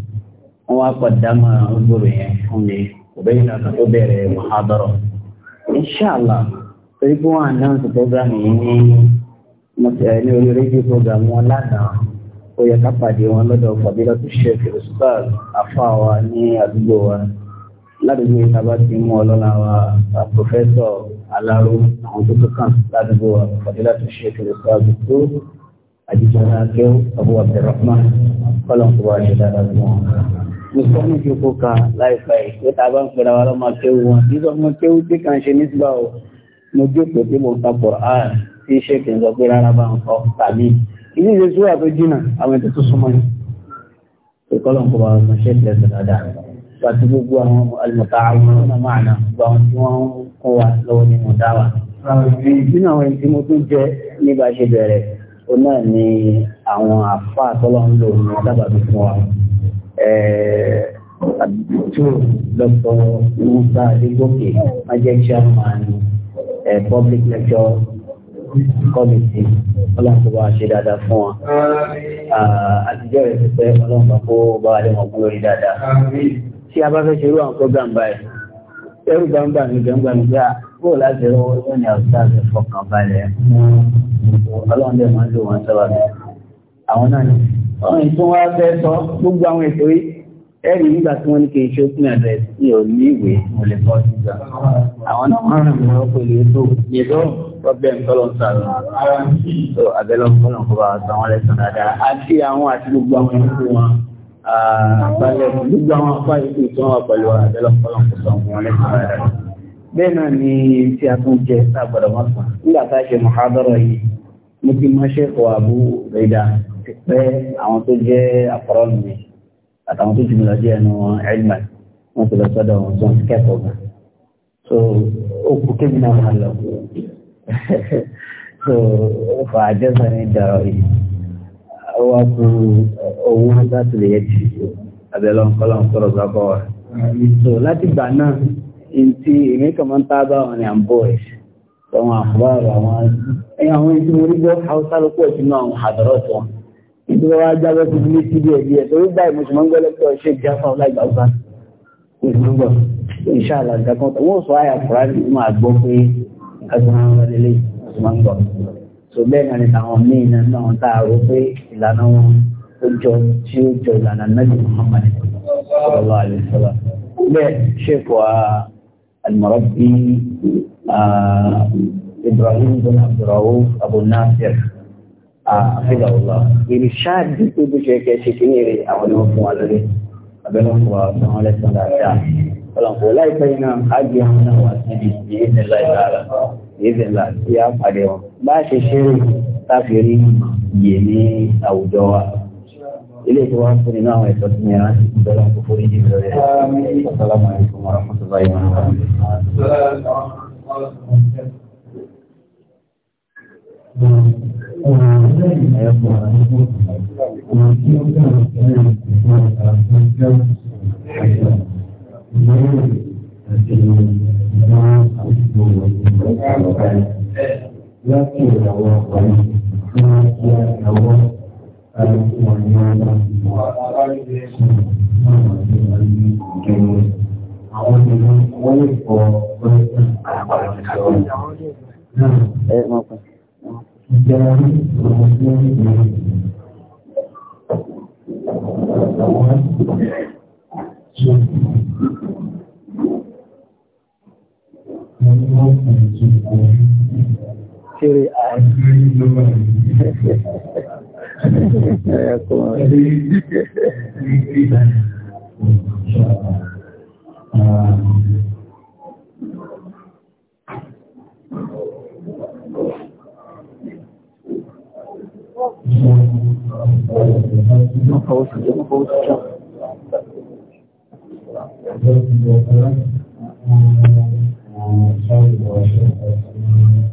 Speaker 1: wọ́n wá padà máa ń gbòòrò yẹn fún mi kò bẹ́ẹ̀ program ini. ní ní orí rédíò program wọn lánàá ó yẹ ká pàdé wọn lọ́dọ̀ fàbílọ́tù sheikh ustaz afáwa ní àdúgbò ládùúgbò ìtàbá ti mú ọlọ́lá wa pòfẹ́sọ̀ aláró àwọn tó kàn ládùúgbò àfọ̀dílà tó ṣe kiri sáàbù tó àjíjọra akẹ́wò abu abdulrahman kọ́lọ̀ kó wá ṣe dáadáa fún wọn. mo sọ ní ìjókòó kan láìpẹ́ yìí pé tá a bá ń pera wa lọ́mọ akéwù wọn kí sọ fún akéwù tí kàn ṣe ní síbà o mo jókòó tí mo ń ka quran tí ṣe kì í sọ pé rárá bá ń kọ tàbí ìdí ìṣesúwà tó jìnnà àwọn ètò tó súnmọ́ ni. ìkọlọ̀ kó wá àti gbogbo àwọn àlùmọ̀tà àwọn ọmọ màánà gbogbo àwọn tí wọ́n kọ́ wa lọ́wọ́ nínú dáwà. nínú àwọn èyí tí mo tún jẹ́ nígbà ṣe bẹ̀rẹ̀ ó náà ni àwọn àfa àtọ́lọ́ ń lò ní alábàbí fún wa. àdúgbò dr musa adégòkè májẹ́ public lecture committee ọlọ́run tó bá ṣe dáadáa fún wọn àtijọ́ rẹ̀ ti pẹ́ ọlọ́run bá kó bá wà lẹ́wọ̀n kú dáadáa tí a bá fẹ́ ṣerú àwọn program báyìí ẹrù gbangba mi gbangba mi gbà bóò láti rọ ọjọ́ ní àwùjọ àti fọkàn balẹ̀ ọlọ́run dẹ̀ máa ń lò wọ́n sábà mi àwọn náà ni ọ̀run ìtún wá fẹ́ sọ gbogbo àwọn ètò yìí ẹ̀rì nígbà tí wọ́n ní kí n ṣe open address ní òní ìwé mo lè kọ́ sí gbà àwọn náà wọ́n rìn mọ́ pẹ̀lú ètò ètò problem tọ́lọ̀ sàrò so àbẹ́lọ́ fọ́lọ́ kọ́ bá sọ wọn lẹ́sàn dáadáa àti àwọn àti gbogbo àwọn ètò wọn àbálẹ̀ gbogbo àwọn afá ìlú ìtàn wà pẹ̀lú àbẹ́lọ́pọ̀lọpọ̀ bẹ́ẹ̀ náà ni tí a tún jẹ sábàdà mọ́sán nígbà tá a ṣe mọ̀hádọ́rọ̀ yìí mo ti mọ́ ṣẹ́kọ̀ọ́ àbú rẹ̀dà ti pẹ́ àwọn tó jẹ́ àkọ́rọ́ mi àtàwọn tó jùmọ̀ lọ́jọ́ ẹnu ẹ̀lmà wọn ti lọ sọ́dọ̀ wọn tó ń kẹ́kọ̀ọ́ gan so ó kú kébì náà wà lọ <laughs> so ó fà á jẹ́ sọ́ni dọ̀rọ̀ yìí ó wá kú owó láti lè yẹ ti abẹ́lọ́ ńkọ́lọ́ ńkọ́lọ́ gbàgbọ́ wa. so láti gbà náà ntí èmi kàn máa ń tábà wọn ni à ń bọ̀ ẹ̀ àwọn àkùbárò àwọn ẹ̀yìn àwọn ẹni tí mo rí gbọ́ haúsá ló pọ̀ sínú àwọn àdọ̀rọ̀ tó wọn. ìdúró wa jábọ́ sí ilé sí díẹ̀ díẹ̀ torí báyìí mo sì máa ń gbọ́ lẹ́kọ̀ọ́ ṣe jáfà ọláìgbà ọba mo sì máa ń gbọ́ ìṣàlàjà kan tó wọ́n sọ àyà ní tó bẹ́ẹ̀ náà ni àwọn míì náà náà tá a rò pé ìlànà wọn ó jọ tí ó jọ ìlànà nàbì Muhammad sallallahu alaihi wasallam bẹ́ẹ̀ ṣèkọ al-Murabbi Ibrahim bin Abdurrauf Abu Nasir àfihànlá ìrìṣáàdì tó bó ṣe kẹ́ ṣe kí ní èrè àwọn ọmọ fún wa lórí abẹ́lẹ́ fún wa fún wọn lẹ́sàn dáadáa ọlọ́pọ̀ láìpẹ́ iná ágbé àwọn náà wà sí ibi ìyẹ́sẹ̀ láìlára ìyẹ́sẹ̀ láìlára tí a pàdé wọn basi ṣe kafiri káfíìrí au doa ile wa ni nao ya fún nínú àwọn ẹ̀tọ́ tí mi rántí ìjọba kò forí jì Thank you. yake yawa wani yake yawa Thank you tèrè ààrẹ. Não posso, eu não posso. Thank you.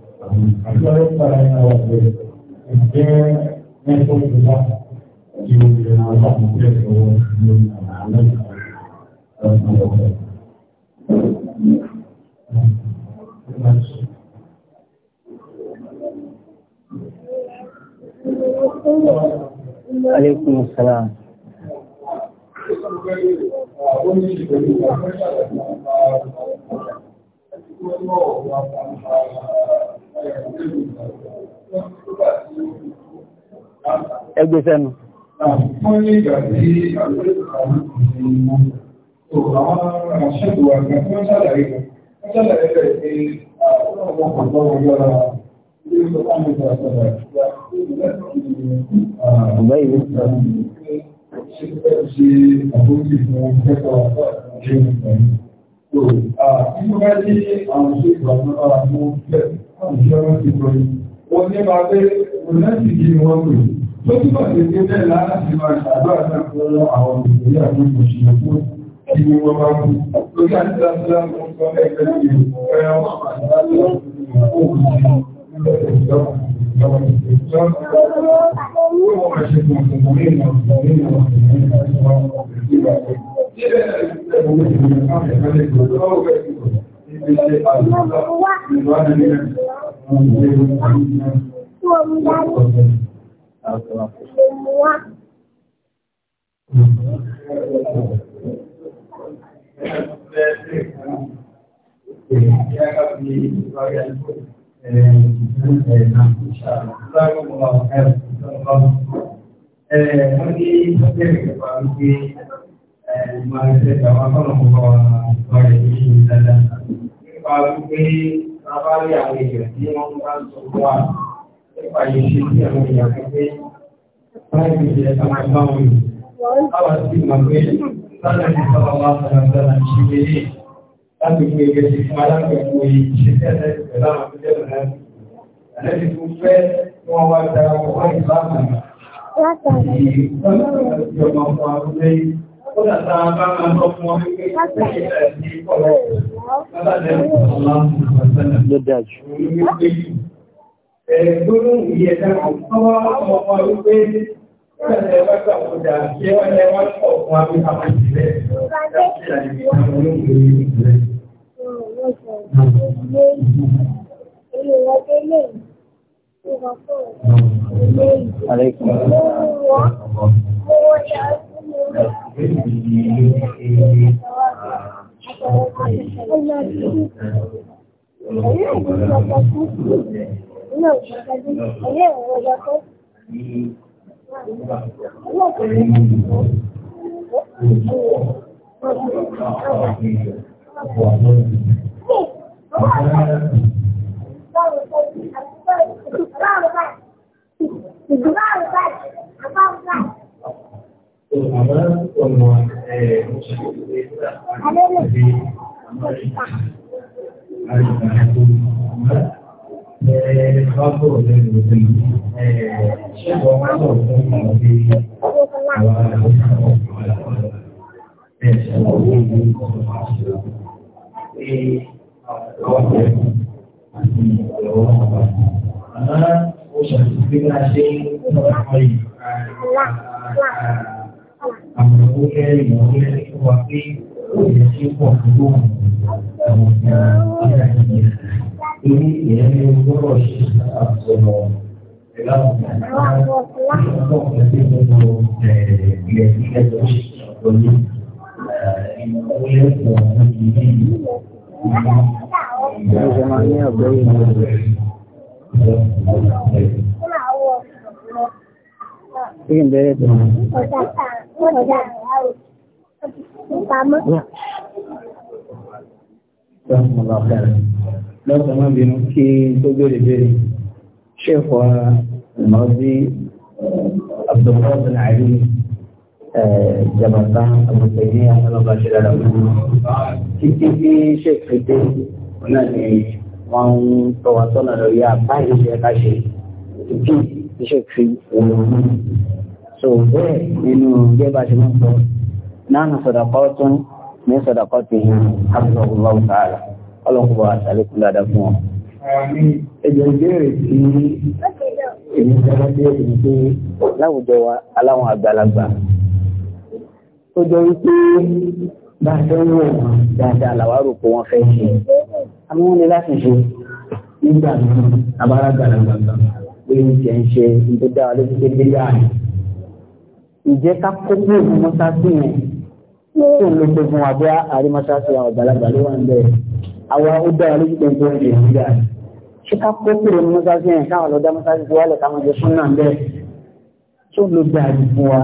Speaker 1: àti ọ̀rẹ́ sára ní àwọn ọ̀rẹ́ ẹgbẹ́ mẹ́tọ́ ìgbà tí ó lè máa bá àwọn ọ̀rẹ́ lọ́wọ́ ní àwọn ọ̀rẹ́ Aleykum salaam. Thank you. Ẹgbẹ́
Speaker 2: sẹ́nu. Fún ní ìgbà tí àwọn ìgbàlú
Speaker 1: kò ní mú, tó àwọn aṣẹ́gbò àgbà tí wọ́n ṣàlàyé rẹ̀, wọ́n ṣàlàyé rẹ̀ pé àwọn ọmọ ọ̀pọ̀ ọ̀yọ́ra ilé ìjọba ní ìgbà àtàrà àti ìgbàlú ìgbàlú ìgbàlú ìgbàlú ìgbàlú ìgbàlú So, nínú bá tí àwọn ṣe ìgbàmọ́ra mú jẹ́ ìṣẹ́rán ti kọ́ yìí, wọ́n ní máa pé wọ́n láti kí wọ́n pè. Tó tí bá ti gbé láti máa ṣàdọ́ àtàkùn àwọn òṣèré àti òṣèré fún ìlú wọn bá kú. Lókè àti ìdásílá fún ọmọ ẹgbẹ́ ìlú ẹ̀rọ wọn máa ń bá lọ́wọ́ Thank you. Wọ́n ní ìjọba wípé gbogbo ẹgbẹ́ ìjọba tọ́nà kó bá wa sọ rẹ̀ ní ìlú àwọn èèyàn tí wọ́n ń bá sọ wà nípa yìí ṣe àwọn èèyàn pé báyìí ti jẹ́ máa bá wọn yìí. báwa sì mọ̀ pé sálẹ̀ ti sọ̀rọ̀ wá sọ̀rọ̀ sọ̀rọ̀ ṣe wéré láti gbé ẹgbẹ́ ti fún alákọ̀ọ́kọ́ yìí ṣe sí ẹ̀sẹ̀ pẹ̀lú àwọn tó jẹ́ bẹ̀rẹ̀ àlẹ́bí tó fẹ́ wọ́n wá darapọ̀ wọ́n ìbámu. Láti ọmọ ọmọ abúlé yìí ó dàtà bá máa lọ fún ọmọ ẹgbẹ́ ìṣẹ́ ní ọ̀rọ̀ lábàdẹ̀ Alaikum. Ìgbà
Speaker 3: àrùbá, àbá àrùbá.
Speaker 1: Àmọ́ ọ̀nà Àmọ́ ó ṣàtúnfẹ́ bá ṣe ń tọ́ra ọ̀yìn àbúrò lẹ́rìn ìyàwó lẹ́rìn fún wa pé ó yẹ kí pọ̀ fún lóhùn àwọn ọ̀gá ìlà ìyẹn torí ìyẹn ní gbọ́dọ̀ ṣe àtọ̀nà ìlànà ìlànà ìlẹ̀ ilẹ̀ ilẹ̀ tó ṣe lórí ìyàwó lẹ́rìn ọ̀hún ìdí Ìjọba máa ní ọ̀gbẹ́ ìlú rẹ̀. Kí n bẹ̀rẹ̀ tó. Ọ̀dà ta, ọ̀dà rẹ̀ á o. Pamọ́. Sọ́kùnrin ọ̀gá rẹ̀. Lọ́sọ̀ máa bínú kí tó béèrè béèrè. Ṣé ìfọ̀ ìmọ̀ọ́dí Abdulkadir bin Ali Jabata Abdulkadir ní àwọn ọlọ́ba ṣe dára fún mi. Títí tí ṣe kéde náà ni wọ́n ń tọwọ́ sọ́nà lórí àbáyé ṣe ká ṣe. Títí iṣẹ́ fi so bẹ́ẹ̀ nínú gẹ́bà ṣe mọ́ náà sọ̀dàkọ́ tún ní sọ̀dàkọ́ ti hàbùsọ̀gbọ̀n tààlà ọlọ́kùnbọ̀ àtàlékún dáadáa fún wọn. ẹjọ́ ìbéèrè tí èmi tẹ́lá dé èmi pé láwùjọ wa aláwọn àgbàlagbà tó jọ wípé bá a fẹ́ wọ̀ wọn dáadáa làwárò pé wọ́n fẹ́ ṣe àmì ni láti ṣe nígbà tí gbàlagbà pé ń jẹ ń ṣe ìdó dára lójú pé bí láàyè. ká kó kúrò fún mọ́sáàsì yẹn? Yóò ń lo gbogbo wa bí àrí mọ́sáàsì àwọn àgbàlagbà ló wà ń bẹ̀. Àwa ó dára lójú pé ń tó ń jẹ ń jà. Ṣé ká kó kúrò fún mọ́sáàsì yẹn káwọn lọ dá mọ́sáàsì tó wálẹ̀ káwọn jẹ fún náà ń bẹ̀? Tó ló gbà á fún wa?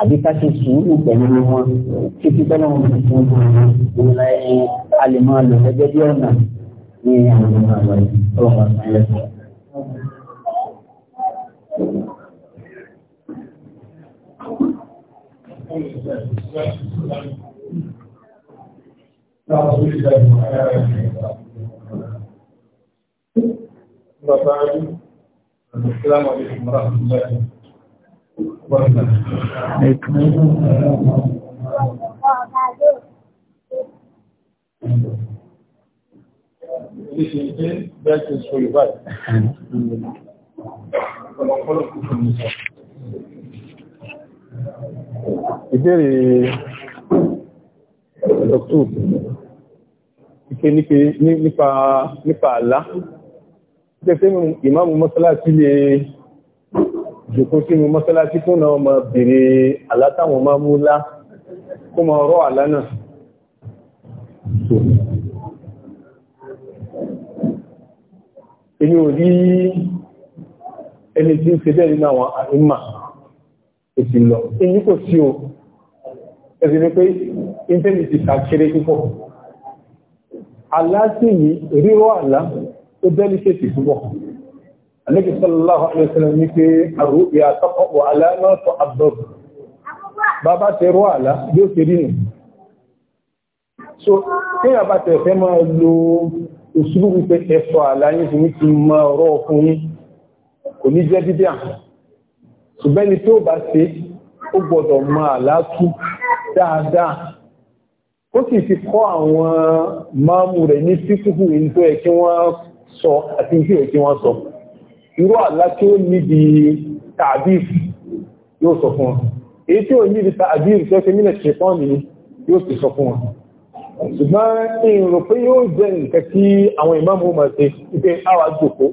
Speaker 1: Àbí ká ṣe sùúrù pẹ̀lú wọn? Títí tọ́lá wọn kò fún un. Ìlànà alẹ́ máa lò gẹ́gẹ́ bí ọ̀nà ní àwọn ọmọ àwọn ọmọ ọmọ السلام
Speaker 2: عليكم
Speaker 1: ورحمة الله وبركاته. عليكم السلام. Ìṣe ìṣe bẹ́ẹ̀ ti sọ ìbáyìí. Ọ̀pọ̀lọpọ̀ kò fún mi sọ
Speaker 2: ìbéèrè dr ike nípa nípa àlá jẹ́ pé ìmáàmù mọ́sálásí lè jùkú sínú mọ́sálásí tó náà ma bèèrè àlá táwọn máa mú lá kó ma rọ́ àlá náà èyí ò rí ẹni tí ń fi bẹ́ẹ̀ nínú àwọn àìmà òsì lọ èyí kò sí o ẹ̀sì ni pé ìntẹ́lì ti kàkiri púpọ̀ aláàtì yìí rírọ́ àlá ó bẹ́lì ṣètì púpọ̀ alẹ́kì sallallahu alaihi wasallam ní pé àrùn ìyàtọ́pọ̀ aláàmọ́tọ̀ àbọ̀bù a bá tẹ̀ fẹ́ máa lo òṣùlù wípé ẹ̀fọ́ àlá yìí fún mi ti máa rọ́ fún yín kò ní jẹ́ dídí àhàn ṣùgbọ́n ni tí ó bá ṣe ó gbọ́dọ̀ máa látú dáadáa ó sì ti kọ́ àwọn máàmù rẹ̀ ní fífúfú èyí tó yẹ kí wọ́n sọ àti tí yẹ kí wọ́n sọ irú àlá tí ó níbi tàbíf yóò sọ fún wọn èyí tí ó níbi tàbíf tó fi mílẹ̀ ṣe fọ́ọ̀nì yóò sì sọ fún wọn ṣùgbọ́n ìrò pé yóò jẹ́ nǹkan tí àwọn ìmáàmù máa ṣe ìpé àwà jòkó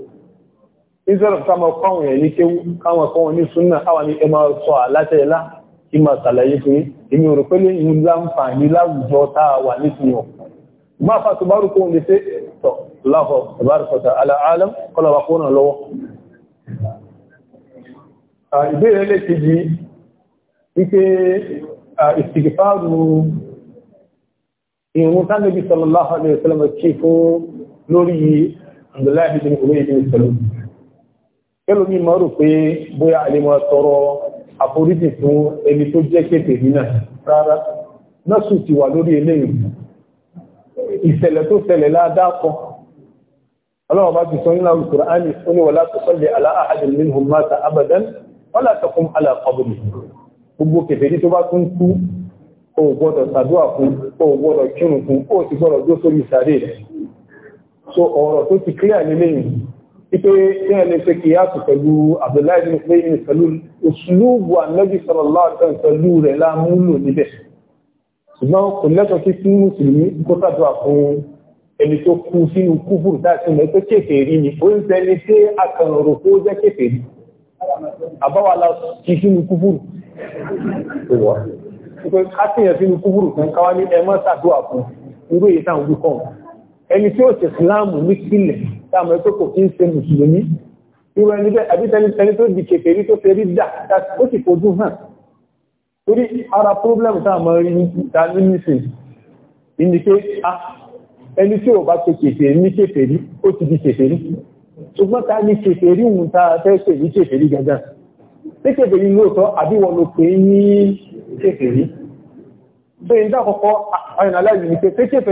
Speaker 2: instead of káwọn kọ́wọ̀n yẹn ní kéwú káwọn kọ́wọ̀n ní súnà àwọn ní ẹmà sọ àlátẹ́lá kí ma sàlàyé pé èmi rò pé lè yìí láǹfààní láwùjọ táà wà ní ti yàn má fà tó bá rú kóhun lè fẹ́ tọ̀ láhọ̀ ìbárùkọta aláàlám kọlọ̀wà kó ràn lọ́wọ́ ìbéèrè lè ti di wípé ìsìkìfáàrù ìrún tánàbí sallallahu alaihi wasallam kí fún lórí Abdullahi bin Umayy ẹlòmí máa rò pé bóyá a lè máa tọrọ àforíjì fún ẹni tó jẹ́ kéèkè nínà rárá nọ́ọ̀sù ti wà lórí eléyìí ìṣẹ̀lẹ̀ tó ṣẹlẹ̀ ládáàkọ́ ọlọ́wọ́ bá ti sọ nínú Al-Qur'ani ó ní wala tusalli ala ahadin minhum mata abadan wala ala qabrihi gbogbo kèfèrí tó bá tún kú o gbọ́dọ̀ ṣàdúrà fún o so ọ̀rọ̀ tó ti ipe yẹn lè ṣe kìyàtù pẹ̀lú abdullahi bin ubayyin pẹ̀lú òṣùlùbù ànábì sallallahu alaihi wasallam pẹ̀lú rẹ̀ láàmúlò níbẹ̀ ṣùgbọ́n kò lẹ́tọ̀ọ́ sí fún mùsùlùmí kó sàdúrà fún ẹni tó kú sínú kúfùrù dáṣẹ́ mẹ́ tó kéfèrí ni ó ń tẹ́ni tí a kàn rò kó jẹ́ kéfèrí àbáwá la kí sínú kúfùrù ìwọ̀ pé ká tìyàn sínú kúfùrù kan káwá ní ẹmọ́ sàdúrà fún irú èyí táwọn ojú kan ẹni tí ó ṣe ìsìláàmù ní sílẹ̀ táàmù ẹ̀kọ́ kò kí ń ṣe mùsùlùmí irú ẹni bẹ́ẹ̀ àbí tẹni tó di kèfèrí tó fẹ́ rí dà ó sì fojú hàn torí ara pọ́blẹ́mù táàmù rí ta ní nísìn ìní pé ẹni tí ò bá ṣe kèfèrí ní kèfèrí ó ti di kèfèrí ṣùgbọ́n ta ni kèfèrí òun ta fẹ́ ní kèfèrí gangan ní kèfèrí lóòótọ́ àbí wọn ló pè ní kèfèrí bẹ́ẹ̀ ní dákọ̀kọ́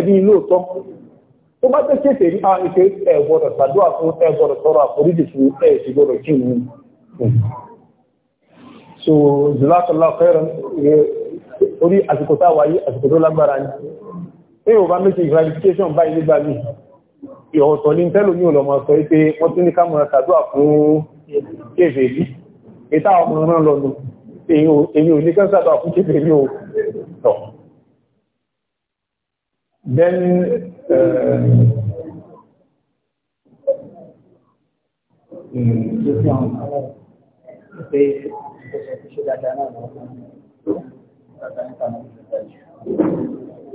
Speaker 2: tó bá tẹ́ kéfèé ní àwọn ìfẹ́ ẹ̀gbọ́dọ̀ ṣàdúrà fún ẹ̀gbọ́dọ̀ tọrọ àforíjì fún ẹ̀ṣìgbọ́dọ̀ kí ní so zulakola fẹ́ràn orí àsìkò táwà yí àsìkò tó lágbára ní ẹ̀yìn ò bá méjì gratification báyìí nígbà mí ìhọ̀tọ̀ ní tẹ́lò ní ọlọ́mọ sọ pé wọ́n tún ní ká mọ̀ ṣàdúrà fún kéfèé ní ìta ọmọ rán lọ́nu èyí ò ní kẹ́ ṣàdúrà fún kéfèé Then,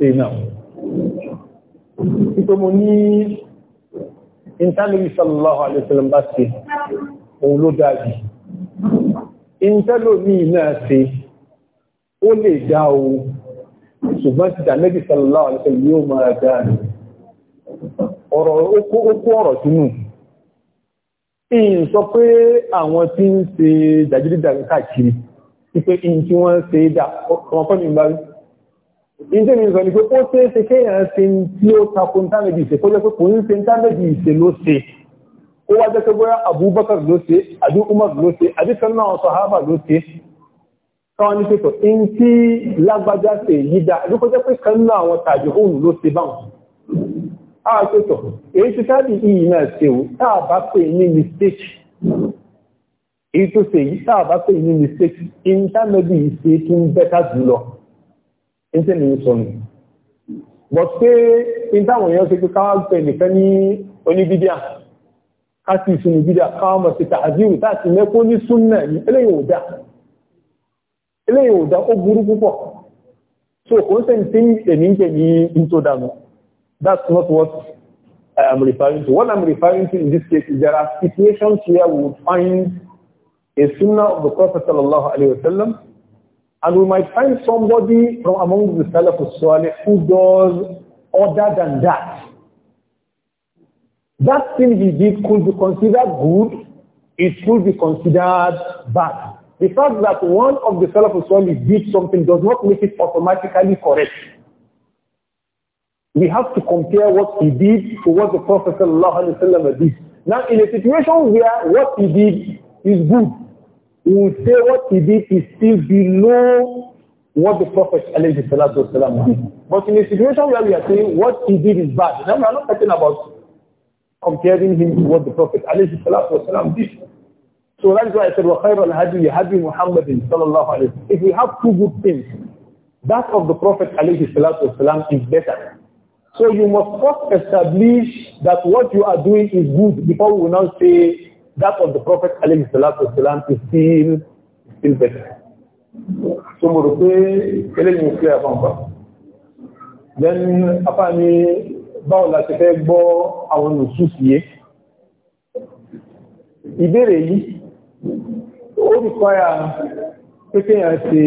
Speaker 2: Ìnà. Uh, Ìpé mo ní ìntánilì sallallahu alaihi wasallam bá ṣe, òun ló dájì. Ìntánilì náà ṣe, ó lè dá ohun ṣùgbọ́n ti dàmẹ́bì sallallahu alaihi wasallam yóò máa dáa ọ̀rọ̀ okó ọ̀rọ̀ sínú ìyìn sọ pé àwọn tí ń kachiri jàjídídà káàkiri in tí wọ́n ṣe dà in tí sọ ni pé ó ṣe ṣe kéèyàn ṣe tí ó takun tánàbì ìṣe se pé kò ń Abubakar ló ṣe Umar ló tọ́wọ́n ní pẹ́tọ̀ in tí lágbájá ṣe yídá lókó jẹ́ pé kan náà àwọn tàbí òun ló ṣe báwọn àwọn pẹ́tọ̀ èyí tí káàdì ìyí náà ṣe ò tàbá pé ní mistake èyí tó ṣe yí tàbá pé ní mistake in tánàbí ìṣe tó ń bẹ́ta jùlọ in tẹ́ lèyí sọ nù bọ̀ pé in táwọn èèyàn ṣe pé káwá pẹ̀ nìkan ní oníbídíà ká sì ìsúnú bídíà káwá mọ̀ sí tàbí ìwò táà sì mẹ́kó ní súnnà ní eléyìí ò eléyìí ò dá ó burú púpọ̀ so kò ń sẹ́ni tí èmi ń jẹ̀bi in tó dànù that's not what I am referring to what I'm referring to in this case is there are situations where we would find a sunnah of the Prophet sallallahu alayhi wa sallam and we might find somebody from among the Salaf al-Salih who does other than that that thing he did could be considered good, it could be considered bad. The fact that one of the Salaf Uswali did something does not make it automatically correct. We have to compare what he did to what the Prophet ﷺ did. Now, in a situation where what he did is good, we will say what he did is still below what the Prophet ﷺ did. But in a situation where we are saying what he did is bad, then we are not talking about comparing him to what the Prophet ﷺ did. So that's why I said, وَخَيْرَ الْهَدِي هَدِي مُحَمَّدٍ صلى الله عليه وسلم. If we have two good things, that of the Prophet alayhi salatu wasalam is better. So you must first establish that what you are doing is good before we now say that of the Prophet alayhi salatu wasalam is still, still better. So mo rò pé eléyìí ń clear fún Then apá ni báwo la ti fẹ́ gbọ́ àwọn nùsùsì yé. Ìbéèrè yìí
Speaker 3: ó rí kọ́yà
Speaker 2: pé kí èèyàn ṣe kí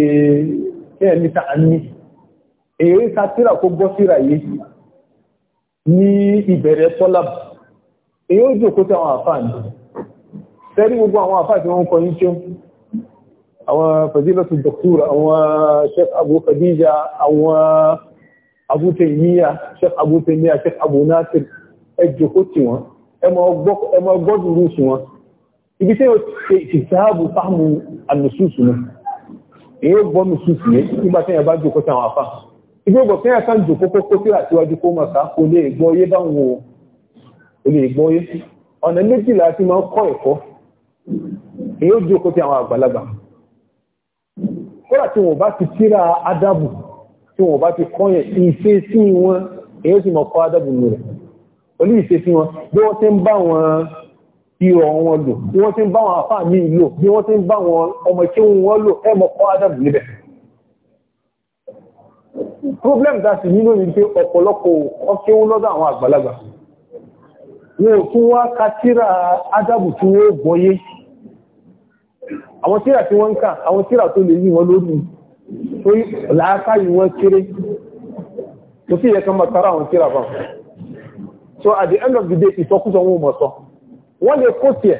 Speaker 2: èèyàn níta ní èrí sátírà kó gbọ́ síra yìí ní ìbẹ̀rẹ̀ tọ́lá èyí ó jòkó tí àwọn àfáà ní sẹ́rí gbogbo àwọn àfáà tí wọ́n kọ ní tí ó àwọn fàzílọ́tù dọ̀kúrà àwọn sheikh abu khadija àwọn abu taymiya sheikh abu taymiya sheikh abu nasir ẹ jòkó tí wọ́n ẹ mọ gbọ́dùrú sí wọn ibi tí ó ṣe ìṣẹ́hábù fáàmù àmìsùsù ní èyí ó gbọ́ mìsùsù yẹ nígbà tí ẹ̀yà bá jòkó tí àwọn afá ibi ó gbọ́ kí ẹ̀yà kan jòkó kókó tí àtiwájú kó màkà kó lè gbọ́ yé bá ń wo ó lè gbọ́ yé ọ̀nà méjìlá tí máa ń kọ́ ẹ̀kọ́ èyí ó jòkó tí àwọn àgbàlagbà kódà tí wọn bá ti tíra adábù tí wọn bá ti kọ́ yẹn ìṣe sí wọn èyí ó sì mọ̀ kọ́ adábù rẹ̀ olú ìṣe sí wọn bí wọ́n ti ń bá wọn kí wọn lò bí wọ́n ti ń bá wọn àfáà ní ìlò bí wọ́n ti ń bá wọn ọmọ kí wọ́n lò ẹmọ kọ́ adàbù níbẹ̀. problem ta sì nínú ní pé ọ̀pọ̀lọpọ̀ ọkéwú lọ́dọ̀ àwọn àgbàlagbà wọn ò tún wá ka tíra adàbù tí wọ́n gbọ́yé àwọn tíra tí wọ́n ń kà àwọn tíra tó lè yí wọn lórí torí kéré yẹ máa tara àwọn tíra so at the end of the day wọ́n lè kó tiẹ̀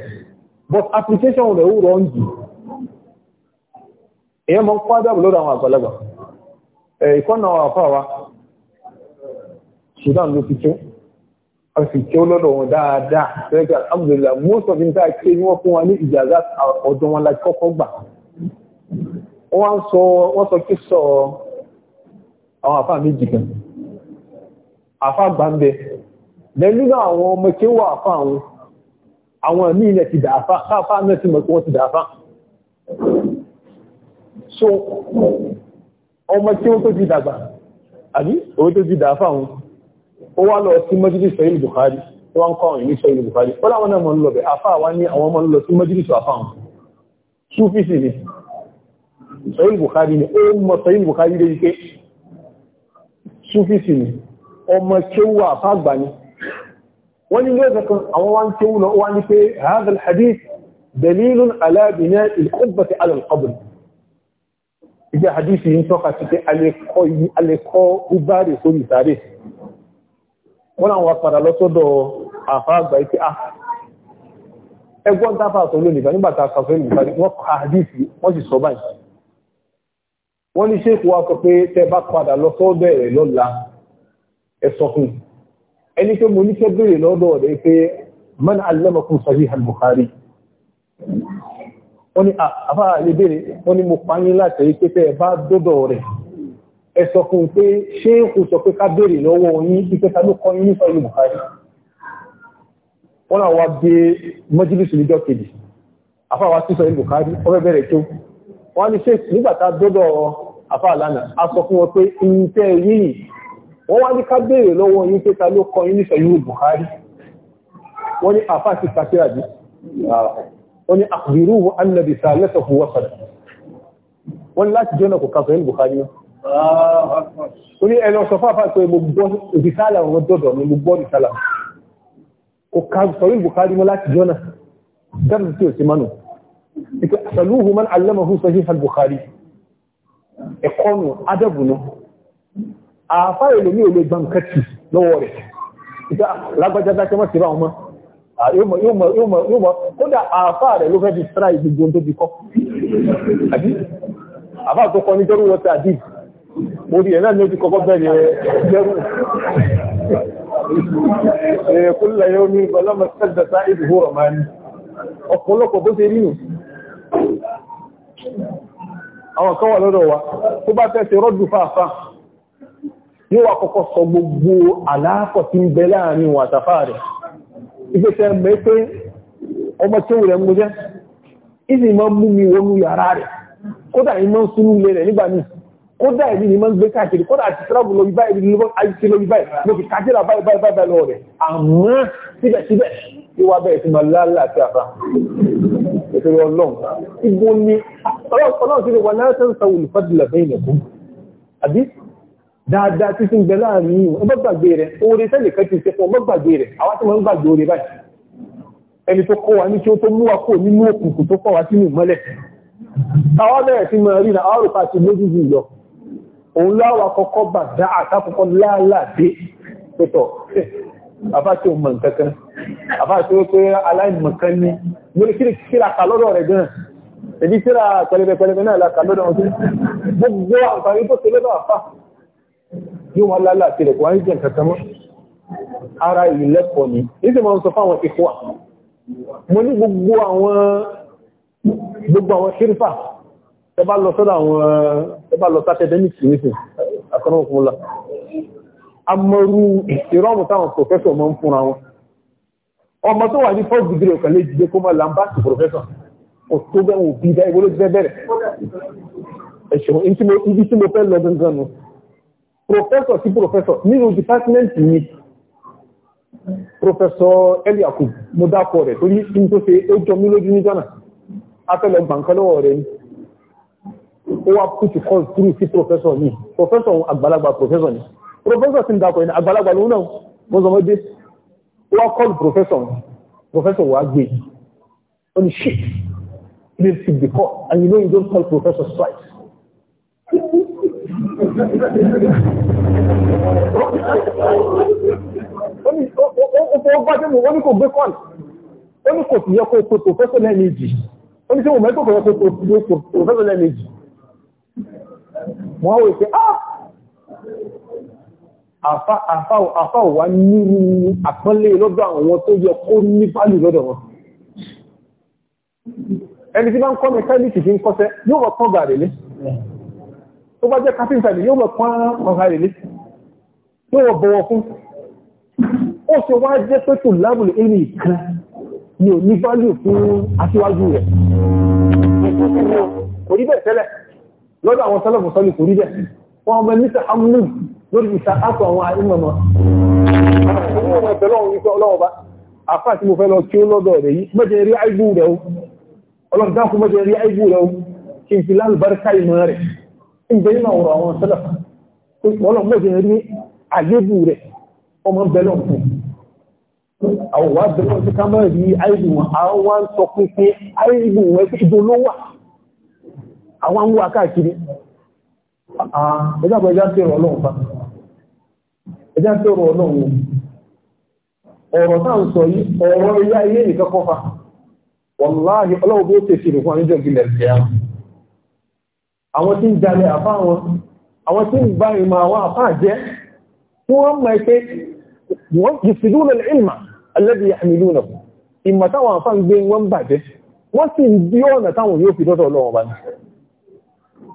Speaker 2: but application rẹ̀ ó rọ̀ ń jù èyàn mọ́ ń kọ́ ádábù lọ́dọ̀ àwọn àgbàlagbà ìkọ́nà àfáà wa Sudan ló ti tó a sì tí ó lọ́dọ̀ wọn dáadáa fẹ́gbẹ́ alhamdulillah most of them tá ké ní wọ́n fún wa ní ìjàzá ọ̀dọ̀ wọn láti kọ́kọ́ gbà wọ́n sọ wọ́n sọ kí sọ àwọn àfáà méjì kan àfáà gbà ń bẹ lẹ́nu náà àwọn ọmọ kí wọ́n àfáà wọn àwọn ẹ̀mí ilẹ̀ ti dàáfá káfá náà ti mọ̀ ti dàáfá so ọmọ tí ó tó ti dàgbà àbí òwe tó ti dàáfá wọn ó wá lọ sí mọ́jílì sọ́yìn Bukhari tó wá ń kọ́ ìní sọ́yìn Bukhari ó láwọn náà lọ bẹ̀ afá wá ní àwọn ọmọ lọ sí mọ́jílì sọ afá wọn súfìsì ni sọ́yìn Bukhari ni ó mọ sọ́yìn Bukhari lè yí pé súfìsì ni ọmọ kéwà afá àgbà ni wọ́n ní lọ́sẹ̀ kan àwọn wá ń tí ó lọ wá ní pé hadha al-hadith dalilun ala bina'i al-qubbati ala al-qabr ìgbé hadith yìí ń tọ́ka sí pé alẹ́kọ́ ubáre sórí ìsáré wọ́n láwọn wá padà lọ́sọ́dọ̀ àfáàgbà ìpé à ah, ẹgbọ́n táfà sọ lónìí nígbàtà kàfẹ́ ìgbàrí wọ́n kà hadith wọ́n sì sọ báyìí wọ́n ní ṣéèkù wá sọ pé tẹ́ bá padà lọ́sọ́dọ̀ rẹ̀ lọ́la ẹ̀sọ̀kùn ẹni pé mo ní fẹ́ bèèrè lọ́dọ̀ rẹ̀ pé man allamakum sahih al-bukhari wọ́n ni àfá lè bèèrè wọ́n ni mo pàáyí láti rí pé tẹ́ bá dọ́dọ̀ rẹ̀ ẹ sọ fún pé ṣé kò sọ pé ká bèèrè lọ́wọ́ yín ipẹ́ ta ló kọ́ yín ní sahih al wọ́n náà wá gbé mọ́jílùsù níjọ́ kejì àfá wa sí sahih al-bukhari bẹ̀rẹ̀ tó wọ́n ni ṣe nígbàtà dọ́dọ̀ àfá àlànà a sọ fún wọn pé ìyìn tẹ́ yìí wọ́n wá ní ká béèrè lọ́wọ́ yín pé ta ló kọ yín nífẹ̀ẹ́ yóò Buhari wọ́n ní àfá sí kàkíràdì wọ́n ní àkùrírù annabi sàálẹ́sọ̀ fún wọ́sọ̀rọ̀ wọ́n láti jọ́nà kò kàfẹ́ ní Buhari wọ́n ní ẹlọ sọ fáfá pé mo gbọ́ ìdísálà wọn dọ́dọ̀ ni mo gbọ́ ìdísálà àfá èlò ní olè gbà nǹkan tì lọ́wọ́ rẹ̀ ìgbà lágbàjá dákẹ́ mọ́ sí ra ọmọ kódà àfá rẹ̀ ló fẹ́ fi sára ìgbogbo tó ti kọ́ àfá tó kọ́ ní jẹ́rù wọ́ta àdì orí ẹ̀ náà ní ó ti kọ́kọ́ bẹ̀rẹ̀ jẹ́rù kúlẹ̀ yóò ní ọlọ́mọ sẹ́dẹ̀ta ìdìbò ọ̀mọ́ ni ọ̀pọ̀lọpọ̀ bó ṣe rí nù àwọn kan wà lọ́dọ̀ wa tó bá fẹ́ ṣe rọ́dù fáfáà yóò wà kọ́kọ́ sọ gbogbo aláàkọ̀ tí ń bẹ láàrin wà tàfà rẹ̀. Ìgbésẹ̀ mẹ́ pé ọmọ tí ó rẹ̀ mú jẹ́, ìsì máa mú mi wọnú yàrá rẹ̀, kódà ìmọ̀ súnú ilé rẹ̀ nígbà míì, kódà ìdí ni máa ń gbé káàkiri, kódà àti tíráàbù lọ ibá ìdí lọ ibá mo fi kájẹ́ra báyìí báyìí lọ rẹ̀, àmọ́ síbẹ̀síbẹ̀ yóò wá bẹ̀rẹ̀ sí máa lálà àti àbá. Ìṣòro ọlọ́run, ibo ni, ọlọ́run ti lè wà láti ń sa olùfọ́dìlẹ̀ bẹ́ẹ̀ dáadáa tí sí ń bẹ láàrin yìí ọmọ gbàgbé rẹ̀ oore tẹ́lẹ̀ kan ti ṣe fún ọmọ gbàgbé rẹ̀ àwọn tí wọ́n ń gbàgbé oore báyìí ẹni tó kọ́ wa ní kí ó tó mú wa kó nínú òkùnkùn tó kọ́ wa sínú ìmọ́lẹ̀ àwọn bẹ̀rẹ̀ sí máa rí eh, na náà la kà gbogbo àǹfààní tó ṣe lọ́dọ̀ àfà yóò wá lálàtí rẹ̀ kò wáyé jẹ́ kàtàmọ́ ara ìlẹ́pọ̀ ni ìsì ma ń sọ fáwọn ìfọ́ mo ní gbogbo àwọn gbogbo àwọn ṣírífà tẹbá lọ sọ́dọ̀ àwọn tẹbá lọ sátẹ́dẹ́mìsì nísìn àkọ́nàkùnlá amọ̀rú ìrọ́mù táwọn pòfẹ́sọ̀ mọ́ ń fúnra wọn ọmọ tó wà ní first degree ọ̀kan lè jẹ́ kó mọ́ lambasi professor ọ̀tọ́gbẹ̀wò bí i dá ìwọlójú bẹ́ẹ̀ bẹ̀rẹ̀ ẹ̀ṣọ́ ibi tí mo fẹ́ lọ gangan nù professor sí professor nínú department mi professor eliakub mo dákọ̀ rẹ̀ torí in tó ṣe ó jọ mí lójú ní ghana afẹ́lọ gbàǹkanlọ́wọ̀ rẹ̀ ni ó wá put call through sí professor mi professor àgbàlagbà professor ni professor sí dákọ̀ ẹni àgbàlagbà lóhun náà mo sọ mọ́dé ó wá call professor professor wà gbé ó ní shit please keep the call and you know you don't call professor twice ó bá jẹ́ mi ó ní kò gbé kọ́ọ̀lù ó ní kò sì yẹ kó tó pòfẹ́sọ̀ lẹ́ẹ̀mejì ó ní tí mo mẹ́tò kò yẹ kó tó pòfẹ́sọ̀ lẹ́ẹ̀mejì wọ́n wò pé ah! àfá ò wá nírú àpọ́nlé lọ́dọ̀ àwọn tó yẹ kó ní pálù lọ́dọ̀ wọn ẹni tí bá ń kọ́ mẹ́kánìkì fi ń kọ́ṣẹ́ yóò rọ̀ tán bàrẹ̀ lé tó bá jẹ́ káfíńtà ní yóò mọ̀ pán ọ̀há rẹ̀ lẹ́sì tí wọ́n bọ̀wọ̀ fún ó ṣe wá jẹ́ pé tó lábùlù eré ìkan ni ò ní válù fún aṣíwájú rẹ̀ kò rí bẹ́ẹ̀ tẹ́lẹ̀ lọ́dọ̀ àwọn sálọ̀fù sọ́lù kò rí bẹ́ẹ̀ wọ́n ọmọ mr hamlin lórí ìta àtọ̀ àwọn àìmọ̀mọ̀ àfá àti mo fẹ́ lọ kí ó lọ́dọ̀ rẹ̀ yìí mẹ́jẹ̀ rí àìbù rẹ̀ o ọlọ́run dákun mẹ́jẹ̀ rí àìbù rẹ̀ o kí n fi lálùbáríkà ìmọ̀ rẹ̀ ìgbẹ́ nínú ọ̀rọ̀ àwọn sẹ́lẹ̀ wọ́n mọ̀ sí rí àgbébù rẹ̀ ọmọ bẹ́lọ̀ fún àwọ̀wà bẹ́lọ̀ sí ká máa rí àìbù àwọn sọ pé pé àìbù rẹ̀ sí ìbò ló wà àwọn ń wà káàkiri ẹjá ẹjá tí ọ̀rọ̀ ọlọ́run bá ẹjá tí ọ̀rọ̀ ọlọ́run ọ̀rọ̀ táà ń sọ yìí ọ̀rọ̀ àwọn tí ń jalè àfá wọn àwọn tí ń bá ìmọ̀ àwọn àfá jẹ́ tí wọ́n mọ̀ pé wọ́n jù sí lúnà ìmà alẹ́bí àmìlú nà ìmọ̀ táwọn àfá ń gbé wọ́n bàjẹ́ wọ́n sì ń bí ọ̀nà táwọn yóò fi dọ́dọ̀ ọlọ́wọ́ bá ní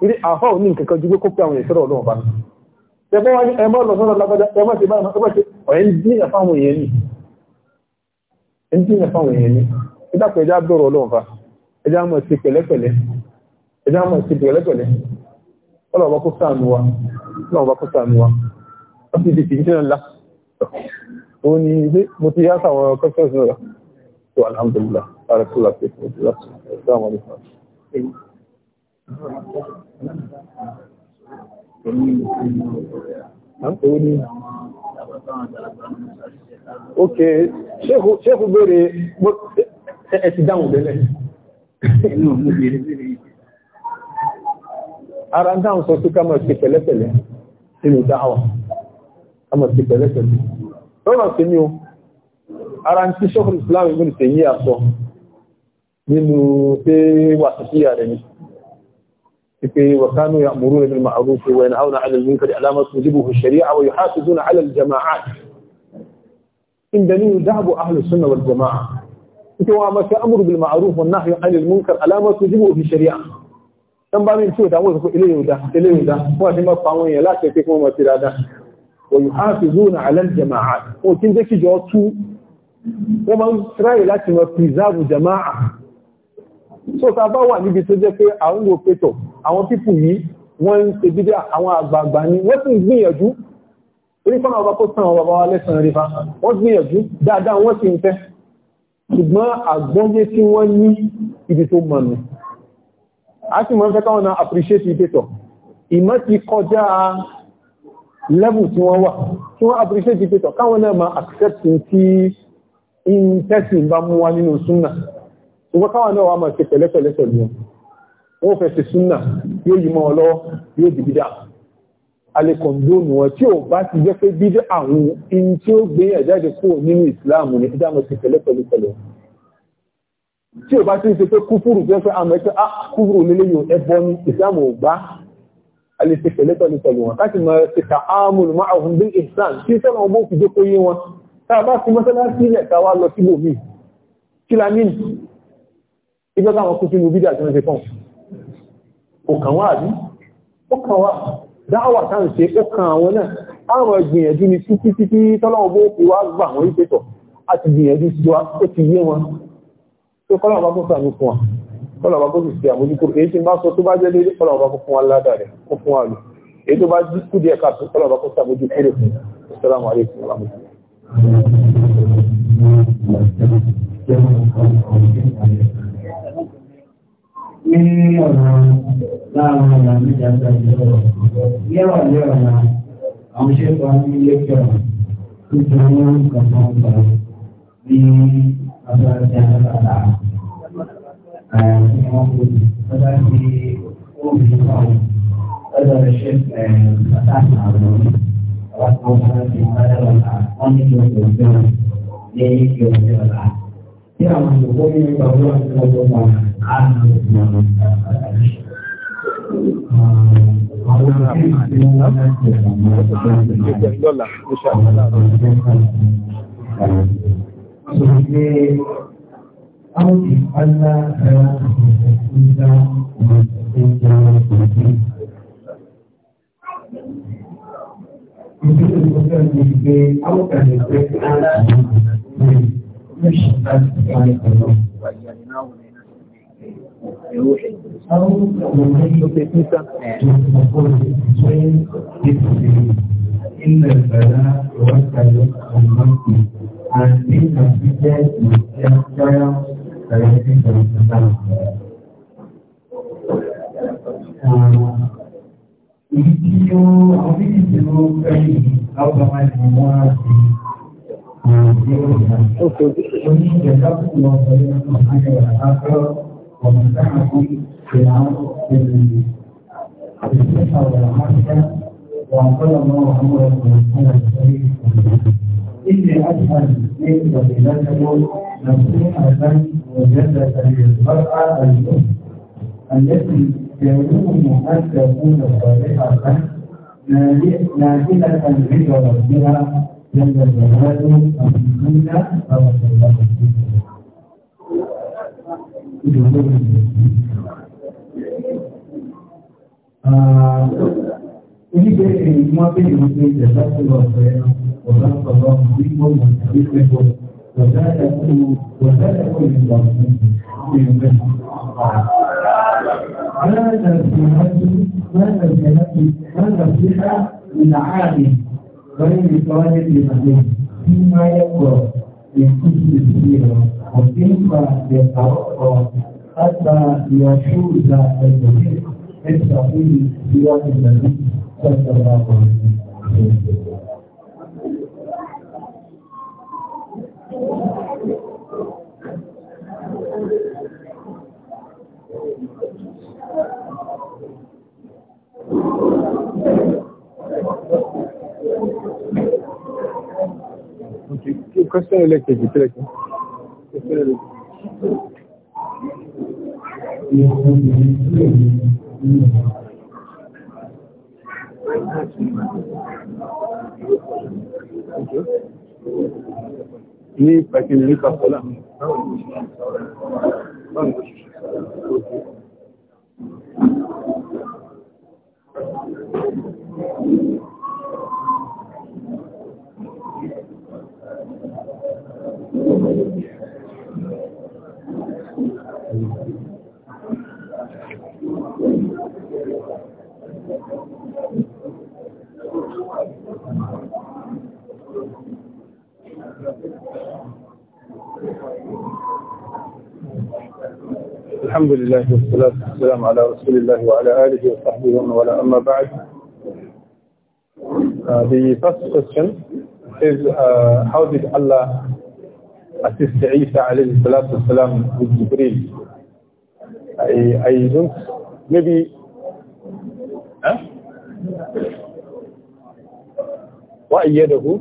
Speaker 2: ilé àfá ò ní nǹkan ju pé kó pé àwọn ìṣẹ́rọ̀ ọlọ́wọ́ bá ní ẹgbẹ́ wọn ni ẹ mọ́ lọ sọ́dọ̀ lágbájá ẹ mọ́ sí bá ẹmọ́ sí ọ̀yẹ́ ń dín ẹ̀fà àwọn èèyàn ni ń dín ẹ̀fà ẹjá mọ̀ sí pẹ̀lẹ́pẹ̀lẹ́ ọlọ́ọ̀bá kó sáànù wa ọlọ́ọ̀bá kó sáànù wa wọ́n ti di kìí ṣe ńlá ó ní ilé mo ti yá sáwọn kọ́sọ́ọ̀sì náà tó alhamdulillah ara tó láti fún ojú láti ẹ̀dá àwọn ọmọ Ok, ṣéèkù béèrè ẹ̀sì dáhùn bẹ́lẹ̀. Inú mú béèrè béèrè yìí. ara ń dáhùn sọ sí ká máa ṣe pẹ̀lẹ́pẹ̀lẹ́ nínú dáhà ká máa ṣe pẹ̀lẹ́pẹ̀lẹ́ lọ́rọ̀ sí ni o ara ń tí ṣọ́kùn Islam ìgbìn tè yí àsọ nínú pé wà sí sí ààrẹ ni pé wàkánú ya múrú ẹgbẹ̀rún ma'arú pé wà ní àwọn àlẹ́lú kàrí alámọ́sí ojúbù ṣẹ̀rí àwọn yóò hàtù zúnà alẹ́lú jama'a inda ni dáàbò ahlù sunna wal jama'a ita wa masu amuru bil ma'aruf wa nahyu anil munkar alamatu jibu fi shari'a tán bá ní tí ò dáwọ́ ìsọ́kọ́ ilé ìrúdá ilé ìrúdá wọ́n ti mọ́pa àwọn èèyàn láti ẹ̀kẹ́ fún ọmọ ti dáadáa wọ́n yóò hàn fi zúnà alẹ́m jama'a wọ́n tí ń jẹ́ kíjọ tú wọ́n máa ń tíráyì láti mọ́ pìzáàbù jama'a so ta bá wà níbi tó jẹ́ pé àwọn ló pétọ̀ àwọn pípù yìí wọ́n ń ṣe ni wọ́n sì ń gbìyànjú onífọ́nà ọba kó sàn ọba wa lẹ́sàn rí fa wọ́n gbìyànjú dáadáa wọ́n sì ń tí a sì mọ́ fẹ́ káwọn náà appreciate ìpétọ̀ ìmọ́ ti kọjá level tí wọ́n wà tí wọ́n appreciate ìpétọ̀ káwọn náà ma accept tí in person bá mú wa nínú súnnà ṣùgbọ́n káwọn náà wà máa ṣe pẹ̀lẹ́pẹ̀lẹ́ pẹ̀lú wọn wọ́n fẹ́ ṣe súnnà yóò yí mọ́ ọlọ́wọ́ yóò di bídá alẹ́kọ̀ọ́ zónù wọn tí ò bá ti jẹ́ tí ò bá tí ń ṣe pé kúfúrù jẹ́ pé àmọ́ ẹ̀ṣẹ́ ah, kúfúrù nílé yóò ẹbọ ní ìsìlámù ògbá alẹ́sẹ̀ pẹ̀lẹ́tọ̀ ní pẹ̀lú wọn láti mọ ṣe ta ámùn máa ọ̀hún bí ìsàn tí sọ́nà ọmọ òfin jókòó yé wọn tá a bá fi mọ́sálásí ilẹ̀ ta wá lọ síbò mí kí la ní ìjọ táwọn kú sínú bídíà tí wọ́n ṣe fọ́n ó kàn wá àbí ó kàn wá dáwà tá à ń ṣe ó kàn àwọn náà àwọn ìgbìyànjú ni títí títí tọ́lọ́wọ́ bó fi wá gbà wọ́n ìpẹ́tọ̀ àti ìgbìyànjú sí wa ó ti yé wọn tó kọ́lọ̀ bá kó sàmì fún wa kọ́lọ̀ bá kó sì ṣe àmójútó èyí tí bá sọ tó bá jẹ́ déédéé kọ́lọ̀ bá kó fún wa ládàá rẹ̀ kó fún wa lò èyí tó bá kú díẹ̀ káàtó kọ́lọ̀ bá kó sàmójú kúrò fún Assalamu alaikum
Speaker 1: wa masalah kesehatan anak. Ini mampu tetapi umum kaum ada resep atas namun awak mau salah di mana letak oni juga juga ini juga letak. Dia mampu kami bawa ke rumah anak namun Jangan dolar, insya Allah. sosai auki Allah ya kusa masu jama'a kusa. Ìdílé ìgbésẹ̀ ní ìgbé áwùkà ní pé إن البلاء وكل أمتي and being completed with their triumphs directly from the Èyí tí ó ọdíjì tí ó fẹ́yìn láwọ́gbàmá ìlú wọ́n á sí ìrìnàjò ìrìnàjò ní ìjẹta fún ọ̀sọ̀ ìrìnàjò àti ìrìnàjò ọmọ sáà fún ìrìnàjò ìrìnàjò àti ìrìnàjò àwọn àmọ́ ìṣẹ́ wọn kọ́lọ̀ mọ́ àwọn ọmọ ọ̀sọ̀ ìrìnàjò إني أشهد من فضيلته نصيحة وجدة للمرأة الأم التي يلوم أن تكون صالحة نازلة عند ربها جل جلاله أمين فبارك الله فيكم oníbẹ̀rẹ̀ ni wọ́n bẹ̀rẹ̀ wọn pé ìjọba tó lọ ọ̀rẹ́ ọ̀rọ̀ ọ̀rọ̀ nígbò wọn tàbí pẹ̀lú ọ̀dà ẹ̀kọ́ ọ̀dà ẹ̀kọ́ ìgbà ọ̀sán ìgbà ماذا في هذه ماذا في هذه ماذا فيها من عالم غير طالب لمدين فيما يقرأ من كتب كثيرة وكيف يتوقع حتى يشوز الجميع التقي في وقت النبي صلى الله عليه وسلم
Speaker 2: questioni elettriche, prego. Questioni
Speaker 1: elettriche. Thank you. Ini
Speaker 2: bagi ini tak boleh. Thank you. الحمد لله والصلاة والسلام على رسول الله وعلى آله وصحبه ومن والاه أما بعد uh, The first question is uh, how did Allah assist Isa عليه الصلاة والسلام with Jibreel I, I don't maybe huh? وأيده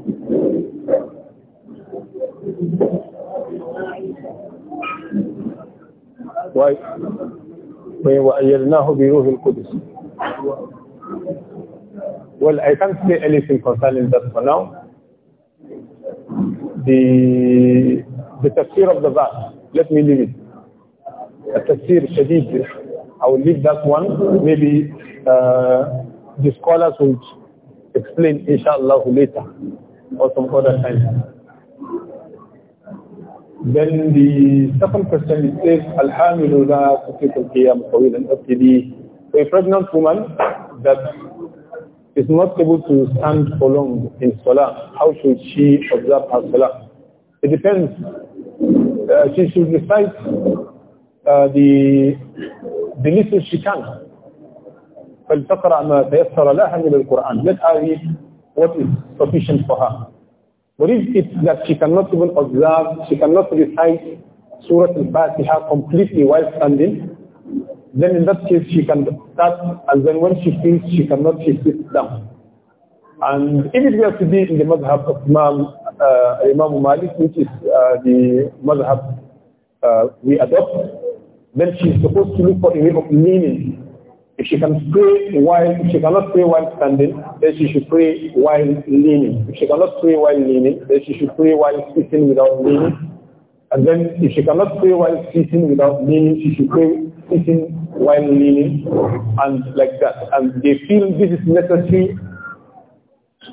Speaker 2: وأيدناه بروح القدس Well, I can't say anything concerning that for now. The, the tafsir of the verse, let me leave it. A tafsir shadid, I will leave that one. Maybe uh, the scholars will explain inshallah later or some other time. Then the second question it says, Alhamdulillah, Kutikul Qiyam Qawil and FTD. A pregnant woman that is not able to stand for long in Salah, how should she observe her Salah? It depends. Uh, she should recite uh, the, the little she can. فلتقرأ ما تيسر لها من القرآن. Let her read what is sufficient for her. But if it's that she cannot even observe, she cannot recite Surah Al-Fatiha completely while standing, then in that case she can start, and then when she feels she cannot, she sits down. And if it were to be in the madhab of Imam, uh, Imam Malik, which is uh, the madhab uh, we adopt, then she's supposed to look for a way of meaning. If she can pray while, if she cannot pray while standing, then she should pray while leaning. If she cannot pray while leaning, then she should pray while sitting without leaning. And then if she cannot pray while sitting without leaning, she should pray sitting while leaning and like that. And they feel this is necessary.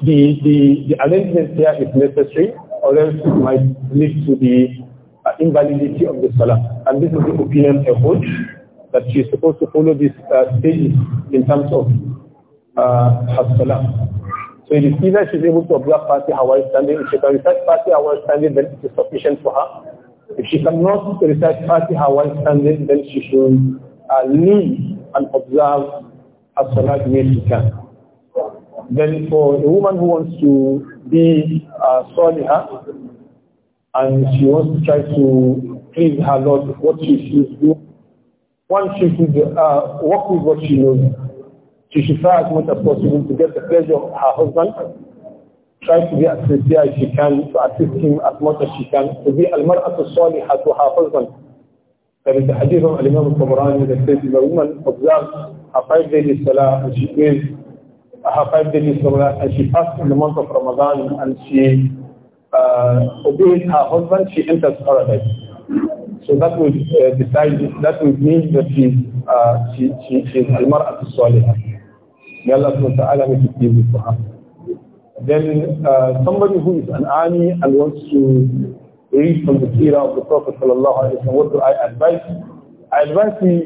Speaker 2: The, the, the arrangement here is necessary or else it might lead to the uh, invalidity of the salah. And this is the opinion of that she's supposed to follow these uh, stages in terms of uh, her salah. So it is either she's able to observe Fatiha while standing. If she can recite Fatiha while standing, then it is sufficient for her. If she cannot recite Fatiha while standing, then she should uh, leave and observe as salat as she can. Then for a woman who wants to be uh, salihah, and she wants to try to please her Lord, what she should do one should uh, work with what she knows. She should try as much as possible to get the pleasure of her husband. Try to be as sincere as she can, to assist him as much as she can, to be al-mar'atu salihah to her husband. There is a hadith of Imam al-Tabarani that says, if a woman observes her five daily salah and she prays her five daily salah and she fasts in the month of Ramadan and she uh, obeys her husband, she enters paradise. So that would uh, decide, that would mean that she's, uh, she, she, is Al-Mar'at al-Salihah. May Allah ta'ala make it easy for her. Then uh, somebody who is an ani and wants to read from the seerah of the Prophet sallallahu what do I advise? I advise he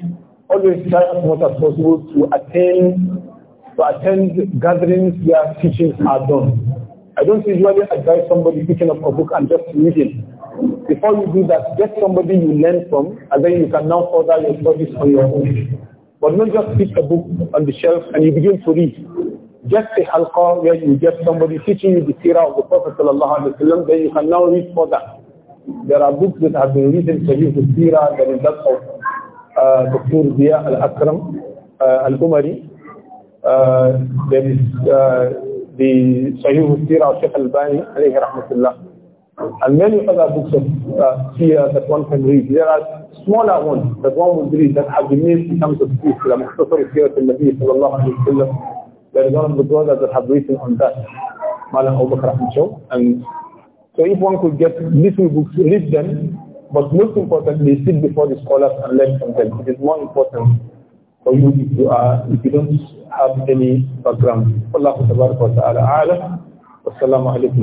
Speaker 2: always try as much as possible to attend to attend gatherings where teachings are done. I don't usually advise somebody picking up a book and just reading before you do that, get somebody you learn from, and then you can now further your studies on your own. But not just pick a book on the shelf and you begin to read. Get a halqa where you get somebody teaching you the seerah of the Prophet ﷺ, then you can now read further. There are books that have been written for you, the seerah, uh, uh, uh, there is that of uh, Dr. Zia al-Akram al-Umari. there is the Sahih al-Sirah of Sheikh al-Bani, alayhi rahmatullah and many other books of uh, that one can read. There are smaller ones that one would read that have been made in terms of peace. Like Mustafa Seerah al-Nabi There is one of the brothers that have written on that. Malam Abu Bakr And so if one could get little books, read them, but most importantly, sit before the scholars and learn from them. It is more important for you if you, are, if you don't have any background. Allah ta'ala Wassalamu alaikum